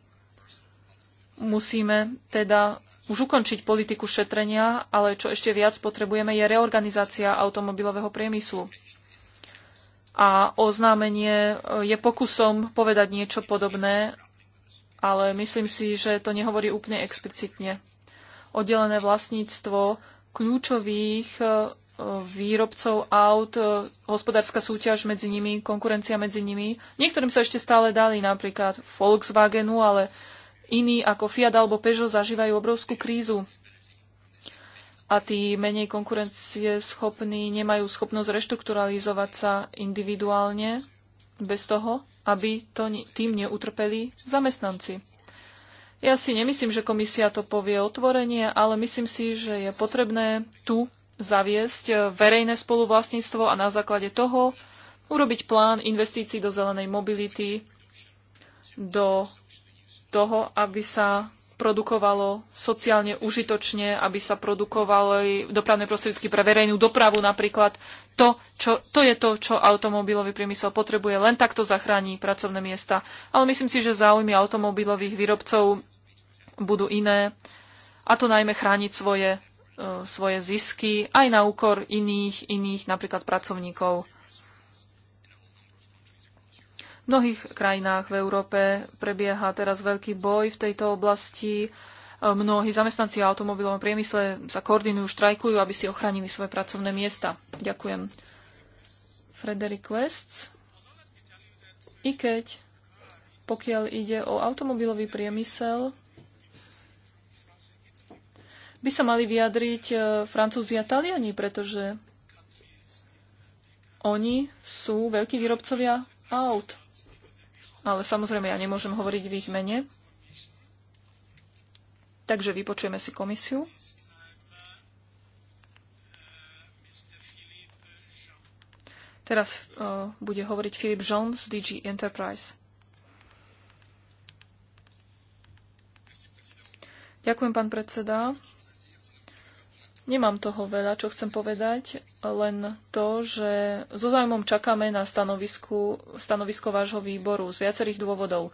Musíme teda už ukončiť politiku šetrenia, ale čo ešte viac potrebujeme je reorganizácia automobilového priemyslu. A oznámenie eh, je pokusom povedať niečo podobné, ale myslím si, že to nehovorí úplne explicitne. Oddelené vlastníctvo kľúčových eh, výrobcov aut, e, hospodárska súťaž medzi nimi, konkurencia medzi nimi. Niektorým sa ešte stále dali napríklad Volkswagenu, ale iní ako Fiat alebo Peugeot zažívajú obrovskú krízu. A tí menej konkurencie schopní nemajú schopnosť reštrukturalizovať sa individuálne bez toho, aby to tým neutrpeli zamestnanci. Ja si nemyslím, že komisia to povie otvorenie, ale myslím si, že je potrebné tu zaviesť e, verejné spoluvlastníctvo a na základe toho urobiť plán investícií do zelenej mobility, do toho, aby sa produkovalo sociálne užitočne, aby sa produkovali dopravné prostriedky pre verejnú dopravu napríklad. To, čo, to je to, čo automobilový priemysel potrebuje. Len takto zachrání pracovné miesta. Ale myslím si, že záujmy automobilových výrobcov budú iné. A to najmä chrániť svoje E, svoje zisky aj na úkor iných, iných napríklad pracovníkov. V mnohých krajinách v Európe prebieha teraz veľký boj v tejto oblasti. E, mnohí zamestnanci v automobilovom priemysle sa koordinujú, štrajkujú, aby si ochránili svoje pracovné miesta. Ďakujem. Frederick West. I keď, pokiaľ ide o automobilový priemysel, by sa mali vyjadriť e, Francúzi a Taliani, pretože oni sú veľkí výrobcovia aut. Ale samozrejme, ja nemôžem hovoriť v ich mene. Takže vypočujeme si komisiu. Teraz uh, bude hovoriť Filip Jean z DG Enterprise. Ďakujem, pán predseda. Nemám toho veľa, čo chcem povedať, len to, že so zájmom čakáme na stanovisko vášho výboru z viacerých dôvodov.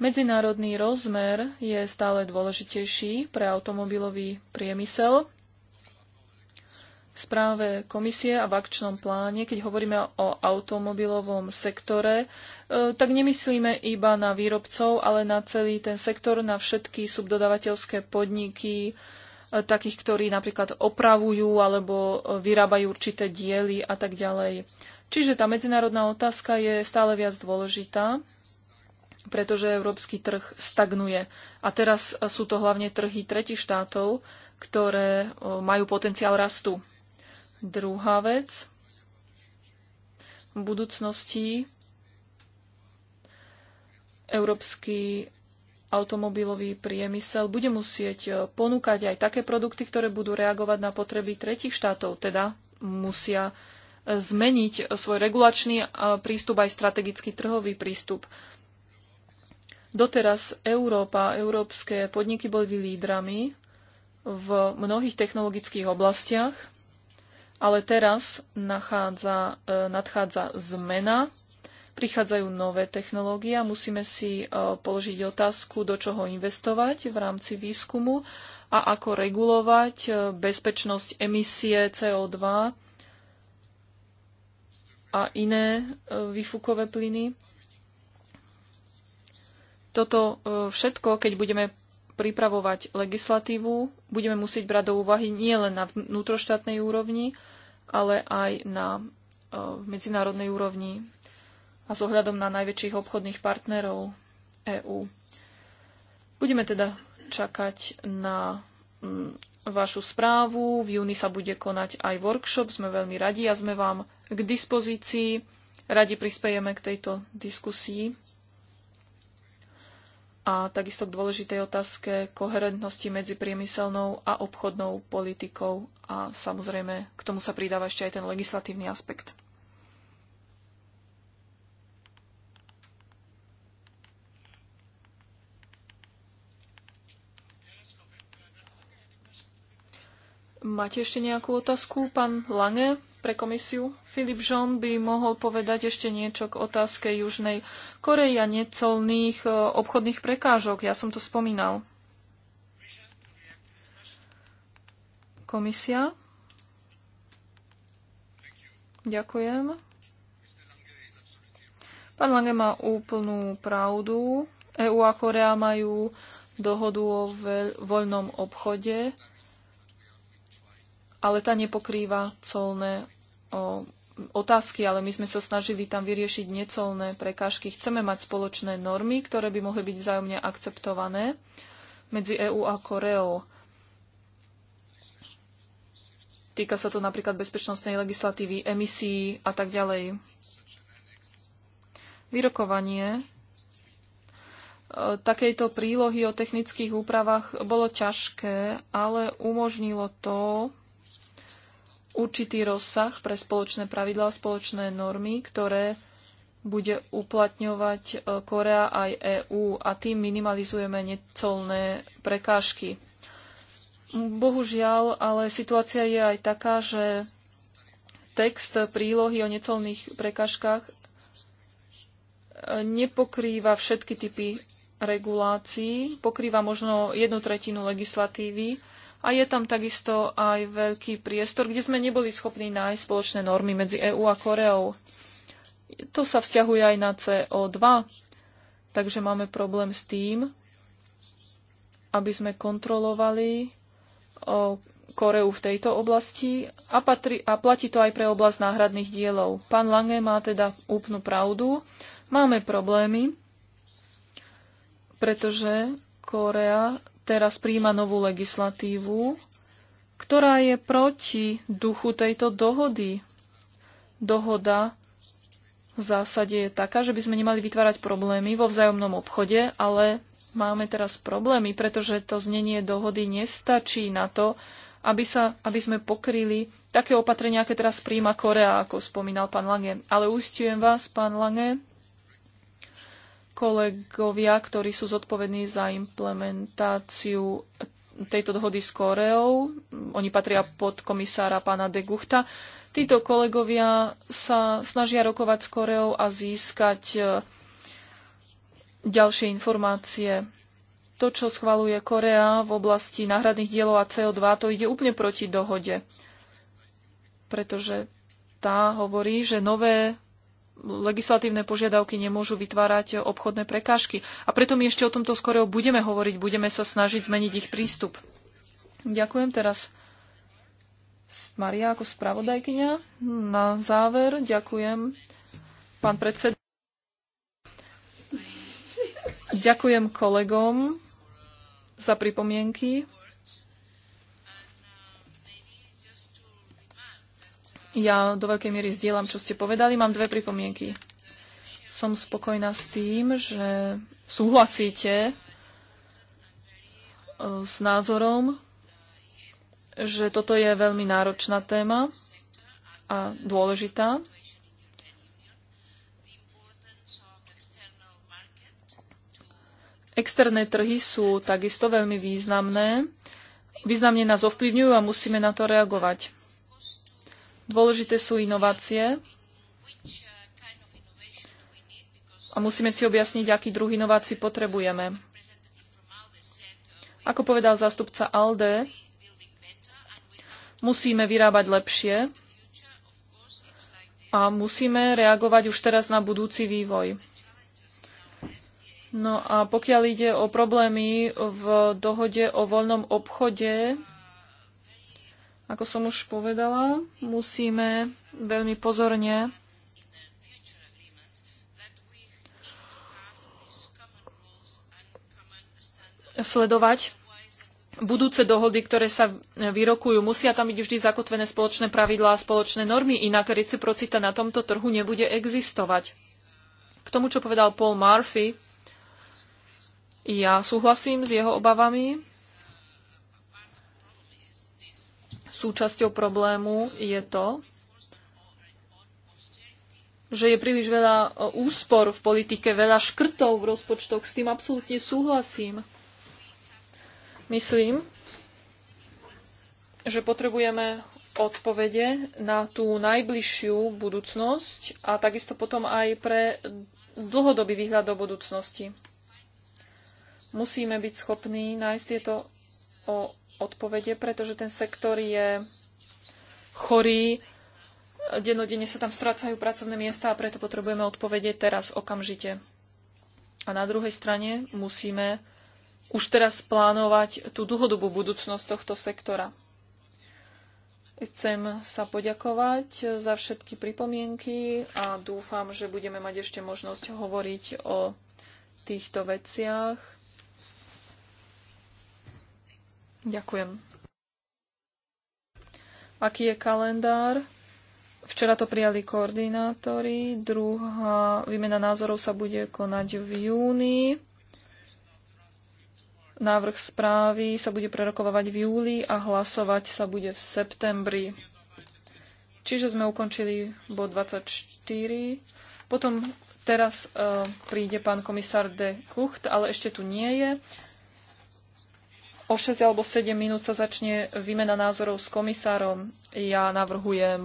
Medzinárodný rozmer je stále dôležitejší pre automobilový priemysel. V správe komisie a v akčnom pláne, keď hovoríme o automobilovom sektore, e, tak nemyslíme iba na výrobcov, ale na celý ten sektor, na všetky subdodavateľské podniky, takých, ktorí napríklad opravujú alebo vyrábajú určité diely a tak ďalej. Čiže tá medzinárodná otázka je stále viac dôležitá, pretože európsky trh stagnuje. A teraz sú to hlavne trhy tretich štátov, ktoré majú potenciál rastu. Druhá vec. V budúcnosti európsky automobilový priemysel bude musieť e, ponúkať aj také produkty, ktoré budú reagovať na potreby tretich štátov, teda musia e, zmeniť svoj regulačný e, prístup aj strategický trhový prístup. Doteraz Európa, európske podniky boli lídrami v mnohých technologických oblastiach, ale teraz nachádza, nadchádza zmena prichádzajú nové technológie a musíme si e, položiť otázku, do čoho investovať v rámci výskumu a ako regulovať e, bezpečnosť emisie CO2 a iné e, výfukové plyny. Toto všetko, keď budeme pripravovať legislatívu, budeme musieť brať do úvahy nielen na vnútroštátnej úrovni, ale aj na medzinárodnej úrovni a s so ohľadom na najväčších obchodných partnerov EÚ. Budeme teda čakať na mm, vašu správu. V júni sa bude konať aj workshop. Sme veľmi radi a sme vám k dispozícii. Radi prispiejeme k tejto diskusii a takisto k dôležitej otázke koherentnosti medzi priemyselnou a obchodnou politikou a samozrejme k tomu sa pridáva ešte aj ten legislatívny aspekt. Máte ešte nejakú otázku, pán Lange, pre komisiu? Filip Žon by mohol povedať ešte niečo k otázke Južnej Korei a necolných e, obchodných prekážok. Ja som to spomínal. Komisia? Ďakujem. Pán Lange má úplnú pravdu. EU a Korea majú dohodu o voľnom obchode ale tá nepokrýva colné o, otázky, ale my sme sa snažili tam vyriešiť necolné prekážky. Chceme mať spoločné normy, ktoré by mohli byť vzájomne akceptované medzi EÚ a Koreou. Týka sa to napríklad bezpečnostnej legislatívy, emisí a tak ďalej. Vyrokovanie e, takejto prílohy o technických úpravách bolo ťažké, ale umožnilo to určitý rozsah pre spoločné pravidlá, spoločné normy, ktoré bude uplatňovať e, Korea aj EÚ a tým minimalizujeme necolné prekážky. Bohužiaľ, ale situácia je aj taká, že text prílohy o necolných prekážkach e, nepokrýva všetky typy regulácií, pokrýva možno jednu tretinu legislatívy a je tam takisto aj veľký priestor, kde sme neboli schopní nájsť spoločné normy medzi EÚ a Koreou. To sa vzťahuje aj na CO2, takže máme problém s tým, aby sme kontrolovali Koreu v tejto oblasti a, patri, a platí to aj pre oblasť náhradných dielov. Pán Lange má teda úplnú pravdu. Máme problémy, pretože Korea teraz príjma novú legislatívu, ktorá je proti duchu tejto dohody. Dohoda v zásade je taká, že by sme nemali vytvárať problémy vo vzájomnom obchode, ale máme teraz problémy, pretože to znenie dohody nestačí na to, aby, sa, aby sme pokryli také opatrenia, aké teraz príjma Korea, ako spomínal pán Lange. Ale uistujem vás, pán Lange, kolegovia, ktorí sú zodpovední za implementáciu tejto dohody s Koreou. Oni patria pod komisára pána de Guchta. Títo kolegovia sa snažia rokovať s Koreou a získať e, ďalšie informácie. To, čo schvaluje Korea v oblasti náhradných dielov a CO2, to ide úplne proti dohode, pretože tá hovorí, že nové legislatívne požiadavky nemôžu vytvárať obchodné prekážky. A preto my ešte o tomto skoro budeme hovoriť, budeme sa snažiť zmeniť ich prístup. Ďakujem teraz. Maria ako spravodajkynia. Na záver ďakujem pán predseda. Ďakujem kolegom za pripomienky. Ja do veľkej miery zdieľam, čo ste povedali. Mám dve pripomienky. Som spokojná s tým, že súhlasíte e, s názorom, že toto je veľmi náročná téma a dôležitá. Externé trhy sú takisto veľmi významné. Významne nás ovplyvňujú a musíme na to reagovať. Dôležité sú inovácie. A musíme si objasniť, aký druh inovácií potrebujeme. Ako povedal zástupca ALDE, musíme vyrábať lepšie a musíme reagovať už teraz na budúci vývoj. No a pokiaľ ide o problémy v dohode o voľnom obchode, ako som už povedala, musíme veľmi pozorne sledovať budúce dohody, ktoré sa vyrokujú. Musia tam byť vždy zakotvené spoločné pravidlá a spoločné normy, inak reciprocita na tomto trhu nebude existovať. K tomu, čo povedal Paul Murphy, ja súhlasím s jeho obavami, súčasťou problému je to, že je príliš veľa e, úspor v politike, veľa škrtov v rozpočtoch. S tým absolútne súhlasím. Myslím, že potrebujeme odpovede na tú najbližšiu budúcnosť a takisto potom aj pre dlhodobý výhľad do budúcnosti. Musíme byť schopní nájsť tieto o odpovede, pretože ten sektor je chorý, dennodenne sa tam strácajú pracovné miesta a preto potrebujeme odpovede teraz, okamžite. A na druhej strane musíme už teraz plánovať tú dlhodobú budúcnosť tohto sektora. Chcem sa poďakovať za všetky pripomienky a dúfam, že budeme mať ešte možnosť hovoriť o týchto veciach. Ďakujem. Aký je kalendár? Včera to prijali koordinátori. Druhá výmena názorov sa bude konať v júni. Návrh správy sa bude prerokovať v júli a hlasovať sa bude v septembri. Čiže sme ukončili bod 24. Potom teraz uh, príde pán komisár de Kucht, ale ešte tu nie je. O 6 alebo 7 minút sa začne výmena názorov s komisárom. Ja navrhujem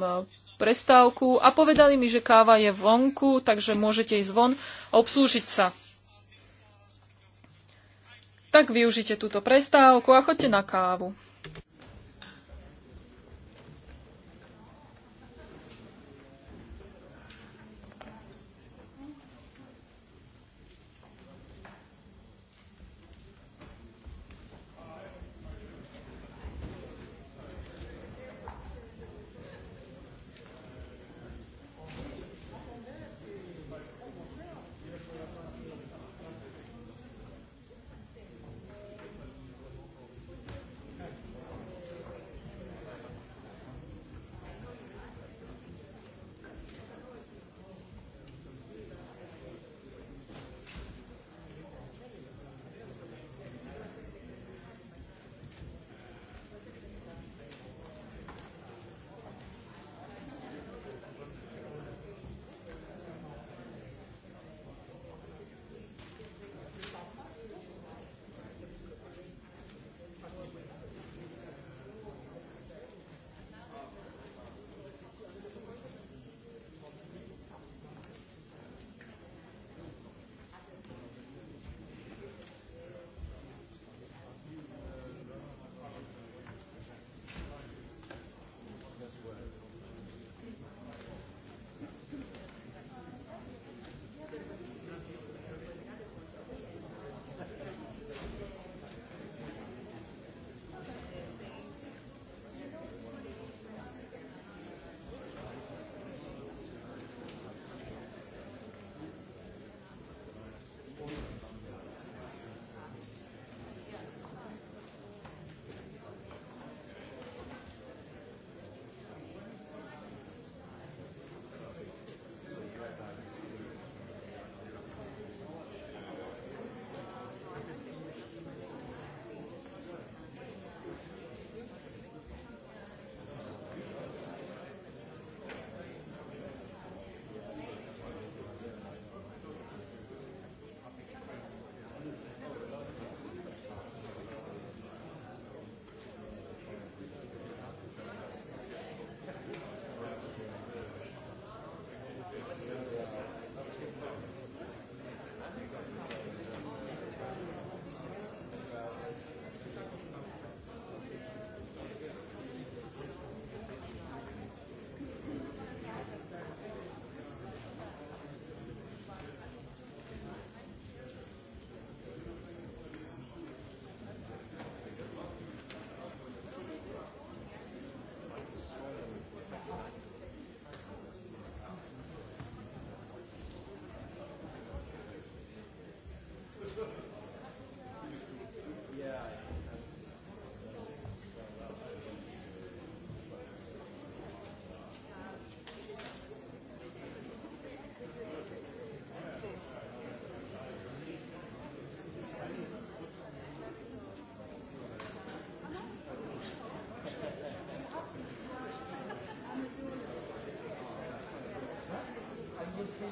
prestávku a povedali mi, že káva je vonku, takže môžete ísť von a obslúžiť sa. Tak využite túto prestávku a chodte na kávu.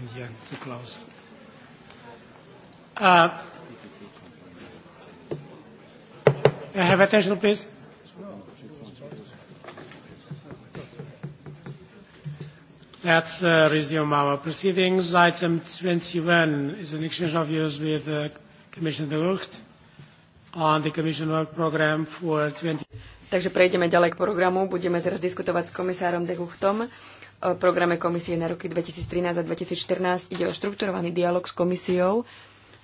and Young to close. I have attention, please. Let's uh, resume our proceedings. Item 21 is an exchange of views with uh, Commissioner de Lucht on the Commission work program for 20... Takže prejdeme ďalej k programu. Budeme teraz diskutovať s komisárom de Guchtom Eh, programe komisie na roky 2013 a 2014 ide o štrukturovaný dialog s komisiou.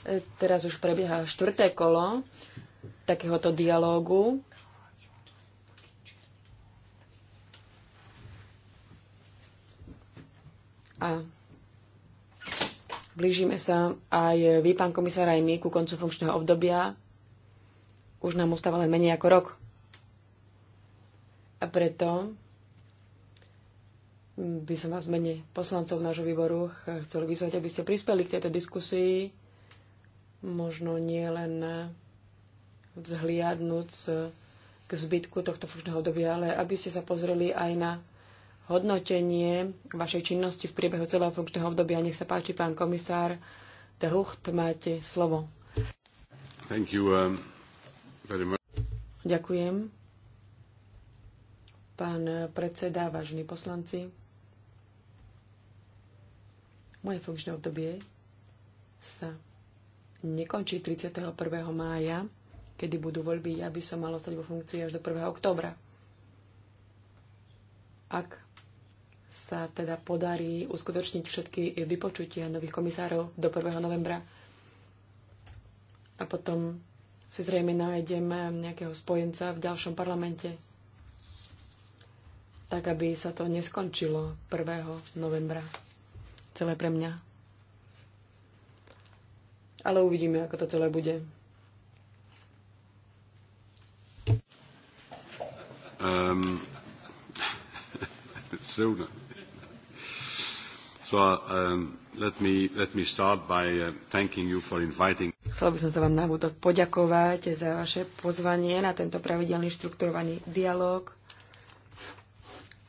Eh, teraz už prebieha štvrté kolo takéhoto dialógu. A blížime sa aj vy, pán komisár, aj my ku koncu funkčného obdobia. Už nám ostáva len menej ako rok. A preto by som vás mene poslancov nášho výboru chcel vyzvať, aby ste prispeli k tejto diskusii, možno nie len vzhliadnúť eh, k zbytku tohto funkčného obdobia, ale aby ste sa pozreli aj na hodnotenie vašej činnosti v priebehu celého funkčného obdobia. Nech sa páči, pán komisár de Hucht, máte slovo. Thank you, um, very much. Ďakujem. Pán predseda, vážení poslanci. Moje funkčné obdobie sa nekončí 31. mája, kedy budú voľby. Ja by som mal ostať vo funkcii až do 1. októbra. Ak sa teda podarí uskutočniť všetky vypočutia nových komisárov do 1. novembra a potom si zrejme nájdem nejakého spojenca v ďalšom parlamente, tak aby sa to neskončilo 1. novembra celé pre mňa. Ale uvidíme, ako to celé bude. Um, soon. so, um, let me, let me start by uh, thanking you for inviting. Chcel by som sa vám na úvod poďakovať za vaše pozvanie na tento pravidelný štrukturovaný dialog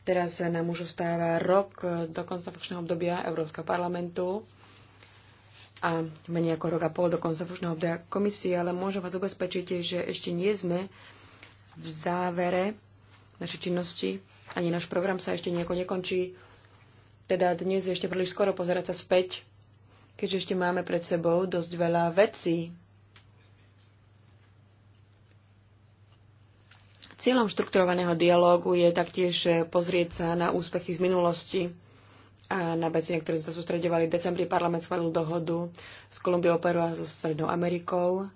Teraz nám už ostáva rok do konca funkčného obdobia Európskeho parlamentu a menej ako rok a pol do konca funkčného obdobia komisie, ale môžem vás ubezpečiť, že ešte nie sme v závere našej činnosti. Ani náš program sa ešte nejako nekončí. Teda dnes je ešte príliš skoro pozerať sa späť, keďže ešte máme pred sebou dosť veľa vecí, Cieľom štrukturovaného dialógu je taktiež eh, pozrieť sa na úspechy z minulosti a na veci, na ktoré sa sústredovali. V decembri parlament schválil dohodu s Kolumbiou, Peru a so Strednou Amerikou.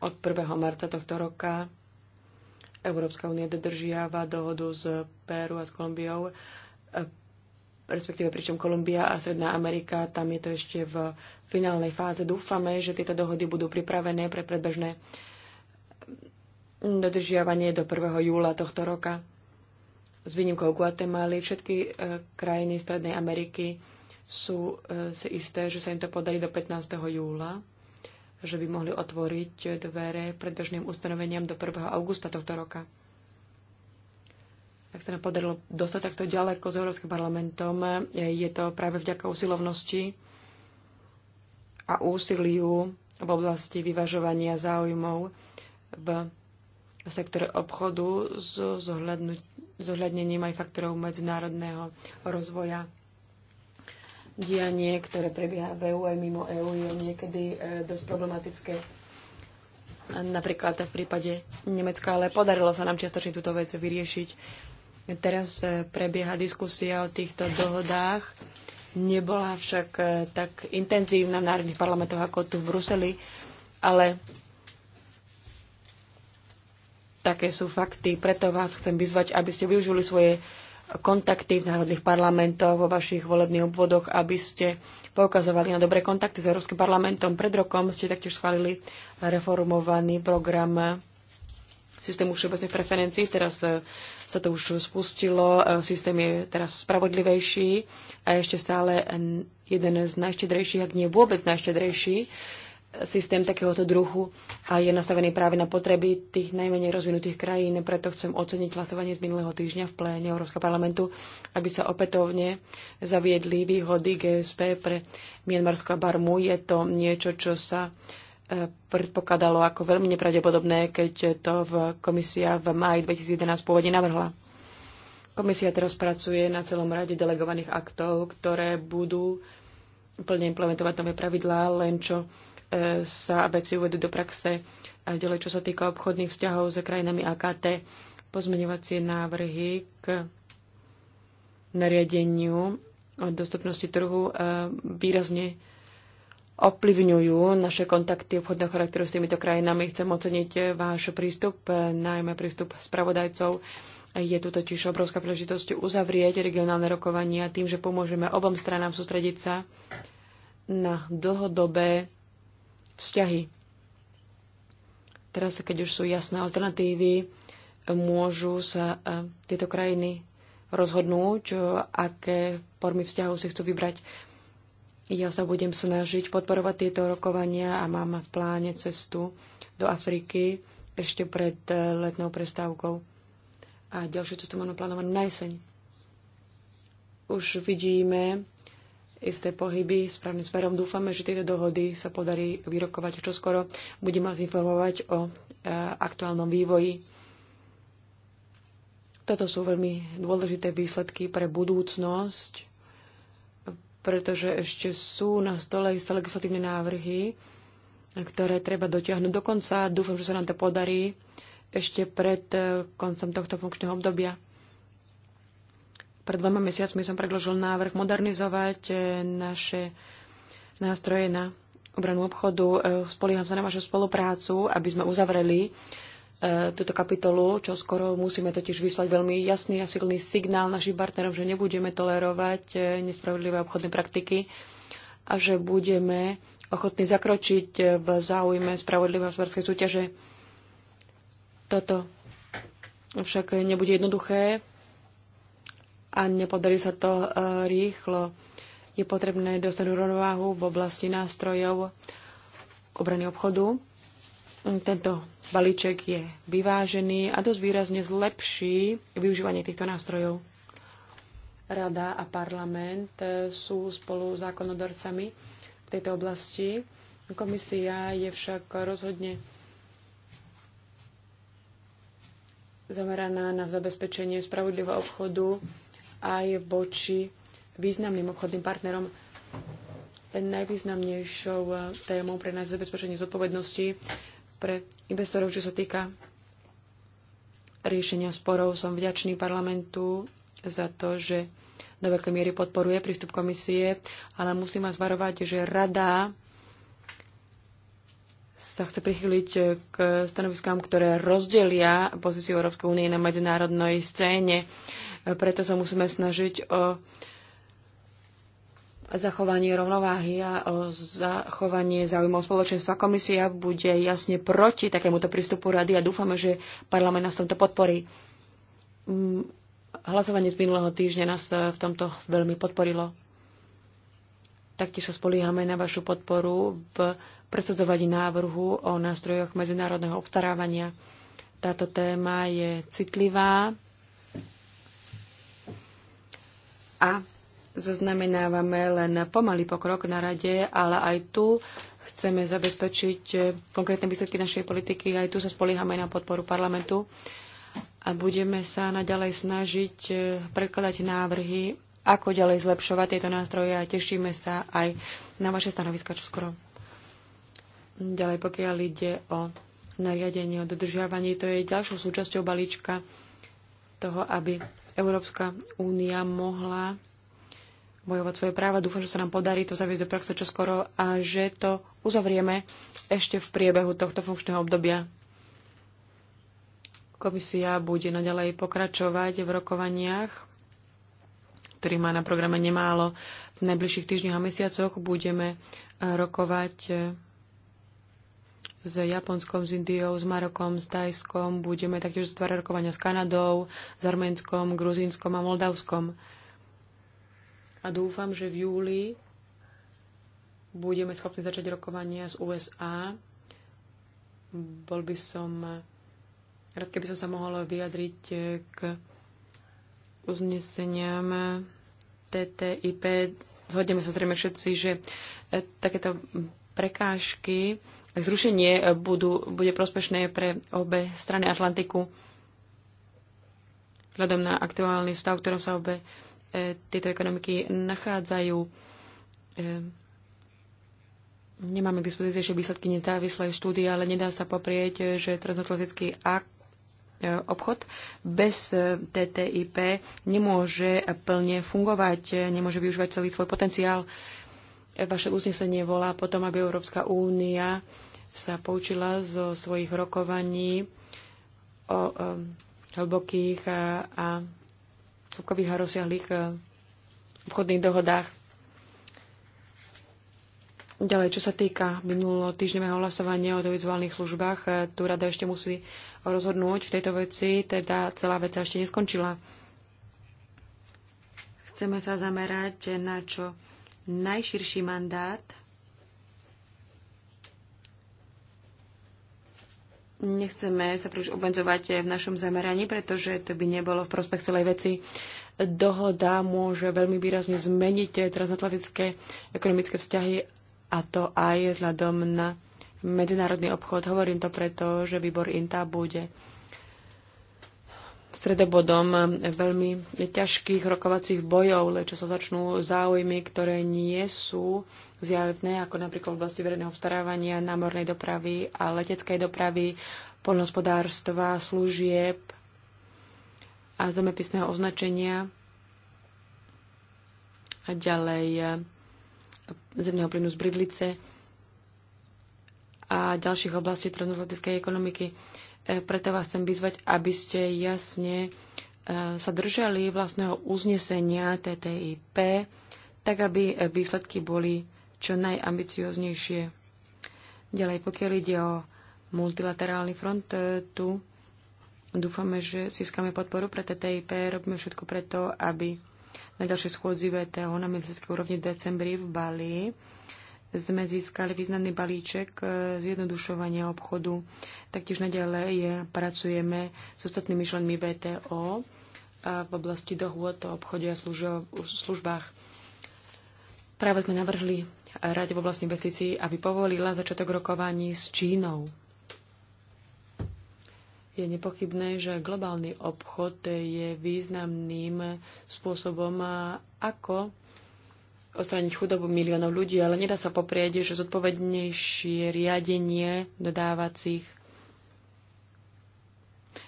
Od 1. marca tohto roka Európska únia dodržiava dohodu s Peru a s Kolumbiou, eh, respektíve pričom Kolumbia a Sredná Amerika, tam je to ešte v finálnej fáze. Dúfame, že tieto dohody budú pripravené pre predbežné dodržiavanie do 1. júla tohto roka. S výnimkou Guatemaly všetky e, krajiny Strednej Ameriky sú e, si isté, že sa im to podarí do 15. júla, že by mohli otvoriť dvere predbežným ustanoveniam do 1. augusta tohto roka. Ak sa nám podarilo dostať takto ďaleko s Európskym parlamentom, e, je to práve vďaka usilovnosti a úsiliu v oblasti vyvažovania záujmov v sektore obchodu s zohľadnením aj faktorov medzinárodného rozvoja. Dianie, ktoré prebieha v EU aj mimo EU, je niekedy e, dosť problematické. Napríklad v prípade Nemecka, ale podarilo sa nám čiastočne túto vec vyriešiť. Teraz e, prebieha diskusia o týchto dohodách. Nebola však e, tak intenzívna v národných parlamentoch ako tu v Bruseli, ale Také sú fakty, preto vás chcem vyzvať, aby ste využili svoje kontakty v národných parlamentoch, vo vašich volebných obvodoch, aby ste poukazovali na dobré kontakty s Európskym parlamentom. Pred rokom ste taktiež schválili reformovaný program systému všeobecných preferencií. Teraz eh, sa to už spustilo, eh, systém je teraz spravodlivejší a ešte stále jeden z najštedrejších, ak nie vôbec najštedrejší systém takéhoto druhu a je nastavený práve na potreby tých najmenej rozvinutých krajín. Preto chcem oceniť hlasovanie z minulého týždňa v pléne Európskeho parlamentu, aby sa opätovne zaviedli výhody GSP pre Mienmarsko a Barmu. Je to niečo, čo sa e, predpokladalo ako veľmi nepravdepodobné, keď to v komisia v máji 2011 pôvodne navrhla. Komisia teraz pracuje na celom rade delegovaných aktov, ktoré budú plne implementovať nové pravidlá, len čo E, sa veci uvedú do praxe. A ďalej, čo sa týka obchodných vzťahov s krajinami AKT, pozmeňovacie návrhy k nariadeniu o dostupnosti trhu e, výrazne ovplyvňujú naše kontakty obchodného charakteru s týmito krajinami. Chcem oceniť váš prístup, e, najmä prístup spravodajcov. Je tu totiž obrovská príležitosť uzavrieť regionálne rokovania tým, že pomôžeme obom stranám sústrediť sa na dlhodobé vzťahy. Teraz, keď už sú jasné alternatívy, môžu sa e, tieto krajiny rozhodnúť, e, aké formy vzťahov si chcú vybrať. Ja sa budem snažiť podporovať tieto rokovania a mám v pláne cestu do Afriky ešte pred e, letnou prestávkou. A ďalšiu cestu mám naplánovanú na jeseň. Už vidíme, isté pohyby správnym smerom. Dúfame, že tieto dohody sa podarí vyrokovať čoskoro. Budem vás informovať o e, aktuálnom vývoji. Toto sú veľmi dôležité výsledky pre budúcnosť, pretože ešte sú na stole isté legislatívne návrhy, ktoré treba dotiahnuť do konca. Dúfam, že sa nám to podarí ešte pred e, koncom tohto funkčného obdobia. Pred dvoma mesiacmi som predložil návrh modernizovať eh, naše nástroje na obranu obchodu. Eh, Spolieham sa na vašu spoluprácu, aby sme uzavreli eh, túto kapitolu, čo skoro musíme totiž vyslať veľmi jasný a silný signál našim partnerom, že nebudeme tolerovať nespravodlivé obchodné praktiky a že budeme ochotní zakročiť v záujme spravodlivého hospodárskej súťaže. Toto však nebude jednoduché a nepodarí sa to e, rýchlo. Je potrebné dostať rovnováhu v oblasti nástrojov obrany obchodu. Tento balíček je vyvážený a dosť výrazne zlepší využívanie týchto nástrojov. Rada a parlament e, sú spolu zákonodarcami v tejto oblasti. Komisia je však rozhodne zameraná na zabezpečenie spravodlivého obchodu aj voči významným obchodným partnerom. Najvýznamnejšou eh, témou pre nás je zabezpečenie zodpovednosti pre investorov, čo sa týka riešenia sporov. Som vďačný parlamentu za to, že do veľkej miery podporuje prístup komisie, ale musím vás varovať, že rada sa chce prichyliť eh, k stanoviskám, ktoré rozdelia pozíciu Európskej únie na medzinárodnej scéne. Preto sa musíme snažiť o zachovanie rovnováhy a o zachovanie záujmov spoločenstva. Komisia bude jasne proti takémuto prístupu rady a dúfame, že parlament nás v tomto podporí. Mm, hlasovanie z minulého týždňa nás e, v tomto veľmi podporilo. Taktiež sa spolíhame na vašu podporu v predsedovaní návrhu o nástrojoch medzinárodného obstarávania. Táto téma je citlivá A zaznamenávame len pomalý pokrok na rade, ale aj tu chceme zabezpečiť eh, konkrétne výsledky našej politiky. Aj tu sa spolíhame na podporu parlamentu a budeme sa naďalej snažiť eh, prekladať návrhy, ako ďalej zlepšovať tieto nástroje a tešíme sa aj na vaše stanoviska čoskoro. Ďalej, pokiaľ ide o nariadenie o dodržiavaní, to je ďalšou súčasťou balíčka toho, aby Európska únia mohla bojovať svoje práva. Dúfam, že sa nám podarí to zaviesť do praxe čoskoro a že to uzavrieme ešte v priebehu tohto funkčného obdobia. Komisia bude naďalej pokračovať v rokovaniach, ktorý má na programe nemálo. V najbližších týždňoch a mesiacoch budeme rokovať s Japonskom, s Indiou, s Marokom, s Tajskom. Budeme taktiež zatvárať rokovania s Kanadou, s Arménskom, Gruzínskom a Moldavskom. A dúfam, že v júli budeme schopní začať rokovania z USA. Bol by som rád, keby som sa mohol vyjadriť k uzneseniam TTIP. Zhodneme sa zrejme všetci, že takéto prekážky zrušenie eh, budú, bude prospešné pre obe strany Atlantiku vzhľadom na aktuálny stav, v ktorom sa obe e, tieto ekonomiky nachádzajú. E, nemáme k dispozícii výsledky nezávislej štúdie, ale nedá sa poprieť, že transatlantický akt obchod bez TTIP nemôže plne fungovať, nemôže využívať celý svoj potenciál. E, Vaše uznesenie volá potom, aby Európska únia sa poučila zo svojich rokovaní o hlbokých a hlbokových a rozsiahlých obchodných dohodách. Ďalej, čo sa týka minulotýždňového týždňového hlasovania o individuálnych službách, e, tu rada ešte musí rozhodnúť v tejto veci, teda celá vec ešte neskončila. Chceme sa zamerať na čo najširší mandát nechceme sa príliš obmedzovať v našom zameraní, pretože to by nebolo v prospech celej veci. Dohoda môže veľmi výrazne zmeniť transatlantické ekonomické vzťahy a to aj vzhľadom na medzinárodný obchod. Hovorím to preto, že výbor INTA bude stredobodom veľmi ťažkých rokovacích bojov, lečo sa začnú záujmy, ktoré nie sú zjavné, ako napríklad v oblasti verejného vstarávania, námornej dopravy a leteckej dopravy, poľnohospodárstva, služieb a zemepisného označenia a ďalej zemného plynu z Bridlice a ďalších oblastí transatlantickej ekonomiky. E, preto vás chcem vyzvať, aby ste jasne e, sa držali vlastného uznesenia TTIP, tak aby e, výsledky boli čo najambicioznejšie. Ďalej, pokiaľ ide o multilaterálny front, tu dúfame, že získame podporu pre TTIP. Robíme všetko preto, aby na ďalšej schôdzi VTO na medzinskej úrovni v decembri v Bali sme získali významný balíček e, zjednodušovania obchodu. Taktiež naďalej pracujeme s ostatnými členmi VTO e, v oblasti dohôd o obchode a službách. Práve sme navrhli Rade v oblasti investícií, aby povolila začiatok rokovaní s Čínou. Je nepochybné, že globálny obchod je významným spôsobom, ako odstrániť chudobu miliónov ľudí, ale nedá sa poprieť, že zodpovednejšie riadenie dodávacích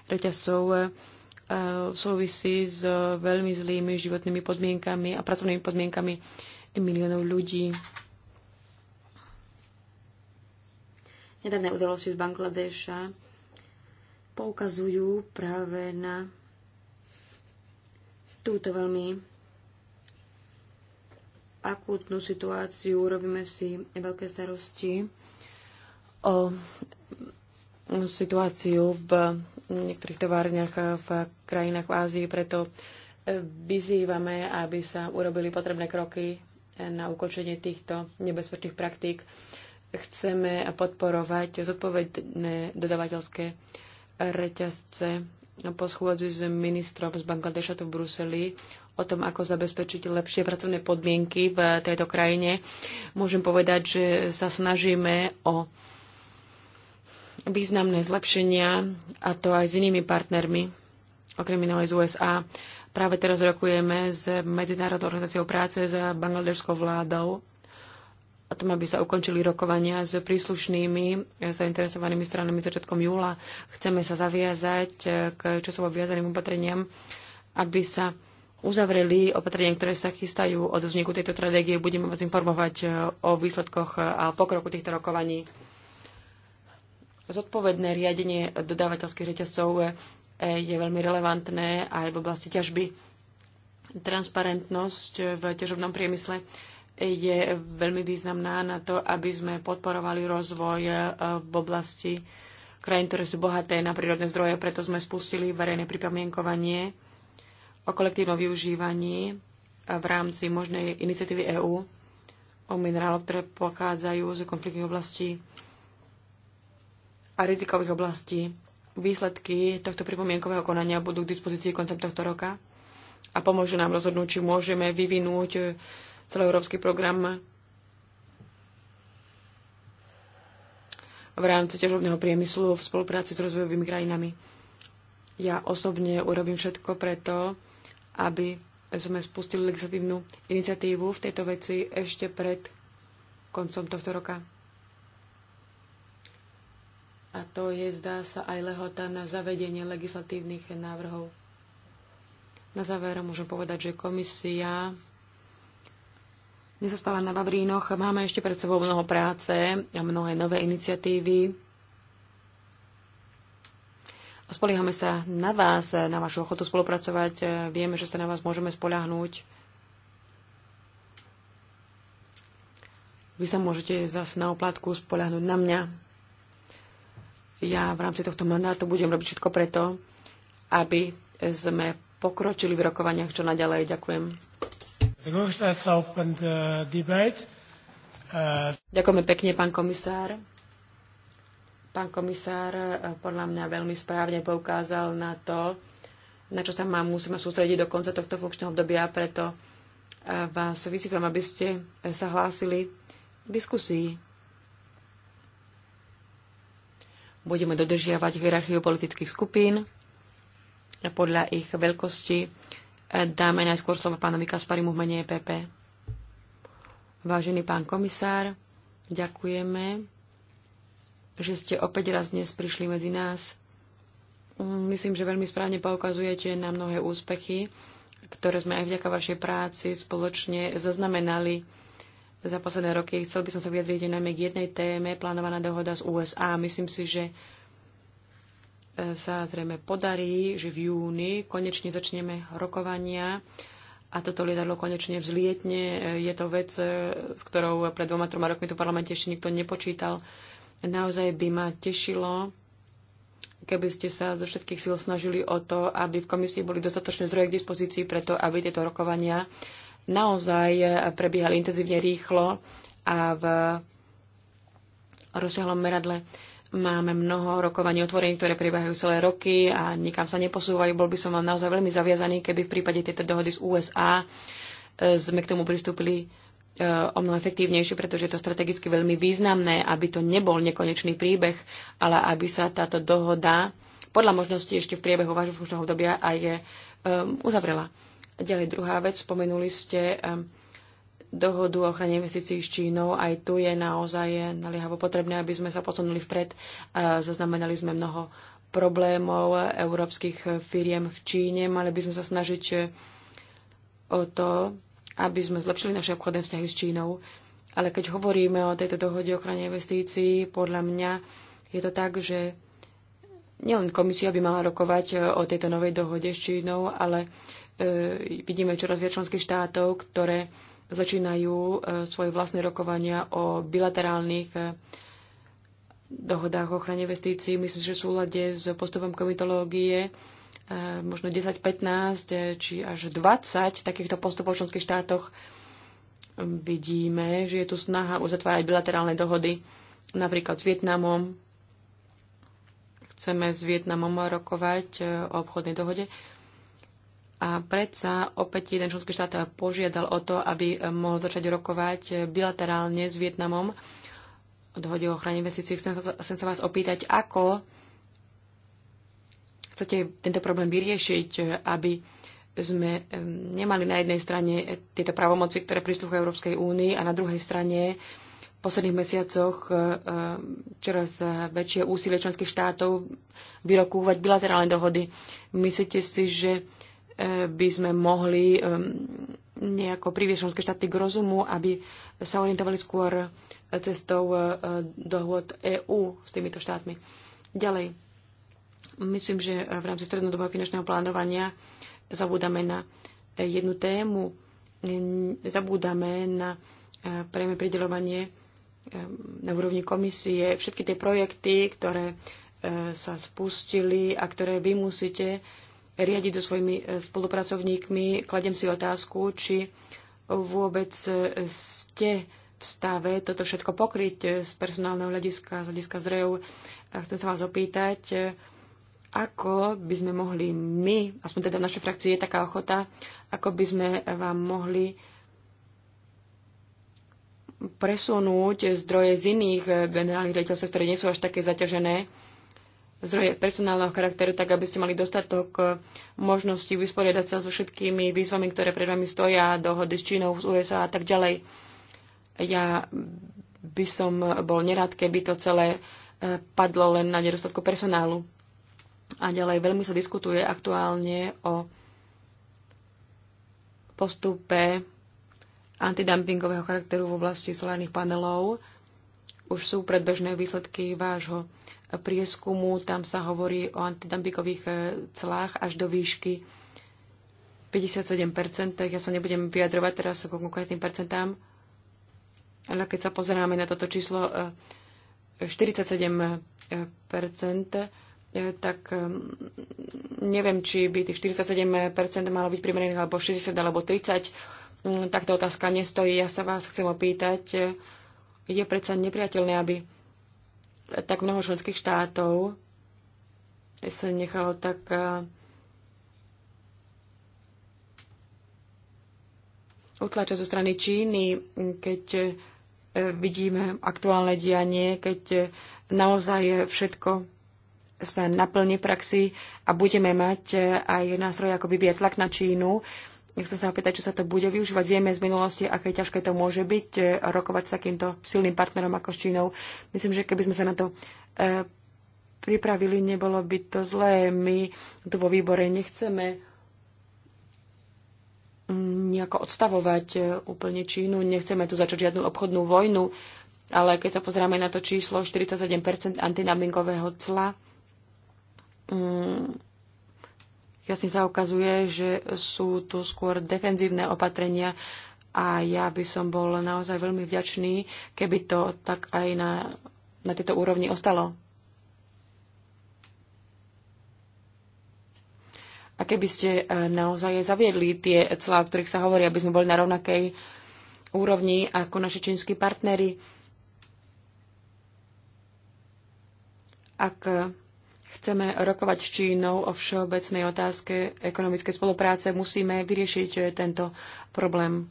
reťazcov eh, súvisí s veľmi zlými životnými podmienkami a pracovnými podmienkami miliónov ľudí. Nedávne udalosti z Bangladeša poukazujú práve na túto veľmi akútnu situáciu, robíme si veľké starosti o situáciu v niektorých továrniach v krajinách v Ázii, preto vyzývame, aby sa urobili potrebné kroky na ukončenie týchto nebezpečných praktík. Chceme podporovať zodpovedné dodavateľské reťazce po schôdzi s ministrom z Bangladeša tu v Bruseli o tom, ako zabezpečiť lepšie pracovné podmienky v tejto krajine, môžem povedať, že sa snažíme o významné zlepšenia, a to aj s inými partnermi, okrem iného aj z USA. Práve teraz rokujeme s Medzinárodnou organizáciou práce, s bangladežskou vládou a tom, aby sa ukončili rokovania s príslušnými zainteresovanými stranami začiatkom júla. Chceme sa zaviazať k časovo viazaným opatreniam, aby sa uzavreli opatrenia, ktoré sa chystajú od vzniku tejto stratégie. Budeme vás informovať e, o výsledkoch a pokroku týchto rokovaní. Zodpovedné riadenie dodávateľských reťazcov e, je veľmi relevantné aj v oblasti ťažby. Transparentnosť v ťažobnom priemysle je veľmi významná na to, aby sme podporovali rozvoj e, v oblasti krajín, ktoré sú bohaté na prírodné zdroje. Preto sme spustili verejné pripomienkovanie o kolektívnom využívaní v rámci možnej iniciatívy EÚ o mineráloch, ktoré pochádzajú z konfliktných oblastí a rizikových oblastí. Výsledky tohto pripomienkového konania budú k dispozícii koncem tohto roka a pomôžu nám rozhodnúť, či môžeme vyvinúť celoeurópsky program v rámci ťažobného priemyslu v spolupráci s rozvojovými krajinami. Ja osobne urobím všetko preto, aby sme spustili legislatívnu iniciatívu v tejto veci ešte pred koncom tohto roka. A to je, zdá sa, aj lehota na zavedenie legislatívnych návrhov. Na záver môžem povedať, že komisia nezaspala na Vavrínoch. Máme ešte pred sebou mnoho práce a mnohé nové iniciatívy Spoliehame sa na vás, na vašu ochotu spolupracovať. E, Vieme, že sa na vás môžeme spoľahnúť. Vy sa môžete zase na oplatku spoľahnúť na mňa. Ja v rámci tohto mandátu budem robiť všetko preto, aby sme pokročili v rokovaniach čo naďalej. Ďakujem. Uh, Ďakujeme pekne, pán komisár. Pán komisár e, podľa mňa veľmi správne poukázal na to, na čo sa má, musíme sústrediť do konca tohto funkčného obdobia, preto e, vás vyzývam, aby ste sa hlásili k diskusii. Budeme dodržiavať hierarchiu politických skupín podľa ich veľkosti. E, dáme najskôr slovo pánovi Kasparimu v mene EPP. Vážený pán komisár, ďakujeme že ste opäť raz dnes prišli medzi nás. Myslím, že veľmi správne poukazujete na mnohé úspechy, ktoré sme aj vďaka vašej práci spoločne zaznamenali za posledné roky. Chcel by som sa vyjadriť najmä k jednej téme, plánovaná dohoda z USA. Myslím si, že e, sa zrejme podarí, že v júni konečne začneme rokovania a toto lietadlo konečne vzlietne. E, je to vec, e, s ktorou pred dvoma, troma rokmi tu v parlamente ešte nikto nepočítal. Naozaj by ma tešilo, keby ste sa zo všetkých síl snažili o to, aby v komisii boli dostatočné zdroje k dispozícii preto, aby tieto rokovania naozaj prebiehali intenzívne rýchlo a v rozsiahlom meradle. Máme mnoho rokovaní otvorení, ktoré prebiehajú celé roky a nikam sa neposúvajú. Bol by som vám naozaj veľmi zaviazaný, keby v prípade tejto dohody z USA e, sme k tomu pristúpili Eh, o mnoho efektívnejšie, pretože je to strategicky veľmi významné, aby to nebol nekonečný príbeh, ale aby sa táto dohoda podľa možnosti ešte v priebehu vášho funkčného obdobia aj um, uzavrela. Ďalej druhá vec, spomenuli ste um, dohodu o ochrane investícií s Čínou. Aj tu je naozaj naliehavo potrebné, aby sme sa posunuli vpred. Uh, zaznamenali sme mnoho problémov európskych firiem v Číne. Mali by sme sa snažiť o to, aby sme zlepšili naše obchodné vzťahy s Čínou. Ale keď hovoríme o tejto dohode o ochrane investícií, podľa mňa je to tak, že nielen komisia by mala rokovať e, o tejto novej dohode s Čínou, ale e, vidíme čoraz viac členských štátov, ktoré začínajú e, svoje vlastné rokovania o bilaterálnych e, dohodách o ochrane investícií. Myslím, že v súlade s postupom komitológie eh, možno 10, 15 eh, či až 20 takýchto postupov v členských štátoch hm, vidíme, že je tu snaha uzatvárať bilaterálne dohody napríklad s Vietnamom. Chceme s Vietnamom rokovať eh, o obchodnej dohode. A predsa opäť jeden členský štát požiadal o to, aby mohol začať rokovať bilaterálne s Vietnamom dohode o ochrane investícií. Chcem, chcem sa vás opýtať, ako chcete tento problém vyriešiť, aby sme nemali na jednej strane tieto pravomoci, ktoré prislúchajú Európskej únii a na druhej strane v posledných mesiacoch eh, eh, čoraz väčšie úsilie členských štátov vyrokúvať bilaterálne dohody. Myslíte si, že eh, by sme mohli nejako priviesť členské štáty k rozumu, aby sa orientovali skôr cestou e, e, dohôd EÚ s týmito štátmi. Ďalej, myslím, že v rámci strednodobého finančného plánovania zabúdame na jednu tému, zabúdame na e, prejme pridelovanie na úrovni komisie. Všetky tie projekty, ktoré sa spustili a ktoré vy musíte riadiť so svojimi spolupracovníkmi, kladem si otázku, či vôbec ste stave toto všetko pokryť eh, z personálneho hľadiska, z hľadiska zdrojov. Chcem sa vás opýtať, eh, ako by sme mohli my, aspoň teda v našej frakcii je taká ochota, ako by sme vám mohli presunúť zdroje z iných eh, generálnych riaditeľstv, ktoré nie sú až také zaťažené, zdroje personálneho charakteru, tak aby ste mali dostatok možností vysporiadať sa so všetkými výzvami, ktoré pred vami stoja, dohody s Čínou, z USA a tak ďalej. Ja by som bol nerád, keby to celé e, padlo len na nedostatku personálu. A ďalej veľmi sa diskutuje aktuálne o postupe antidumpingového charakteru v oblasti solárnych panelov. Už sú predbežné výsledky vášho prieskumu. Tam sa hovorí o antidumpingových e, celách až do výšky 57%. Ja sa nebudem vyjadrovať teraz k konkrétnym percentám. Ale keď sa pozeráme na toto číslo 47 eh, eh, eh, tak neviem, či by tých 47 malo byť primerených, alebo 60, alebo 30. Mm, takto otázka nestojí. Ja sa vás chcem opýtať, je predsa nepriateľné, aby tak mnoho členských štátov sa nechalo tak utlača zo strany Číny, keď E, vidíme aktuálne dianie, keď e, naozaj všetko sa naplní praxi a budeme mať e, aj nástroj, ako vyvíjať tlak na Čínu. Chcem sa opýtať, či sa to bude využívať. Vieme z minulosti, aké ťažké to môže byť rokovať s takýmto silným partnerom ako s Čínou. Myslím, že keby sme sa na to pripravili, nebolo by to zlé. My tu vo výbore nechceme nejako odstavovať e, úplne Čínu. Nechceme tu začať žiadnu obchodnú vojnu, ale keď sa pozráme na to číslo 47% antinamingového cla, mm, jasne sa ukazuje, že sú tu skôr defenzívne opatrenia a ja by som bol naozaj veľmi vďačný, keby to tak aj na, na tejto úrovni ostalo. A keby ste e, naozaj zaviedli tie celá, o ktorých sa hovorí, aby sme boli na rovnakej úrovni ako naši čínsky partnery, ak e, chceme rokovať s Čínou o všeobecnej otázke ekonomickej spolupráce, musíme vyriešiť e, tento problém.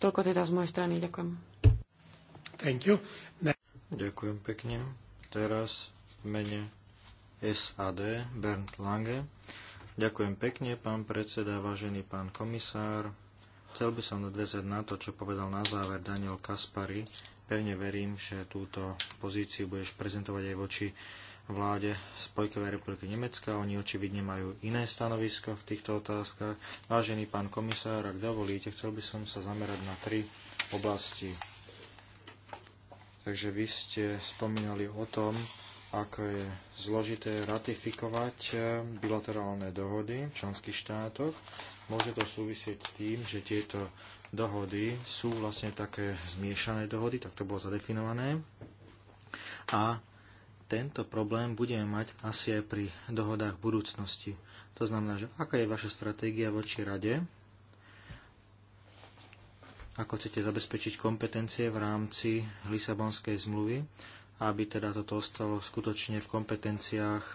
Toľko teda z mojej strany. Ďakujem. Thank you. Ne- Ďakujem pekne. Teraz v mene SAD Bernd Lange. Ďakujem pekne, pán predseda, vážený pán komisár. Chcel by som nadviazať na to, čo povedal na záver Daniel Kaspari. Pevne verím, že túto pozíciu budeš prezentovať aj voči vláde Spojkovej republiky Nemecka. Oni očividne majú iné stanovisko v týchto otázkach. Vážený pán komisár, ak dovolíte, chcel by som sa zamerať na tri oblasti. Takže vy ste spomínali o tom, ako je zložité ratifikovať eh, bilaterálne dohody v členských štátoch. Môže to súvisieť s tým, že tieto dohody sú vlastne také zmiešané dohody, tak to bolo zadefinované. A tento problém budeme mať asi aj pri dohodách budúcnosti. To znamená, že aká je vaša stratégia voči rade, ako chcete zabezpečiť kompetencie v rámci Lisabonskej zmluvy, aby teda toto ostalo skutočne v kompetenciách e,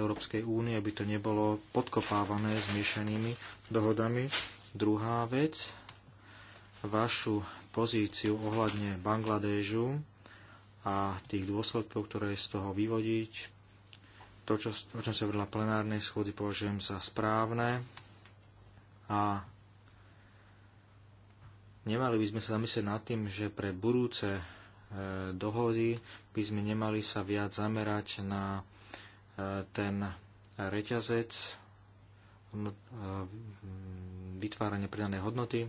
Európskej únie, aby to nebolo podkopávané zmiešanými dohodami. Druhá vec, vašu pozíciu ohľadne Bangladežu a tých dôsledkov, ktoré z toho vyvodiť. To, čo, o čom sa hovorila plenárnej schôdzi, považujem za správne a nemali by sme sa zamyslieť nad tým, že pre budúce E, dohody by sme nemali sa viac zamerať na e, ten reťazec e, vytvárania pridanej hodnoty.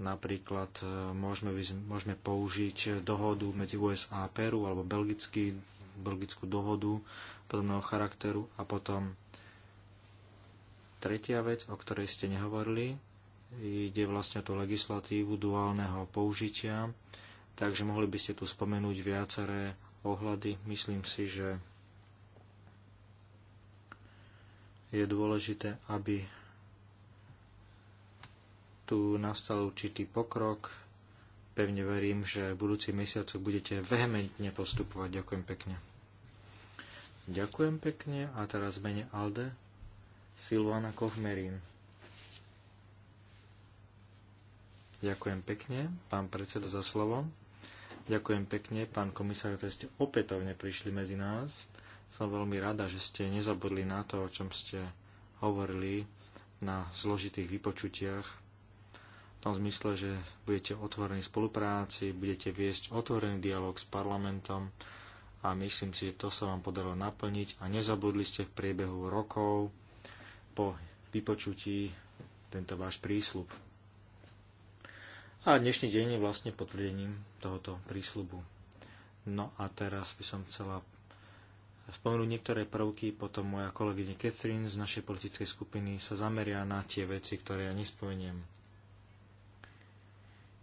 Napríklad môžeme, môžeme použiť dohodu medzi USA a Peru alebo belgický, belgickú dohodu podobného charakteru a potom tretia vec, o ktorej ste nehovorili, ide vlastne o tú legislatívu duálneho použitia takže mohli by ste tu spomenúť viaceré ohľady. Myslím si, že je dôležité, aby tu nastal určitý pokrok. Pevne verím, že v budúci mesiacoch budete vehementne postupovať. Ďakujem pekne. Ďakujem pekne a teraz mene Alde Silvana Kohmerín. Ďakujem pekne, pán predseda, za slovo. Ďakujem pekne, pán komisár, že ste opätovne prišli medzi nás. Som veľmi rada, že ste nezabudli na to, o čom ste hovorili na zložitých vypočutiach. V tom zmysle, že budete otvorení spolupráci, budete viesť otvorený dialog s parlamentom a myslím si, že to sa vám podarilo naplniť a nezabudli ste v priebehu rokov po vypočutí tento váš prísľub. A dnešný deň je vlastne potvrdením tohoto prísľubu. No a teraz by som chcela spomenúť niektoré prvky, potom moja kolegyňa Catherine z našej politickej skupiny sa zameria na tie veci, ktoré ja nespomeniem.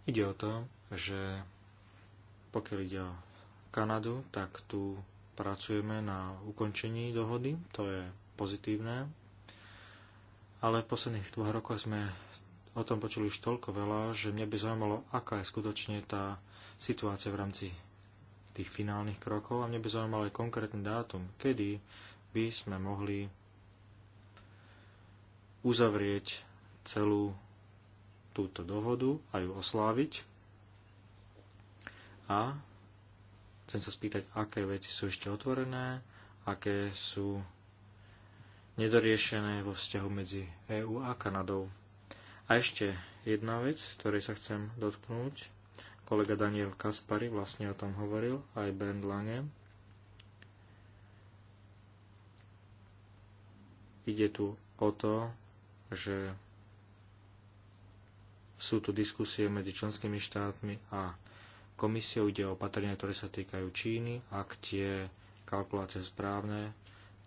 Ide o to, že pokiaľ ide o Kanadu, tak tu pracujeme na ukončení dohody, to je pozitívne, ale v posledných dvoch rokoch sme o tom počuli už toľko veľa, že mňa by zaujímalo, aká je skutočne tá situácia v rámci tých finálnych krokov a mňa by zaujímalo aj konkrétny dátum, kedy by sme mohli uzavrieť celú túto dohodu a ju osláviť. A chcem sa spýtať, aké veci sú ešte otvorené, aké sú nedoriešené vo vzťahu medzi EÚ a Kanadou. A ešte jedna vec, ktorej sa chcem dotknúť. Kolega Daniel Kaspari vlastne o tom hovoril, aj Ben Lange. Ide tu o to, že sú tu diskusie medzi členskými štátmi a komisiou, ide o opatrenia, ktoré sa týkajú Číny, ak tie kalkulácie správne,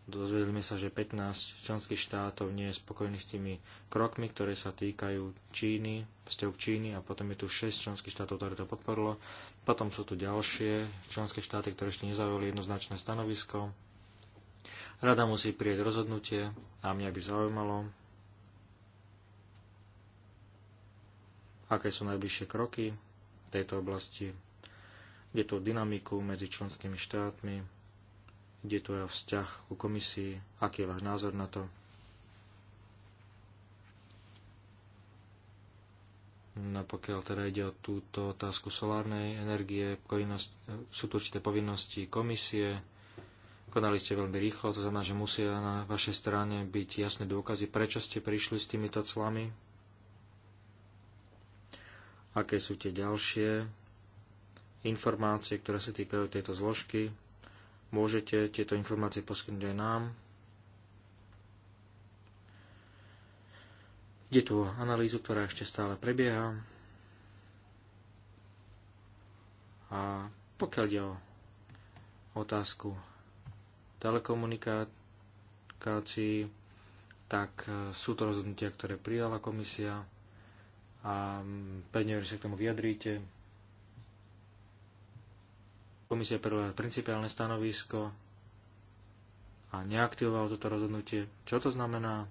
Dozvedeli sme sa, že 15 členských štátov nie je spokojných s tými krokmi, ktoré sa týkajú Číny, vzťahu k Číny a potom je tu 6 členských štátov, ktoré to podporilo. Potom sú tu ďalšie členské štáty, ktoré ešte nezaujali jednoznačné stanovisko. Rada musí prieť rozhodnutie a mňa by zaujímalo, aké sú najbližšie kroky v tejto oblasti, je tu dynamiku medzi členskými štátmi, kde tu tvoj vzťah ku komisii, aký je váš názor na to. No pokiaľ teda ide o túto otázku solárnej energie, sú tu určité povinnosti komisie, konali ste veľmi rýchlo, to znamená, že musia na vašej strane byť jasné dôkazy, prečo ste prišli s týmito clami, aké sú tie ďalšie informácie, ktoré sa týkajú tejto zložky, Môžete tieto informácie poskytnúť aj nám. Ide tu o analýzu, ktorá ešte stále prebieha. A pokiaľ ide o otázku telekomunikácií, tak e, sú to rozhodnutia, ktoré prijala komisia a pevne, že sa k tomu vyjadríte. Komisia prvá principiálne stanovisko a neaktivovalo toto rozhodnutie. Čo to znamená?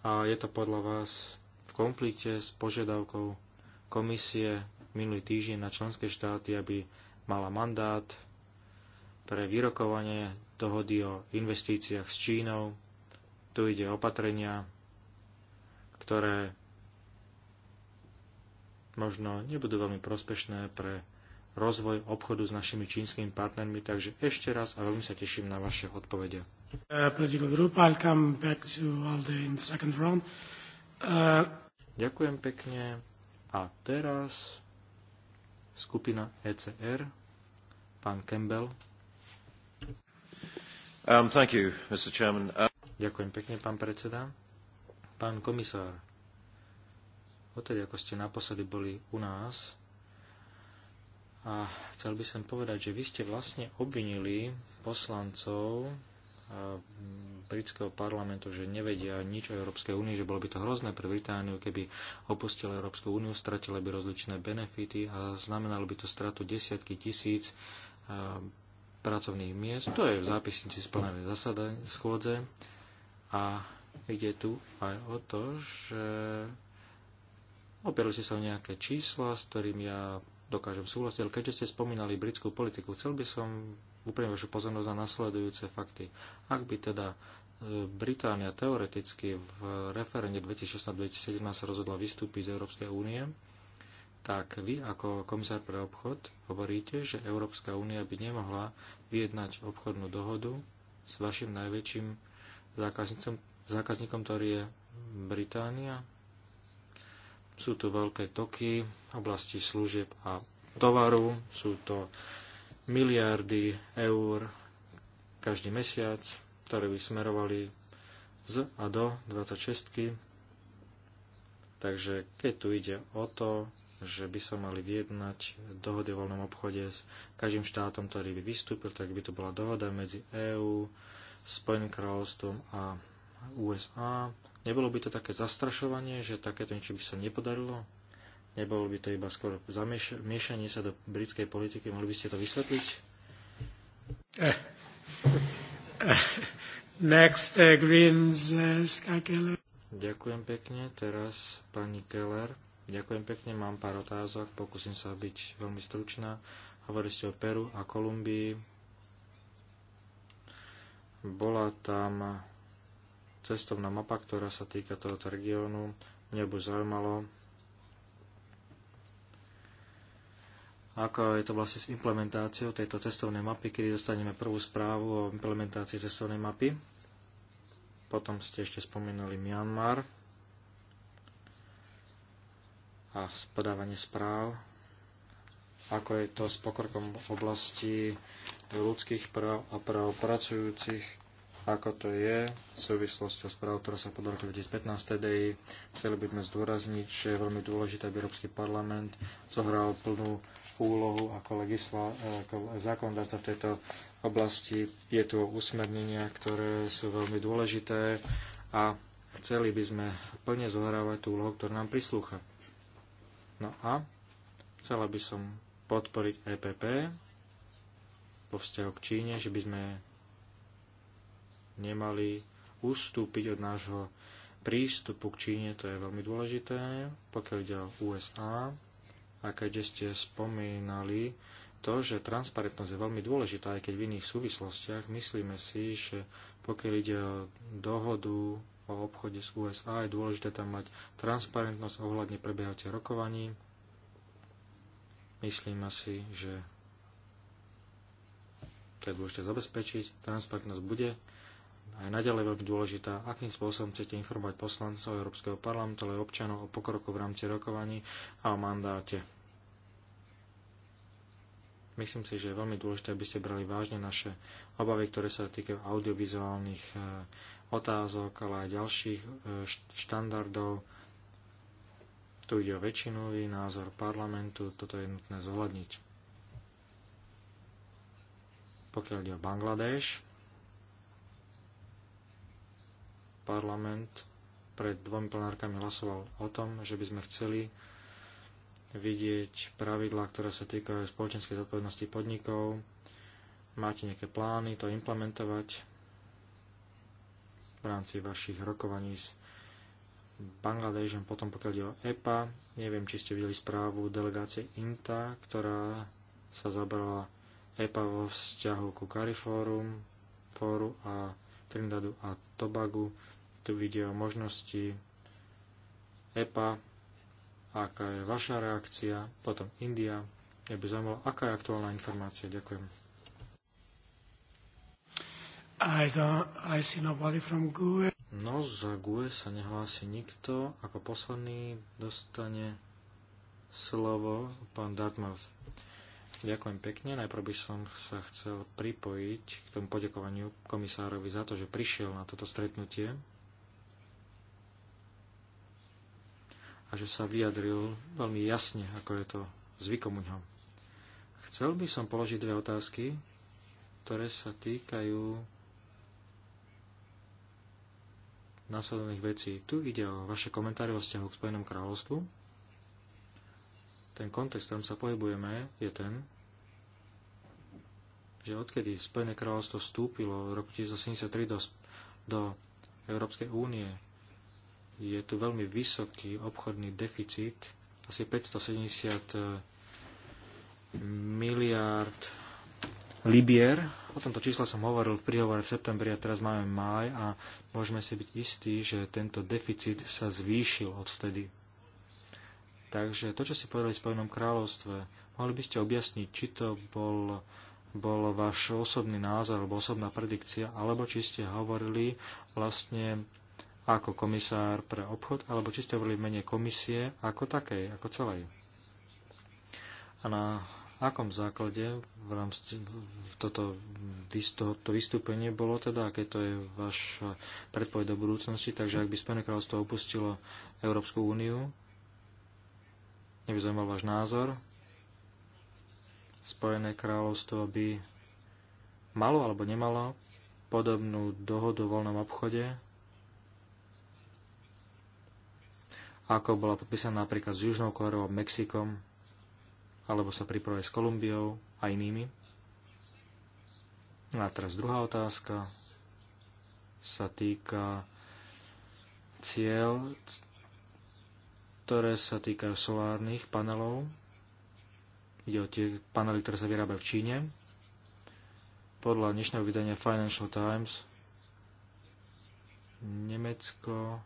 A je to podľa vás v konflikte s požiadavkou komisie minulý týždeň na členské štáty, aby mala mandát pre vyrokovanie dohody o investíciách s Čínou. Tu ide opatrenia, ktoré možno nebudú veľmi prospešné pre rozvoj obchodu s našimi čínskymi partnermi, takže ešte raz a veľmi sa teším na vaše odpovede. Uh, uh, Ďakujem pekne. A teraz skupina ECR, pán Campbell. Um, you, uh... Ďakujem pekne, pán predseda. Pán komisár, odtedy, ako ste naposledy boli u nás. A chcel by som povedať, že vy ste vlastne obvinili poslancov britského parlamentu, že nevedia nič o Európskej únii, že bolo by to hrozné pre Britániu, keby opustila Európsku úniu, stratila by rozličné benefity a znamenalo by to stratu desiatky tisíc pracovných miest. To je v zápisnici splnené zasadanie schôdze a ide tu aj o to, že Opierali ste sa o nejaké čísla, s ktorým ja dokážem súhlasiť, ale keďže ste spomínali britskú politiku, chcel by som upriamiť vašu pozornosť na nasledujúce fakty. Ak by teda e, Británia teoreticky v referende 2016-2017 sa rozhodla vystúpiť z Európskej únie, tak vy ako komisár pre obchod hovoríte, že Európska únia by nemohla vyjednať obchodnú dohodu s vašim najväčším zákazníkom ktorý je Británia, sú tu veľké toky oblasti služieb a tovaru. Sú to miliardy eur každý mesiac, ktoré by smerovali z a do 26. Takže keď tu ide o to, že by sa mali vyjednať dohody o voľnom obchode s každým štátom, ktorý by vystúpil, tak by to bola dohoda medzi EÚ, Spojeným kráľovstvom a USA. Nebolo by to také zastrašovanie, že takéto niečo by sa nepodarilo? Nebolo by to iba skôr zamiešanie sa do britskej politiky? Mohli by ste to vysvetliť? Eh. eh. Next, uh, Greens, uh, Ďakujem pekne. Teraz pani Keller. Ďakujem pekne. Mám pár otázok. Pokúsim sa byť veľmi stručná. Hovorili ste o Peru a Kolumbii. Bola tam cestovná mapa, ktorá sa týka tohoto regiónu. Mňa by zaujímalo, ako je to vlastne s implementáciou tejto cestovnej mapy, kedy dostaneme prvú správu o implementácii cestovnej mapy. Potom ste ešte spomínali Myanmar a podávanie správ, ako je to s pokrokom v oblasti ľudských práv a práv pracujúcich ako to je v súvislosti s správou, ktorá sa podľa roku 2015 TDI. Chceli by sme zdôrazniť, že je veľmi dôležité, aby Európsky parlament zohral plnú úlohu ako, legisla, ako zákonodárca v tejto oblasti. Je tu usmernenia, ktoré sú veľmi dôležité a chceli by sme plne zohrávať tú úlohu, ktorá nám prislúcha. No a chcela by som podporiť EPP vo vzťahu k Číne, že by sme nemali ustúpiť od nášho prístupu k Číne, to je veľmi dôležité, pokiaľ ide o USA. A keďže ste spomínali to, že transparentnosť je veľmi dôležitá, aj keď v iných súvislostiach, myslíme si, že pokiaľ ide o dohodu o obchode s USA, je dôležité tam mať transparentnosť ohľadne prebiehajúcich rokovaní. Myslíme si, že to je dôležité zabezpečiť. Transparentnosť bude aj naďalej veľmi dôležitá, akým spôsobom chcete informovať poslancov Európskeho parlamentu, ale občanov o pokroku v rámci rokovaní a o mandáte. Myslím si, že je veľmi dôležité, aby ste brali vážne naše obavy, ktoré sa týkajú audiovizuálnych e, otázok, ale aj ďalších e, štandardov. Tu ide o väčšinový názor parlamentu, toto je nutné zohľadniť. Pokiaľ ide o Bangladeš, parlament pred dvomi plenárkami hlasoval o tom, že by sme chceli vidieť pravidlá, ktoré sa týkajú spoločenskej zodpovednosti podnikov. Máte nejaké plány to implementovať v rámci vašich rokovaní s Bangladežom, potom pokiaľ ide o EPA. Neviem, či ste videli správu delegácie INTA, ktorá sa zabrala EPA vo vzťahu ku Cariforum, Fóru a Trinidadu a Tobagu tu ide o možnosti EPA, aká je vaša reakcia, potom India. Ja by zaujímalo, aká je aktuálna informácia. Ďakujem. I don't, I see nobody from GUE. No, za GUE sa nehlási nikto. Ako posledný dostane slovo pán Dartmouth. Ďakujem pekne. Najprv by som sa chcel pripojiť k tomu poďakovaniu komisárovi za to, že prišiel na toto stretnutie a že sa vyjadril veľmi jasne, ako je to zvykom u ňom. Chcel by som položiť dve otázky, ktoré sa týkajú následovných vecí. Tu ide o vaše komentáry o vzťahu k Spojenom kráľovstvu. Ten kontext, v ktorom sa pohybujeme, je ten, že odkedy Spojené kráľovstvo vstúpilo v roku 1973 do, do Európskej únie je tu veľmi vysoký obchodný deficit, asi 570 e, miliárd libier. O tomto čísle som hovoril v príhovore v septembri a teraz máme maj a môžeme si byť istí, že tento deficit sa zvýšil odvtedy. Takže to, čo si povedali v Spojenom kráľovstve, mohli by ste objasniť, či to bol bol váš osobný názor alebo osobná predikcia, alebo či ste hovorili vlastne ako komisár pre obchod, alebo či ste hovorili v mene komisie ako takej, ako celej. A na akom základe v rámci toto, to vystúpenie bolo teda, aké to je váš predpoveď do budúcnosti, takže ak by Spojené kráľovstvo opustilo Európsku úniu, neby zaujímal váš názor, Spojené kráľovstvo by malo alebo nemalo podobnú dohodu o voľnom obchode ako bola podpísaná napríklad s Južnou Koreou, Mexikom, alebo sa pripravuje s Kolumbiou a inými. No a teraz druhá otázka sa týka cieľ, ktoré sa týkajú solárnych panelov. Ide o tie panely, ktoré sa vyrábajú v Číne. Podľa dnešného vydania Financial Times Nemecko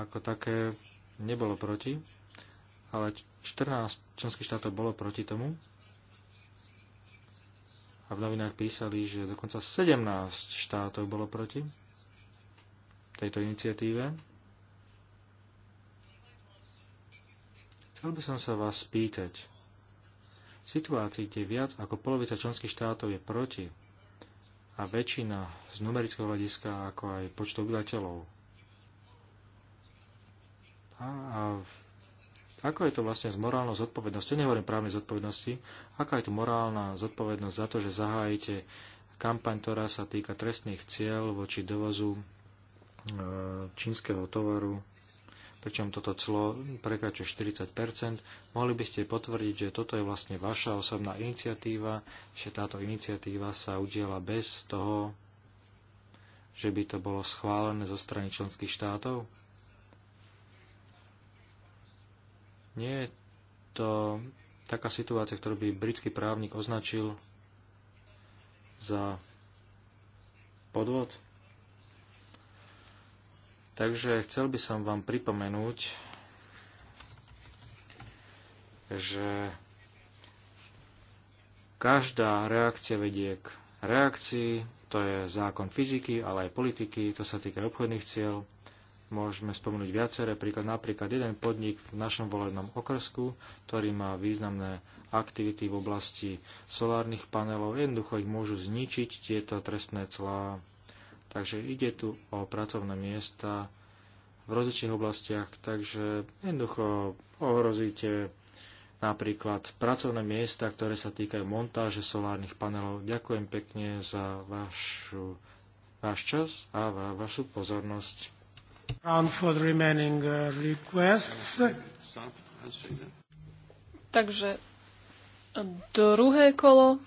ako také nebolo proti, ale 14 členských štátov bolo proti tomu. A v novinách písali, že dokonca 17 štátov bolo proti tejto iniciatíve. Chcel by som sa vás spýtať. V situácii, kde viac ako polovica členských štátov je proti a väčšina z numerického hľadiska, ako aj počtu obyvateľov a, a ako je to vlastne s morálnou zodpovednosťou? Nehovorím právnej zodpovednosti. Aká je to morálna zodpovednosť za to, že zahájite kampaň, ktorá sa týka trestných cieľ voči dovozu e, čínskeho tovaru, pričom toto clo prekračuje 40 Mohli by ste potvrdiť, že toto je vlastne vaša osobná iniciatíva, že táto iniciatíva sa udiela bez toho, že by to bolo schválené zo strany členských štátov? Nie je to taká situácia, ktorú by britský právnik označil za podvod. Takže chcel by som vám pripomenúť, že každá reakcia vedie k reakcii, to je zákon fyziky, ale aj politiky, to sa týka obchodných cieľ, Môžeme spomenúť viaceré, príklad napríklad jeden podnik v našom volebnom okrsku, ktorý má významné aktivity v oblasti solárnych panelov. Jednoducho ich môžu zničiť tieto trestné clá. Takže ide tu o pracovné miesta v rozličných oblastiach, takže jednoducho ohrozíte napríklad pracovné miesta, ktoré sa týkajú montáže solárnych panelov. Ďakujem pekne za vašu, váš čas a vašu pozornosť. Uh, Takže druhé kolo.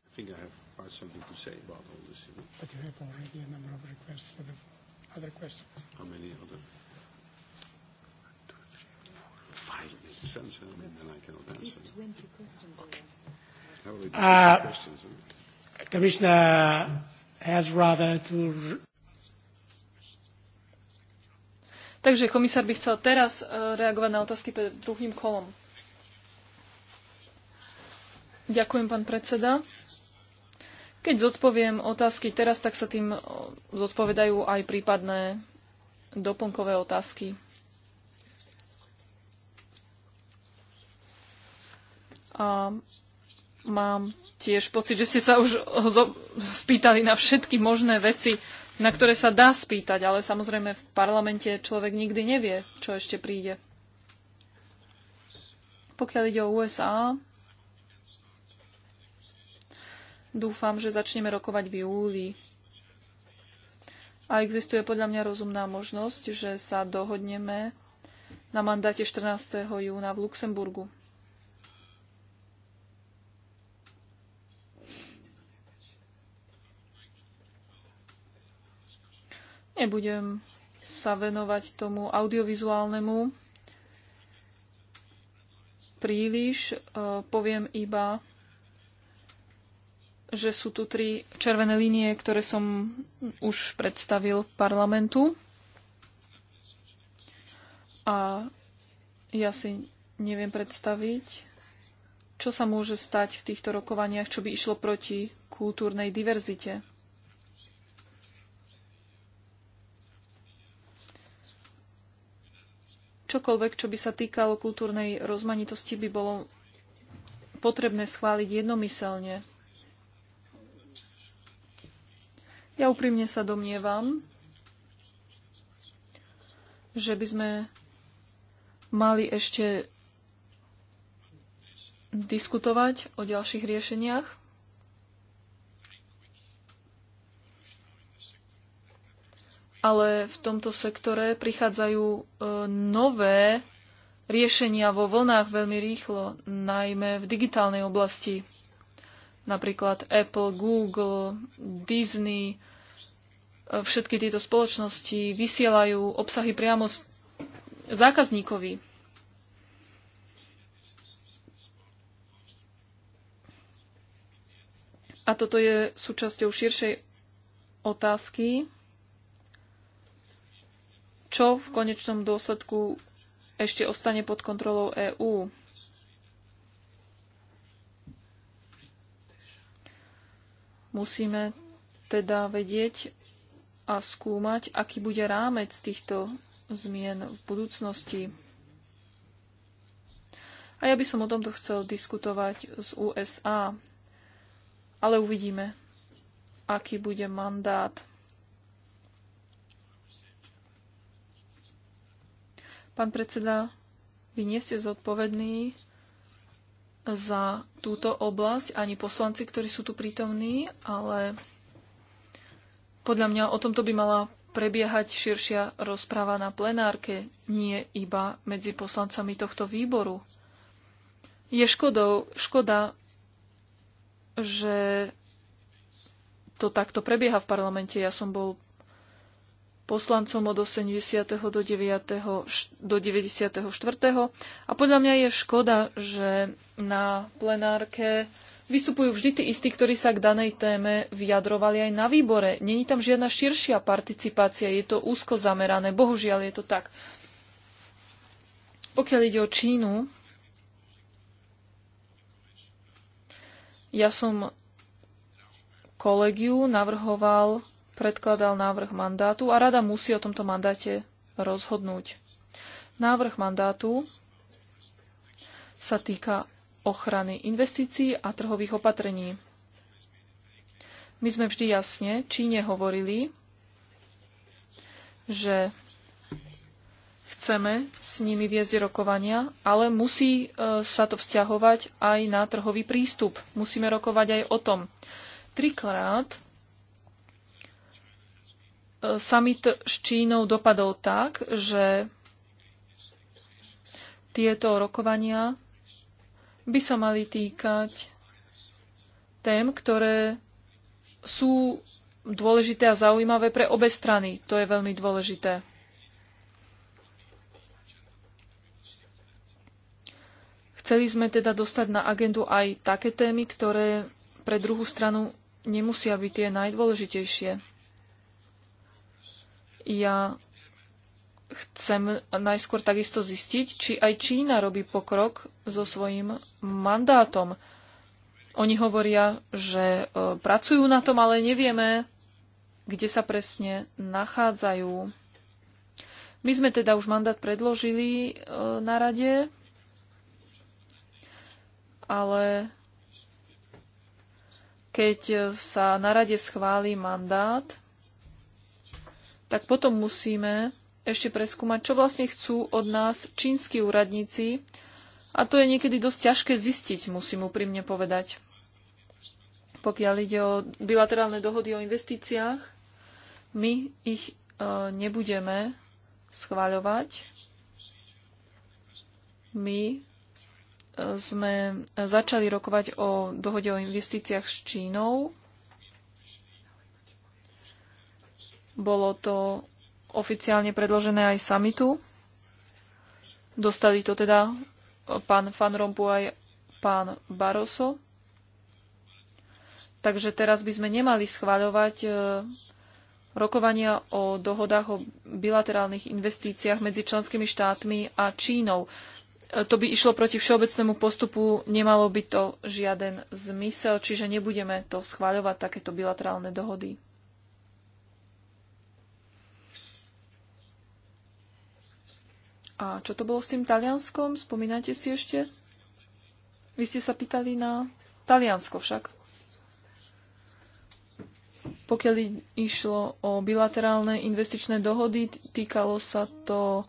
I think I have quite something to say about all this. You know? But you have already a number of requests for the other questions. How many other? Five minutes. Send them in, then I cannot answer. At 20 questions. Okay. Uh, questions, Commissioner has rather to... Takže komisár by chcel teraz e, reagovať na otázky pred druhým kolom. Ďakujem, pán predseda. Keď zodpoviem otázky teraz, tak sa tým e, zodpovedajú aj prípadné doplnkové otázky. A Mám tiež pocit, že ste sa už spýtali na všetky možné veci, na ktoré sa dá spýtať, ale samozrejme v parlamente človek nikdy nevie, čo ešte príde. Pokiaľ ide o USA, dúfam, že začneme rokovať v júli. A existuje podľa mňa rozumná možnosť, že sa dohodneme na mandáte 14. júna v Luxemburgu. Nebudem sa venovať tomu audiovizuálnemu príliš. E, poviem iba, že sú tu tri červené línie, ktoré som už predstavil parlamentu. A ja si neviem predstaviť, čo sa môže stať v týchto rokovaniach, čo by išlo proti kultúrnej diverzite. Čokoľvek, čo by sa týkalo kultúrnej rozmanitosti, by bolo potrebné schváliť jednomyselne. Ja úprimne sa domnievam, že by sme mali ešte diskutovať o ďalších riešeniach. ale v tomto sektore prichádzajú e, nové riešenia vo vlnách veľmi rýchlo, najmä v digitálnej oblasti. Napríklad Apple, Google, Disney, e, všetky tieto spoločnosti vysielajú obsahy priamo zákazníkovi. A toto je súčasťou širšej otázky, čo v konečnom dôsledku ešte ostane pod kontrolou EÚ. Musíme teda vedieť a skúmať, aký bude rámec týchto zmien v budúcnosti. A ja by som o tomto chcel diskutovať z USA, ale uvidíme, aký bude mandát Pán predseda, vy nie ste zodpovední za túto oblasť, ani poslanci, ktorí sú tu prítomní, ale podľa mňa o tomto by mala prebiehať širšia rozpráva na plenárke, nie iba medzi poslancami tohto výboru. Je škodou, škoda, že to takto prebieha v parlamente. Ja som bol poslancom od 80. do, 9, do 94. A podľa mňa je škoda, že na plenárke vystupujú vždy tí istí, ktorí sa k danej téme vyjadrovali aj na výbore. Není tam žiadna širšia participácia, je to úzko zamerané. Bohužiaľ je to tak. Pokiaľ ide o Čínu, ja som kolegiu navrhoval predkladal návrh mandátu a rada musí o tomto mandáte rozhodnúť. Návrh mandátu sa týka ochrany investícií a trhových opatrení. My sme vždy jasne Číne hovorili, že chceme s nimi viesť rokovania, ale musí e, sa to vzťahovať aj na trhový prístup. Musíme rokovať aj o tom. Trikrát summit s Čínou dopadol tak, že tieto rokovania by sa mali týkať tém, ktoré sú dôležité a zaujímavé pre obe strany. To je veľmi dôležité. Chceli sme teda dostať na agendu aj také témy, ktoré pre druhú stranu nemusia byť tie najdôležitejšie. Ja chcem najskôr takisto zistiť, či aj Čína robí pokrok so svojím mandátom. Oni hovoria, že e, pracujú na tom, ale nevieme, kde sa presne nachádzajú. My sme teda už mandát predložili e, na rade, ale keď sa na rade schváli mandát, tak potom musíme ešte preskúmať, čo vlastne chcú od nás čínsky úradníci. A to je niekedy dosť ťažké zistiť, musím úprimne povedať. Pokiaľ ide o bilaterálne dohody o investíciách, my ich e, nebudeme schváľovať. My e, sme začali rokovať o dohode o investíciách s Čínou Bolo to oficiálne predložené aj samitu. Dostali to teda pán Van Rompuy aj pán Barroso. Takže teraz by sme nemali schváľovať e, rokovania o dohodách o bilaterálnych investíciách medzi členskými štátmi a Čínou. E, to by išlo proti všeobecnému postupu, nemalo by to žiaden zmysel, čiže nebudeme to schváľovať, takéto bilaterálne dohody. A čo to bolo s tým Talianskom? Spomínate si ešte? Vy ste sa pýtali na Taliansko však. Pokiaľ išlo o bilaterálne investičné dohody, týkalo sa to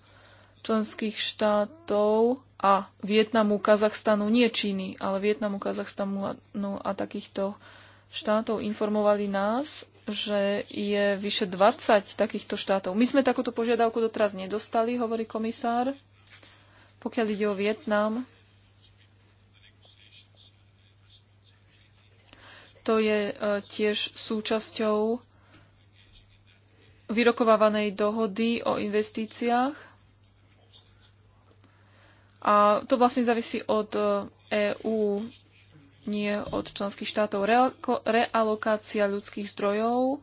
členských štátov a Vietnamu, Kazachstanu, nie Číny, ale Vietnamu, Kazachstanu a, no, a takýchto štátov informovali nás že je vyše 20 takýchto štátov. My sme takúto požiadavku doteraz nedostali, hovorí komisár. Pokiaľ ide o Vietnam, to je e, tiež súčasťou vyrokovávanej dohody o investíciách. A to vlastne závisí od EÚ. E nie od členských štátov. Realokácia ľudských zdrojov.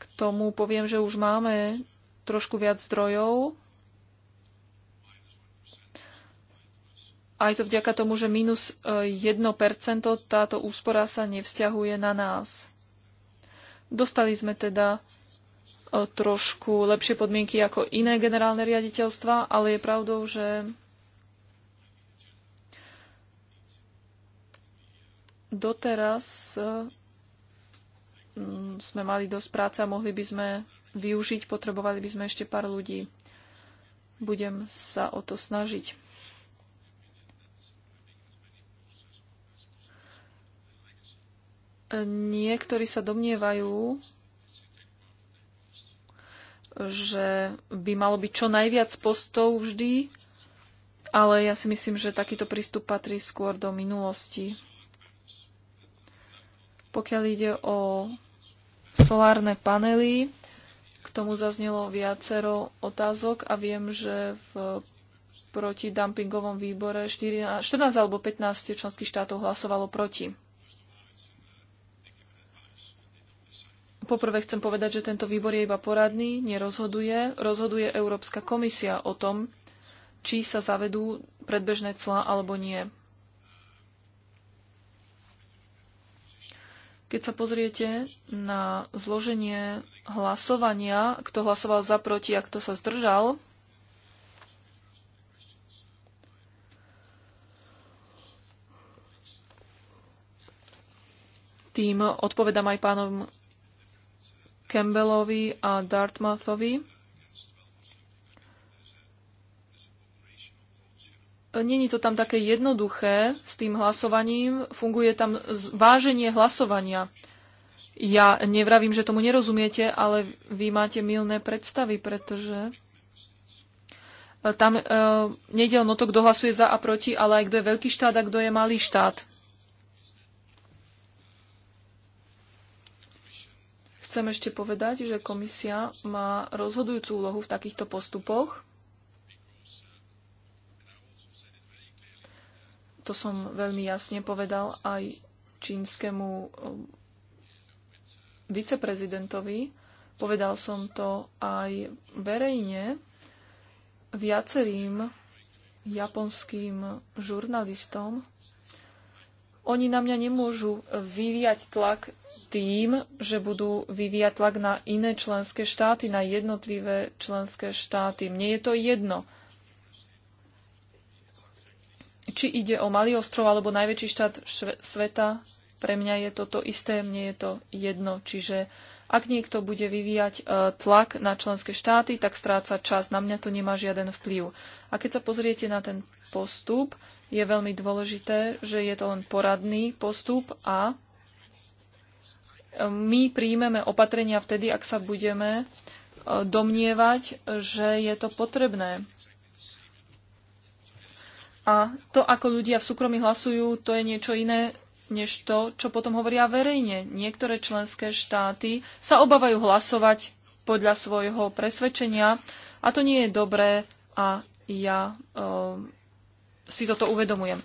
K tomu poviem, že už máme trošku viac zdrojov. Aj to vďaka tomu, že minus 1% e, táto úspora sa nevzťahuje na nás. Dostali sme teda e, trošku lepšie podmienky ako iné generálne riaditeľstva, ale je pravdou, že Doteraz eh, sme mali dosť práce a mohli by sme využiť, potrebovali by sme ešte pár ľudí. Budem sa o to snažiť. Eh, niektorí sa domnievajú, že by malo byť čo najviac postov vždy, ale ja si myslím, že takýto prístup patrí skôr do minulosti. Pokiaľ ide o solárne panely, k tomu zaznelo viacero otázok a viem, že v protidumpingovom výbore 14, 14 alebo 15 členských štátov hlasovalo proti. Poprvé chcem povedať, že tento výbor je iba poradný, nerozhoduje. Rozhoduje Európska komisia o tom, či sa zavedú predbežné clá alebo nie. Keď sa pozriete na zloženie hlasovania, kto hlasoval za proti a kto sa zdržal, tým odpovedám aj pánom Campbellovi a Dartmouthovi. Není to tam také jednoduché s tým hlasovaním, funguje tam váženie hlasovania. Ja nevravím, že tomu nerozumiete, ale vy máte milné predstavy, pretože e, tam e, nejde len o to, kto hlasuje za a proti, ale aj kto je veľký štát a kto je malý štát. Chcem ešte povedať, že komisia má rozhodujúcu úlohu v takýchto postupoch To som veľmi jasne povedal aj čínskemu um, viceprezidentovi. Povedal som to aj verejne viacerým japonským žurnalistom. Oni na mňa nemôžu vyvíjať tlak tým, že budú vyvíjať tlak na iné členské štáty, na jednotlivé členské štáty. Mne je to jedno či ide o malý ostrov alebo najväčší štát sveta, pre mňa je toto isté, mne je to jedno. Čiže ak niekto bude vyvíjať e, tlak na členské štáty, tak stráca čas. Na mňa to nemá žiaden vplyv. A keď sa pozriete na ten postup, je veľmi dôležité, že je to len poradný postup a e, my príjmeme opatrenia vtedy, ak sa budeme e, domnievať, že je to potrebné. A to, ako ľudia v súkromí hlasujú, to je niečo iné než to, čo potom hovoria verejne. Niektoré členské štáty sa obávajú hlasovať podľa svojho presvedčenia a to nie je dobré a ja um, si toto uvedomujem.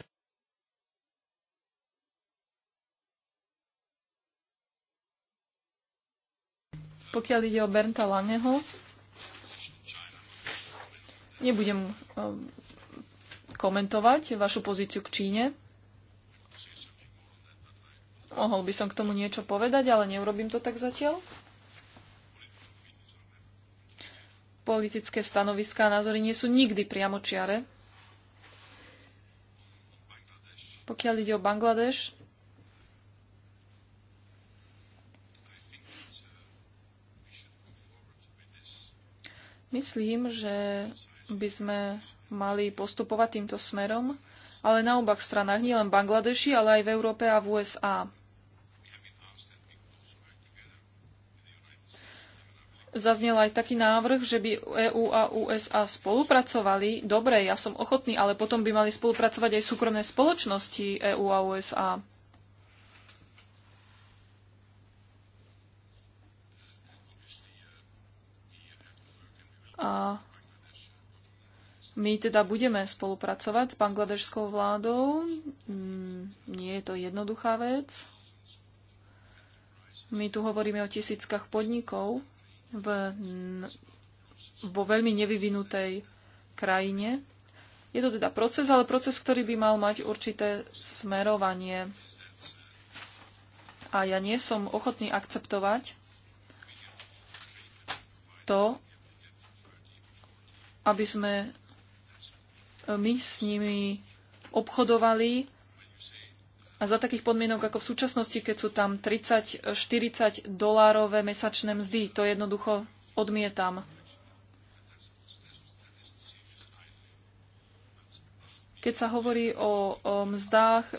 Pokiaľ ide o Bernta Laneho, nebudem um, komentovať vašu pozíciu k Číne. Mohol by som k tomu niečo povedať, ale neurobím to tak zatiaľ. Politické stanoviská a názory nie sú nikdy priamo čiare. Pokiaľ ide o Bangladeš, Myslím, že by sme mali postupovať týmto smerom, ale na obak stranách, nielen v Bangladeši, ale aj v Európe a v USA. Zaznel aj taký návrh, že by EÚ a USA spolupracovali. Dobre, ja som ochotný, ale potom by mali spolupracovať aj súkromné spoločnosti EÚ a USA. A my teda budeme spolupracovať s bangladežskou vládou. Mm, nie je to jednoduchá vec. My tu hovoríme o tisíckach podnikov v, vo veľmi nevyvinutej krajine. Je to teda proces, ale proces, ktorý by mal mať určité smerovanie. A ja nie som ochotný akceptovať to, aby sme e, my s nimi obchodovali a za takých podmienok ako v súčasnosti, keď sú tam 30-40 dolárové mesačné mzdy. To jednoducho odmietam. Keď sa hovorí o, o mzdách,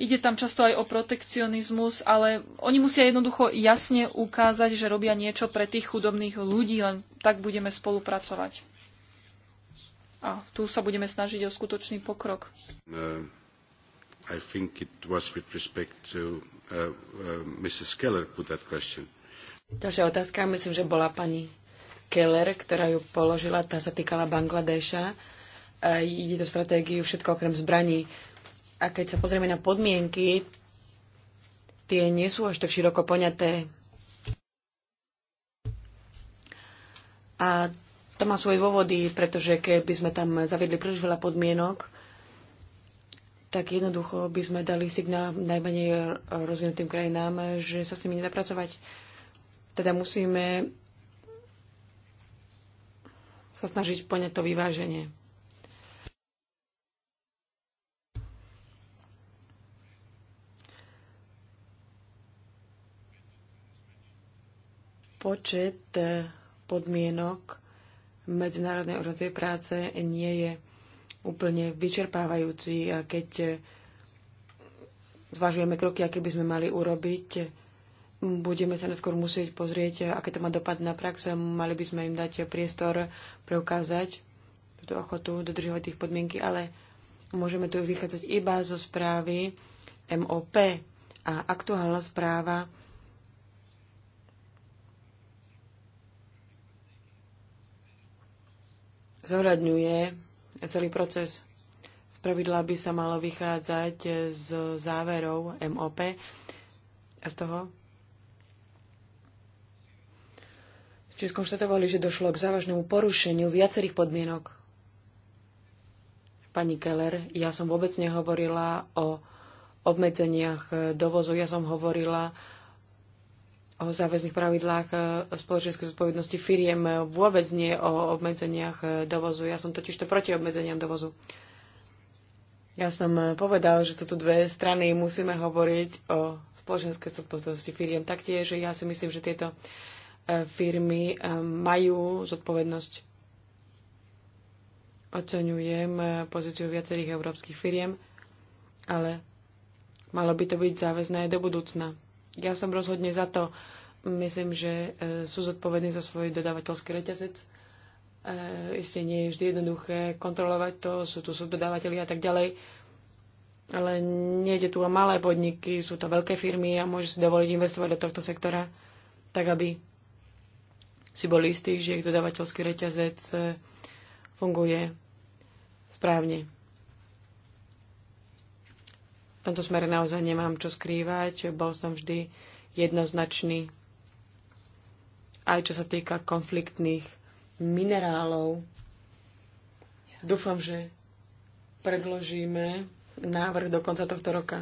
Ide tam často aj o protekcionizmus, ale oni musia jednoducho jasne ukázať, že robia niečo pre tých chudobných ľudí, len tak budeme spolupracovať. A tu sa budeme snažiť o skutočný pokrok. Uh, I think it was with respect to uh, uh, Mrs. Keller put that question. Ďalšia otázka, myslím, že bola pani Keller, ktorá ju položila, tá sa týkala Bangladeša. Uh, ide do stratégiu všetko okrem zbraní. A keď sa pozrieme na podmienky, tie nie sú až tak široko poňaté. A to má svoje dôvody, pretože keby sme tam zaviedli príliš veľa podmienok, tak jednoducho by sme dali signál najmenej rozvinutým krajinám, že sa s nimi nedá pracovať. Teda musíme sa snažiť poňať to vyváženie. Počet e, podmienok Medzinárodnej organizácie práce nie je úplne vyčerpávajúci, a keď e, zvažujeme kroky, aké by sme mali urobiť, budeme sa neskôr musieť pozrieť, e, aké to má dopad na prax. Mali by sme im dať priestor preukázať túto ochotu dodržovať tých podmienky, ale môžeme tu vychádzať iba zo správy MOP. A aktuálna správa zohľadňuje celý proces. Z pravidla by sa malo vychádzať z záverov MOP a z toho, Čiže skonštatovali, že došlo k závažnému porušeniu viacerých podmienok. Pani Keller, ja som vôbec nehovorila o obmedzeniach dovozu, ja som hovorila o záväzných pravidlách e, spoločenskej zodpovednosti firiem, e, vôbec nie o obmedzeniach e, dovozu. Ja som totiž to proti obmedzeniam dovozu. Ja som povedal, že toto dve strany musíme hovoriť o spoločenskej zodpovednosti firiem. Taktiež ja si myslím, že tieto firmy majú zodpovednosť. Oceňujem pozíciu viacerých európskych firiem, ale malo by to byť záväzné do budúcna ja som rozhodne za to. Myslím, že e, sú zodpovední za svoj dodávateľský reťazec. E, Isté nie je vždy jednoduché kontrolovať to, sú tu subdodávateľi a tak ďalej. Ale nejde tu o malé podniky, sú to veľké firmy a môžu si dovoliť investovať do tohto sektora, tak aby si boli istí, že ich dodávateľský reťazec e, funguje správne. V tomto smere naozaj nemám čo skrývať. Bol som vždy jednoznačný. Aj čo sa týka konfliktných minerálov. Dúfam, že predložíme návrh do konca tohto roka.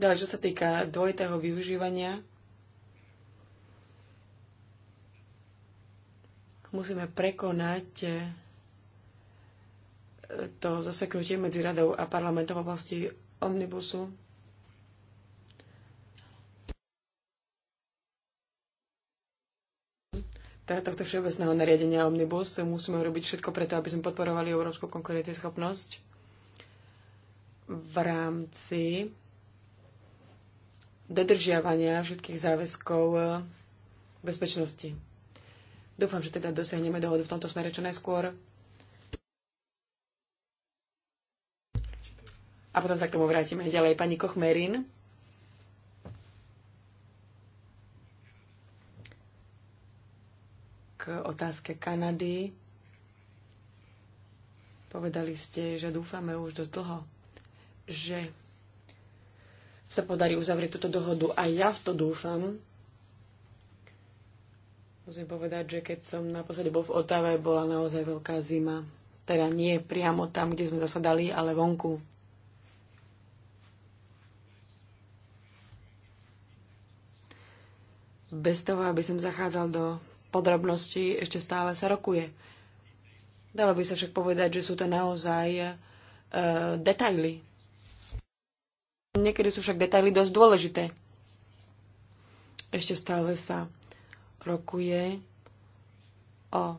Ďalej, čo sa týka dvojitého využívania, musíme prekonať to zaseknutie medzi radou a parlamentom v oblasti omnibusu. Teda tohto všeobecného nariadenia omnibus musíme robiť všetko preto, aby sme podporovali európsku konkurencieschopnosť v rámci dodržiavania všetkých záväzkov bezpečnosti. Dúfam, že teda dosiahneme dohodu v tomto smere čo najskôr. a potom sa k tomu vrátime ďalej. Pani Kochmerin. K otázke Kanady. Povedali ste, že dúfame už dosť dlho, že sa podarí uzavrieť túto dohodu. A ja v to dúfam. Musím povedať, že keď som naposledy bol v Otave, bola naozaj veľká zima. Teda nie priamo tam, kde sme zasadali, ale vonku, Bez toho, aby som zachádzal do podrobností, ešte stále sa rokuje. Dalo by sa však povedať, že sú to naozaj e, detaily. Niekedy sú však detaily dosť dôležité. Ešte stále sa rokuje o,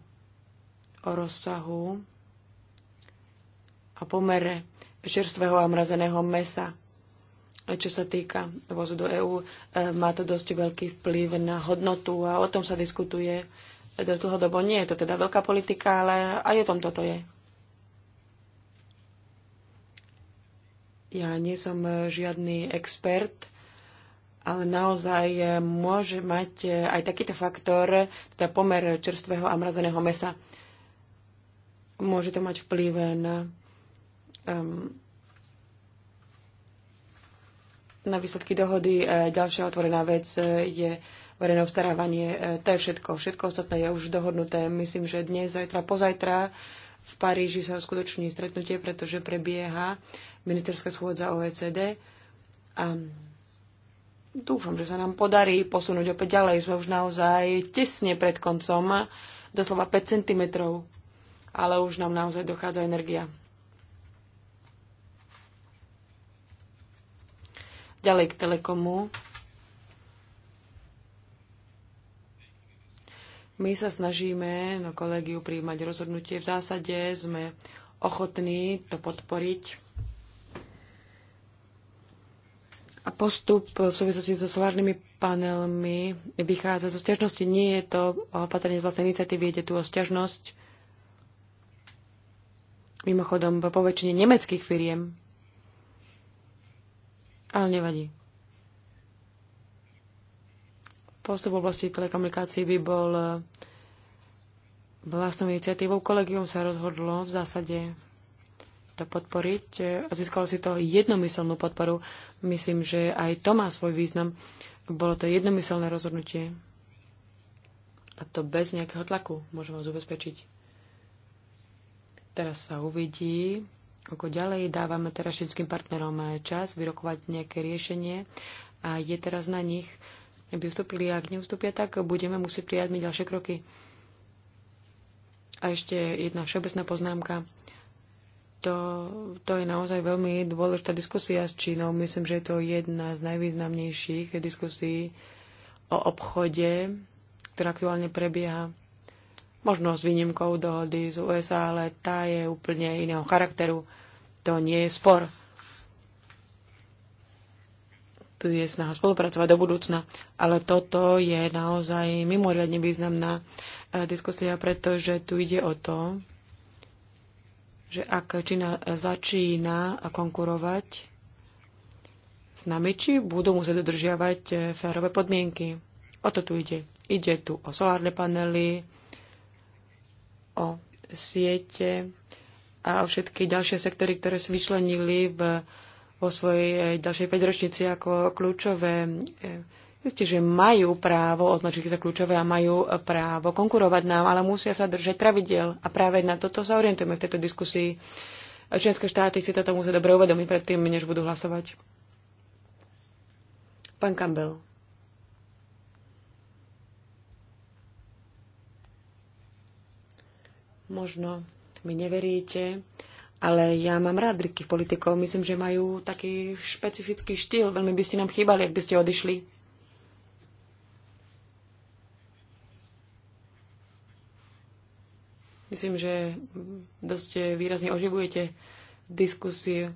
o rozsahu a pomere čerstvého a mrazeného mesa čo sa týka vozu do EÚ, e, má to dosť veľký vplyv na hodnotu a o tom sa diskutuje dosť dlhodobo. Nie je to teda veľká politika, ale aj o tom toto je. Ja nie som žiadny expert, ale naozaj môže mať aj takýto faktor, teda pomer čerstvého a mrazeného mesa. Môže to mať vplyv na um, na výsledky dohody. E, ďalšia otvorená vec e, je verejné obstarávanie. E, to je všetko. Všetko ostatné je už dohodnuté. Myslím, že dnes, zajtra, pozajtra v Paríži sa skutoční stretnutie, pretože prebieha ministerská schôdza OECD. A dúfam, že sa nám podarí posunúť opäť ďalej. Sme už naozaj tesne pred koncom, doslova 5 cm, ale už nám naozaj dochádza energia. Ďalej k telekomu. My sa snažíme na kolegiu príjmať rozhodnutie. V zásade sme ochotní to podporiť. A postup v súvislosti so solárnymi panelmi vychádza zo stiažnosti. Nie je to opatrenie z vlastnej iniciatívy, ide tu o stiažnosť. Mimochodom, po väčšine nemeckých firiem ale nevadí. Postup v oblasti telekomunikácií by bol eh, vlastnou iniciatívou. Kolegium sa rozhodlo v zásade to podporiť eh, a získalo si to jednomyselnú podporu. Myslím, že aj to má svoj význam. Bolo to jednomyselné rozhodnutie. A to bez nejakého tlaku, môžem vás ubezpečiť. Teraz sa uvidí, ako ďalej dávame teraz všetkým partnerom čas vyrokovať nejaké riešenie a je teraz na nich, aby vstúpili. Ak neustúpia, tak budeme musieť prijať ďalšie kroky. A ešte jedna všeobecná poznámka. To, to je naozaj veľmi dôležitá diskusia s Čínou. Myslím, že je to jedna z najvýznamnejších diskusí o obchode, ktorá aktuálne prebieha Možno s výnimkou dohody z USA, ale tá je úplne iného charakteru. To nie je spor. Tu je snaha spolupracovať do budúcna. Ale toto je naozaj mimoriadne významná eh, diskusia, pretože tu ide o to, že ak Čína začína konkurovať s nami, či budú musieť dodržiavať eh, férové podmienky. O to tu ide. Ide tu o solárne panely, o siete a o všetky ďalšie sektory, ktoré si vyčlenili v, vo svojej e, ďalšej 5 ročnici ako kľúčové. E, Isté, že majú právo označiť za kľúčové a majú právo konkurovať nám, ale musia sa držať pravidel. A práve na toto sa orientujeme v tejto diskusii. Členské štáty si toto musia dobre uvedomiť predtým, než budú hlasovať. Pán Campbell. Možno mi neveríte, ale ja mám rád britských politikov. Myslím, že majú taký špecifický štýl. Veľmi by ste nám chýbali, ak by ste odišli. Myslím, že dosť výrazne oživujete diskusiu.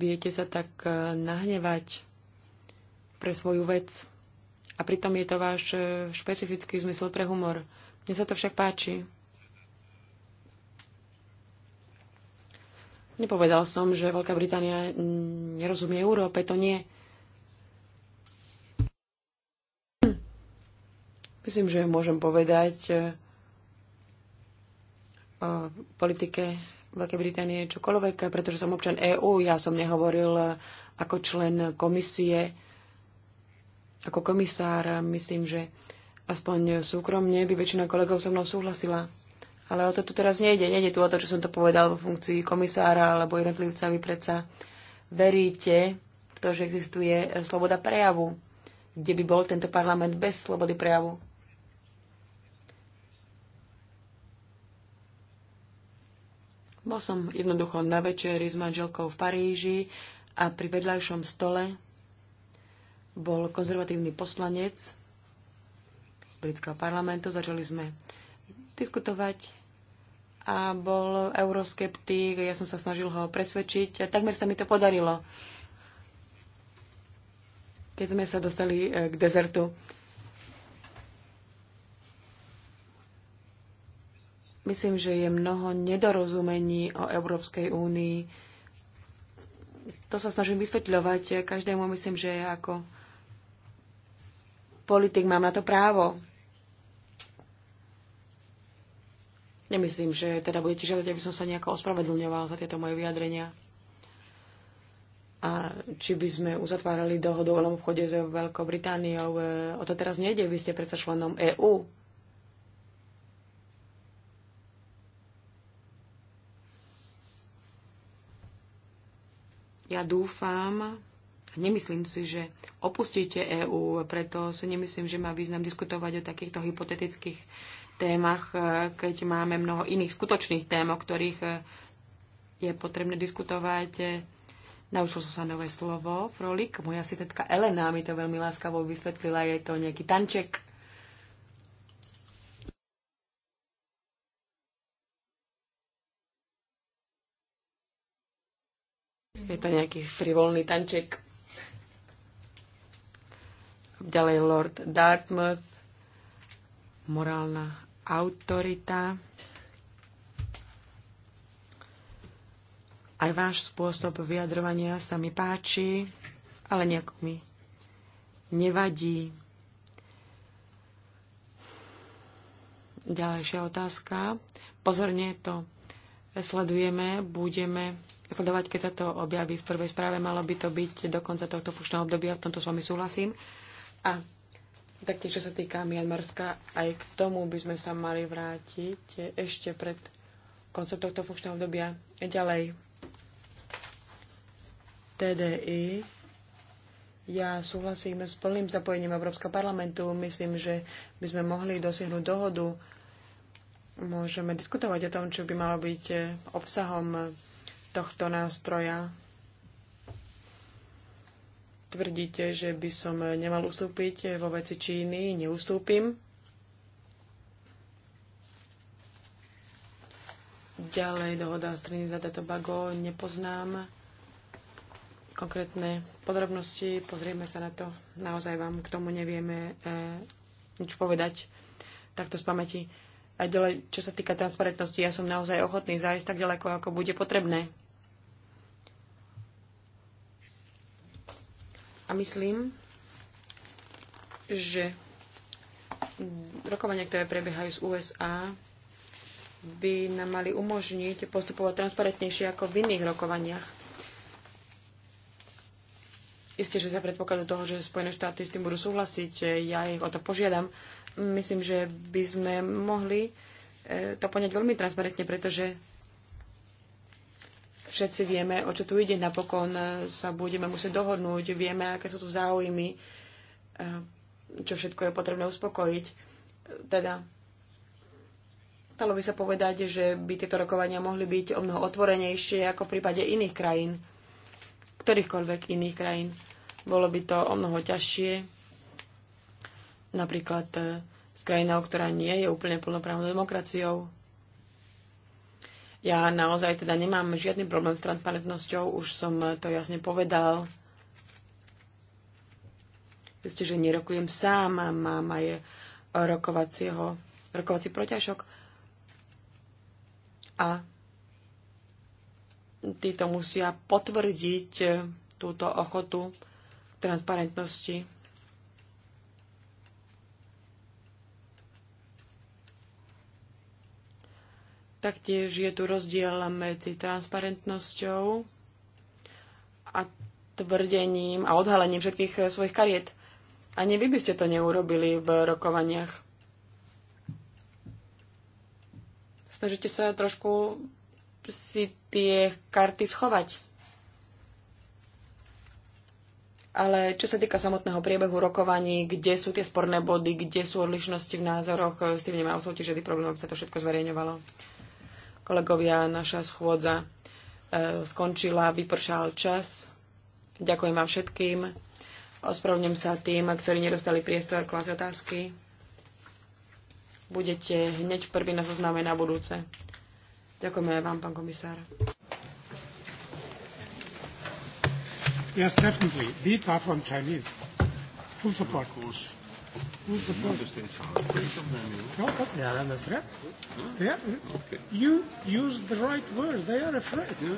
Viete sa tak eh, nahnevať pre svoju vec. A pritom je to váš eh, špecifický zmysel pre humor. Mne sa to však páči. Nepovedal som, že Veľká Británia nerozumie Európe, to nie. Myslím, že môžem povedať eh, o politike Veľkej Británie čokoľvek, pretože som občan EÚ, ja som nehovoril eh, ako člen komisie, ako komisár. Myslím, že aspoň súkromne by väčšina kolegov so mnou súhlasila. Ale o to tu teraz nejde. Nejde tu o to, čo som to povedal vo funkcii komisára alebo jednotlivca. Vy predsa veríte v to, že existuje eh, sloboda prejavu. Kde by bol tento parlament bez slobody prejavu? Bol som jednoducho na večeri s manželkou v Paríži a pri vedľajšom stole bol konzervatívny poslanec, britského parlamentu. Začali sme diskutovať a bol euroskeptik, Ja som sa snažil ho presvedčiť. Takmer sa mi to podarilo, keď sme sa dostali e, k dezertu. Myslím, že je mnoho nedorozumení o Európskej únii. To sa snažím vysvetľovať každému. Myslím, že ako politik mám na to právo Nemyslím, že teda budete žiadať, aby som sa nejako ospravedlňoval za tieto moje vyjadrenia. A či by sme uzatvárali dohodu o obchode s Veľkou Britániou, e, o to teraz nejde, vy ste predsa členom EÚ. Ja dúfam, nemyslím si, že opustíte EÚ, preto si nemyslím, že má význam diskutovať o takýchto hypotetických témach, e, keď máme mnoho iných skutočných tém, o ktorých e, je potrebné diskutovať. E, naučil som sa nové slovo, frolik. Moja asistentka Elena mi to veľmi láskavo vysvetlila. Je to nejaký tanček. Je to nejaký frivolný tanček. Ďalej Lord Dartmouth morálna autorita, aj váš spôsob vyjadrovania sa mi páči, ale nejak mi nevadí. Ďalšia otázka. Pozorne to sledujeme, budeme sledovať, keď sa to objaví v prvej správe. Malo by to byť do konca tohto funkčného obdobia, v tomto s vami súhlasím. A Taktiež, čo sa týka Mianmarska, aj k tomu by sme sa mali vrátiť ešte pred koncom tohto funkčného obdobia. Ďalej. TDI. Ja súhlasím s plným zapojením Európskeho parlamentu. Myslím, že by sme mohli dosiahnuť dohodu. Môžeme diskutovať o tom, čo by malo byť obsahom tohto nástroja tvrdíte, že by som nemal ustúpiť vo veci Číny, neustúpim. Ďalej dohoda s Trinidad a Tobago nepoznám konkrétne podrobnosti, pozrieme sa na to. Naozaj vám k tomu nevieme e, nič povedať takto z pamäti. A ďalej, čo sa týka transparentnosti, ja som naozaj ochotný zájsť tak ďaleko, ako bude potrebné. A myslím, že rokovania, ktoré prebiehajú z USA, by nám mali umožniť postupovať transparentnejšie ako v iných rokovaniach. Isté, že za predpokladu toho, že Spojené štáty s tým budú súhlasiť, ja ich o to požiadam. Myslím, že by sme mohli eh, to poňať veľmi transparentne, pretože Všetci vieme, o čo tu ide. Napokon e, sa budeme musieť dohodnúť. Vieme, aké sú tu záujmy, e, čo všetko je potrebné uspokojiť. E, teda, dalo by sa povedať, že by tieto rokovania mohli byť o mnoho otvorenejšie ako v prípade iných krajín, ktorýchkoľvek iných krajín. Bolo by to o mnoho ťažšie, napríklad s krajinou, ktorá nie je úplne plnoprávnou demokraciou. Ja naozaj teda nemám žiadny problém s transparentnosťou, už som to jasne povedal. Viete, že nerokujem sám, mám aj rokovacieho, rokovací proťažok. A títo musia potvrdiť túto ochotu transparentnosti Taktiež je tu rozdiel medzi transparentnosťou a tvrdením a odhalením všetkých eh, svojich kariet. Ani vy by ste to neurobili v rokovaniach. Snažite sa trošku si tie karty schovať. Ale čo sa týka samotného priebehu rokovaní, kde sú tie sporné body, kde sú odlišnosti v názoroch, eh, s tým nemal som že žiadny problém, sa to všetko zverejňovalo. Kolegovia, naša schôdza e, skončila, vypršal čas. Ďakujem vám všetkým. Ospravedlňujem sa tým, ktorí nedostali priestor klásť otázky. Budete hneď prvý na zozname na budúce. Ďakujeme aj vám, pán komisár. Yes, definitely. Beat from Chinese. Full support. Who's the first? No, but they are under threat. They okay. You use the right word. They are afraid. Yeah.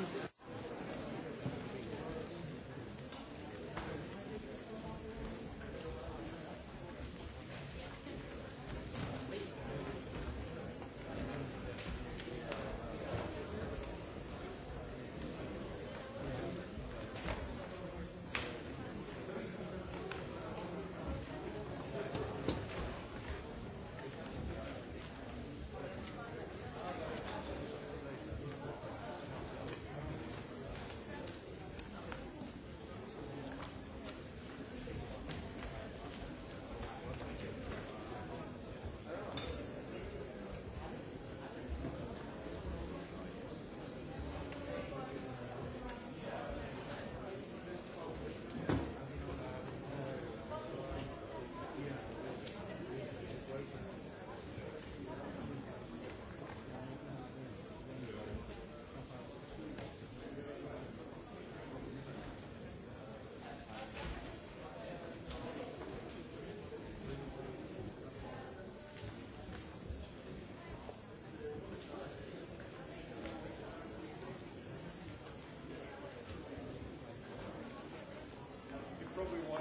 everyone.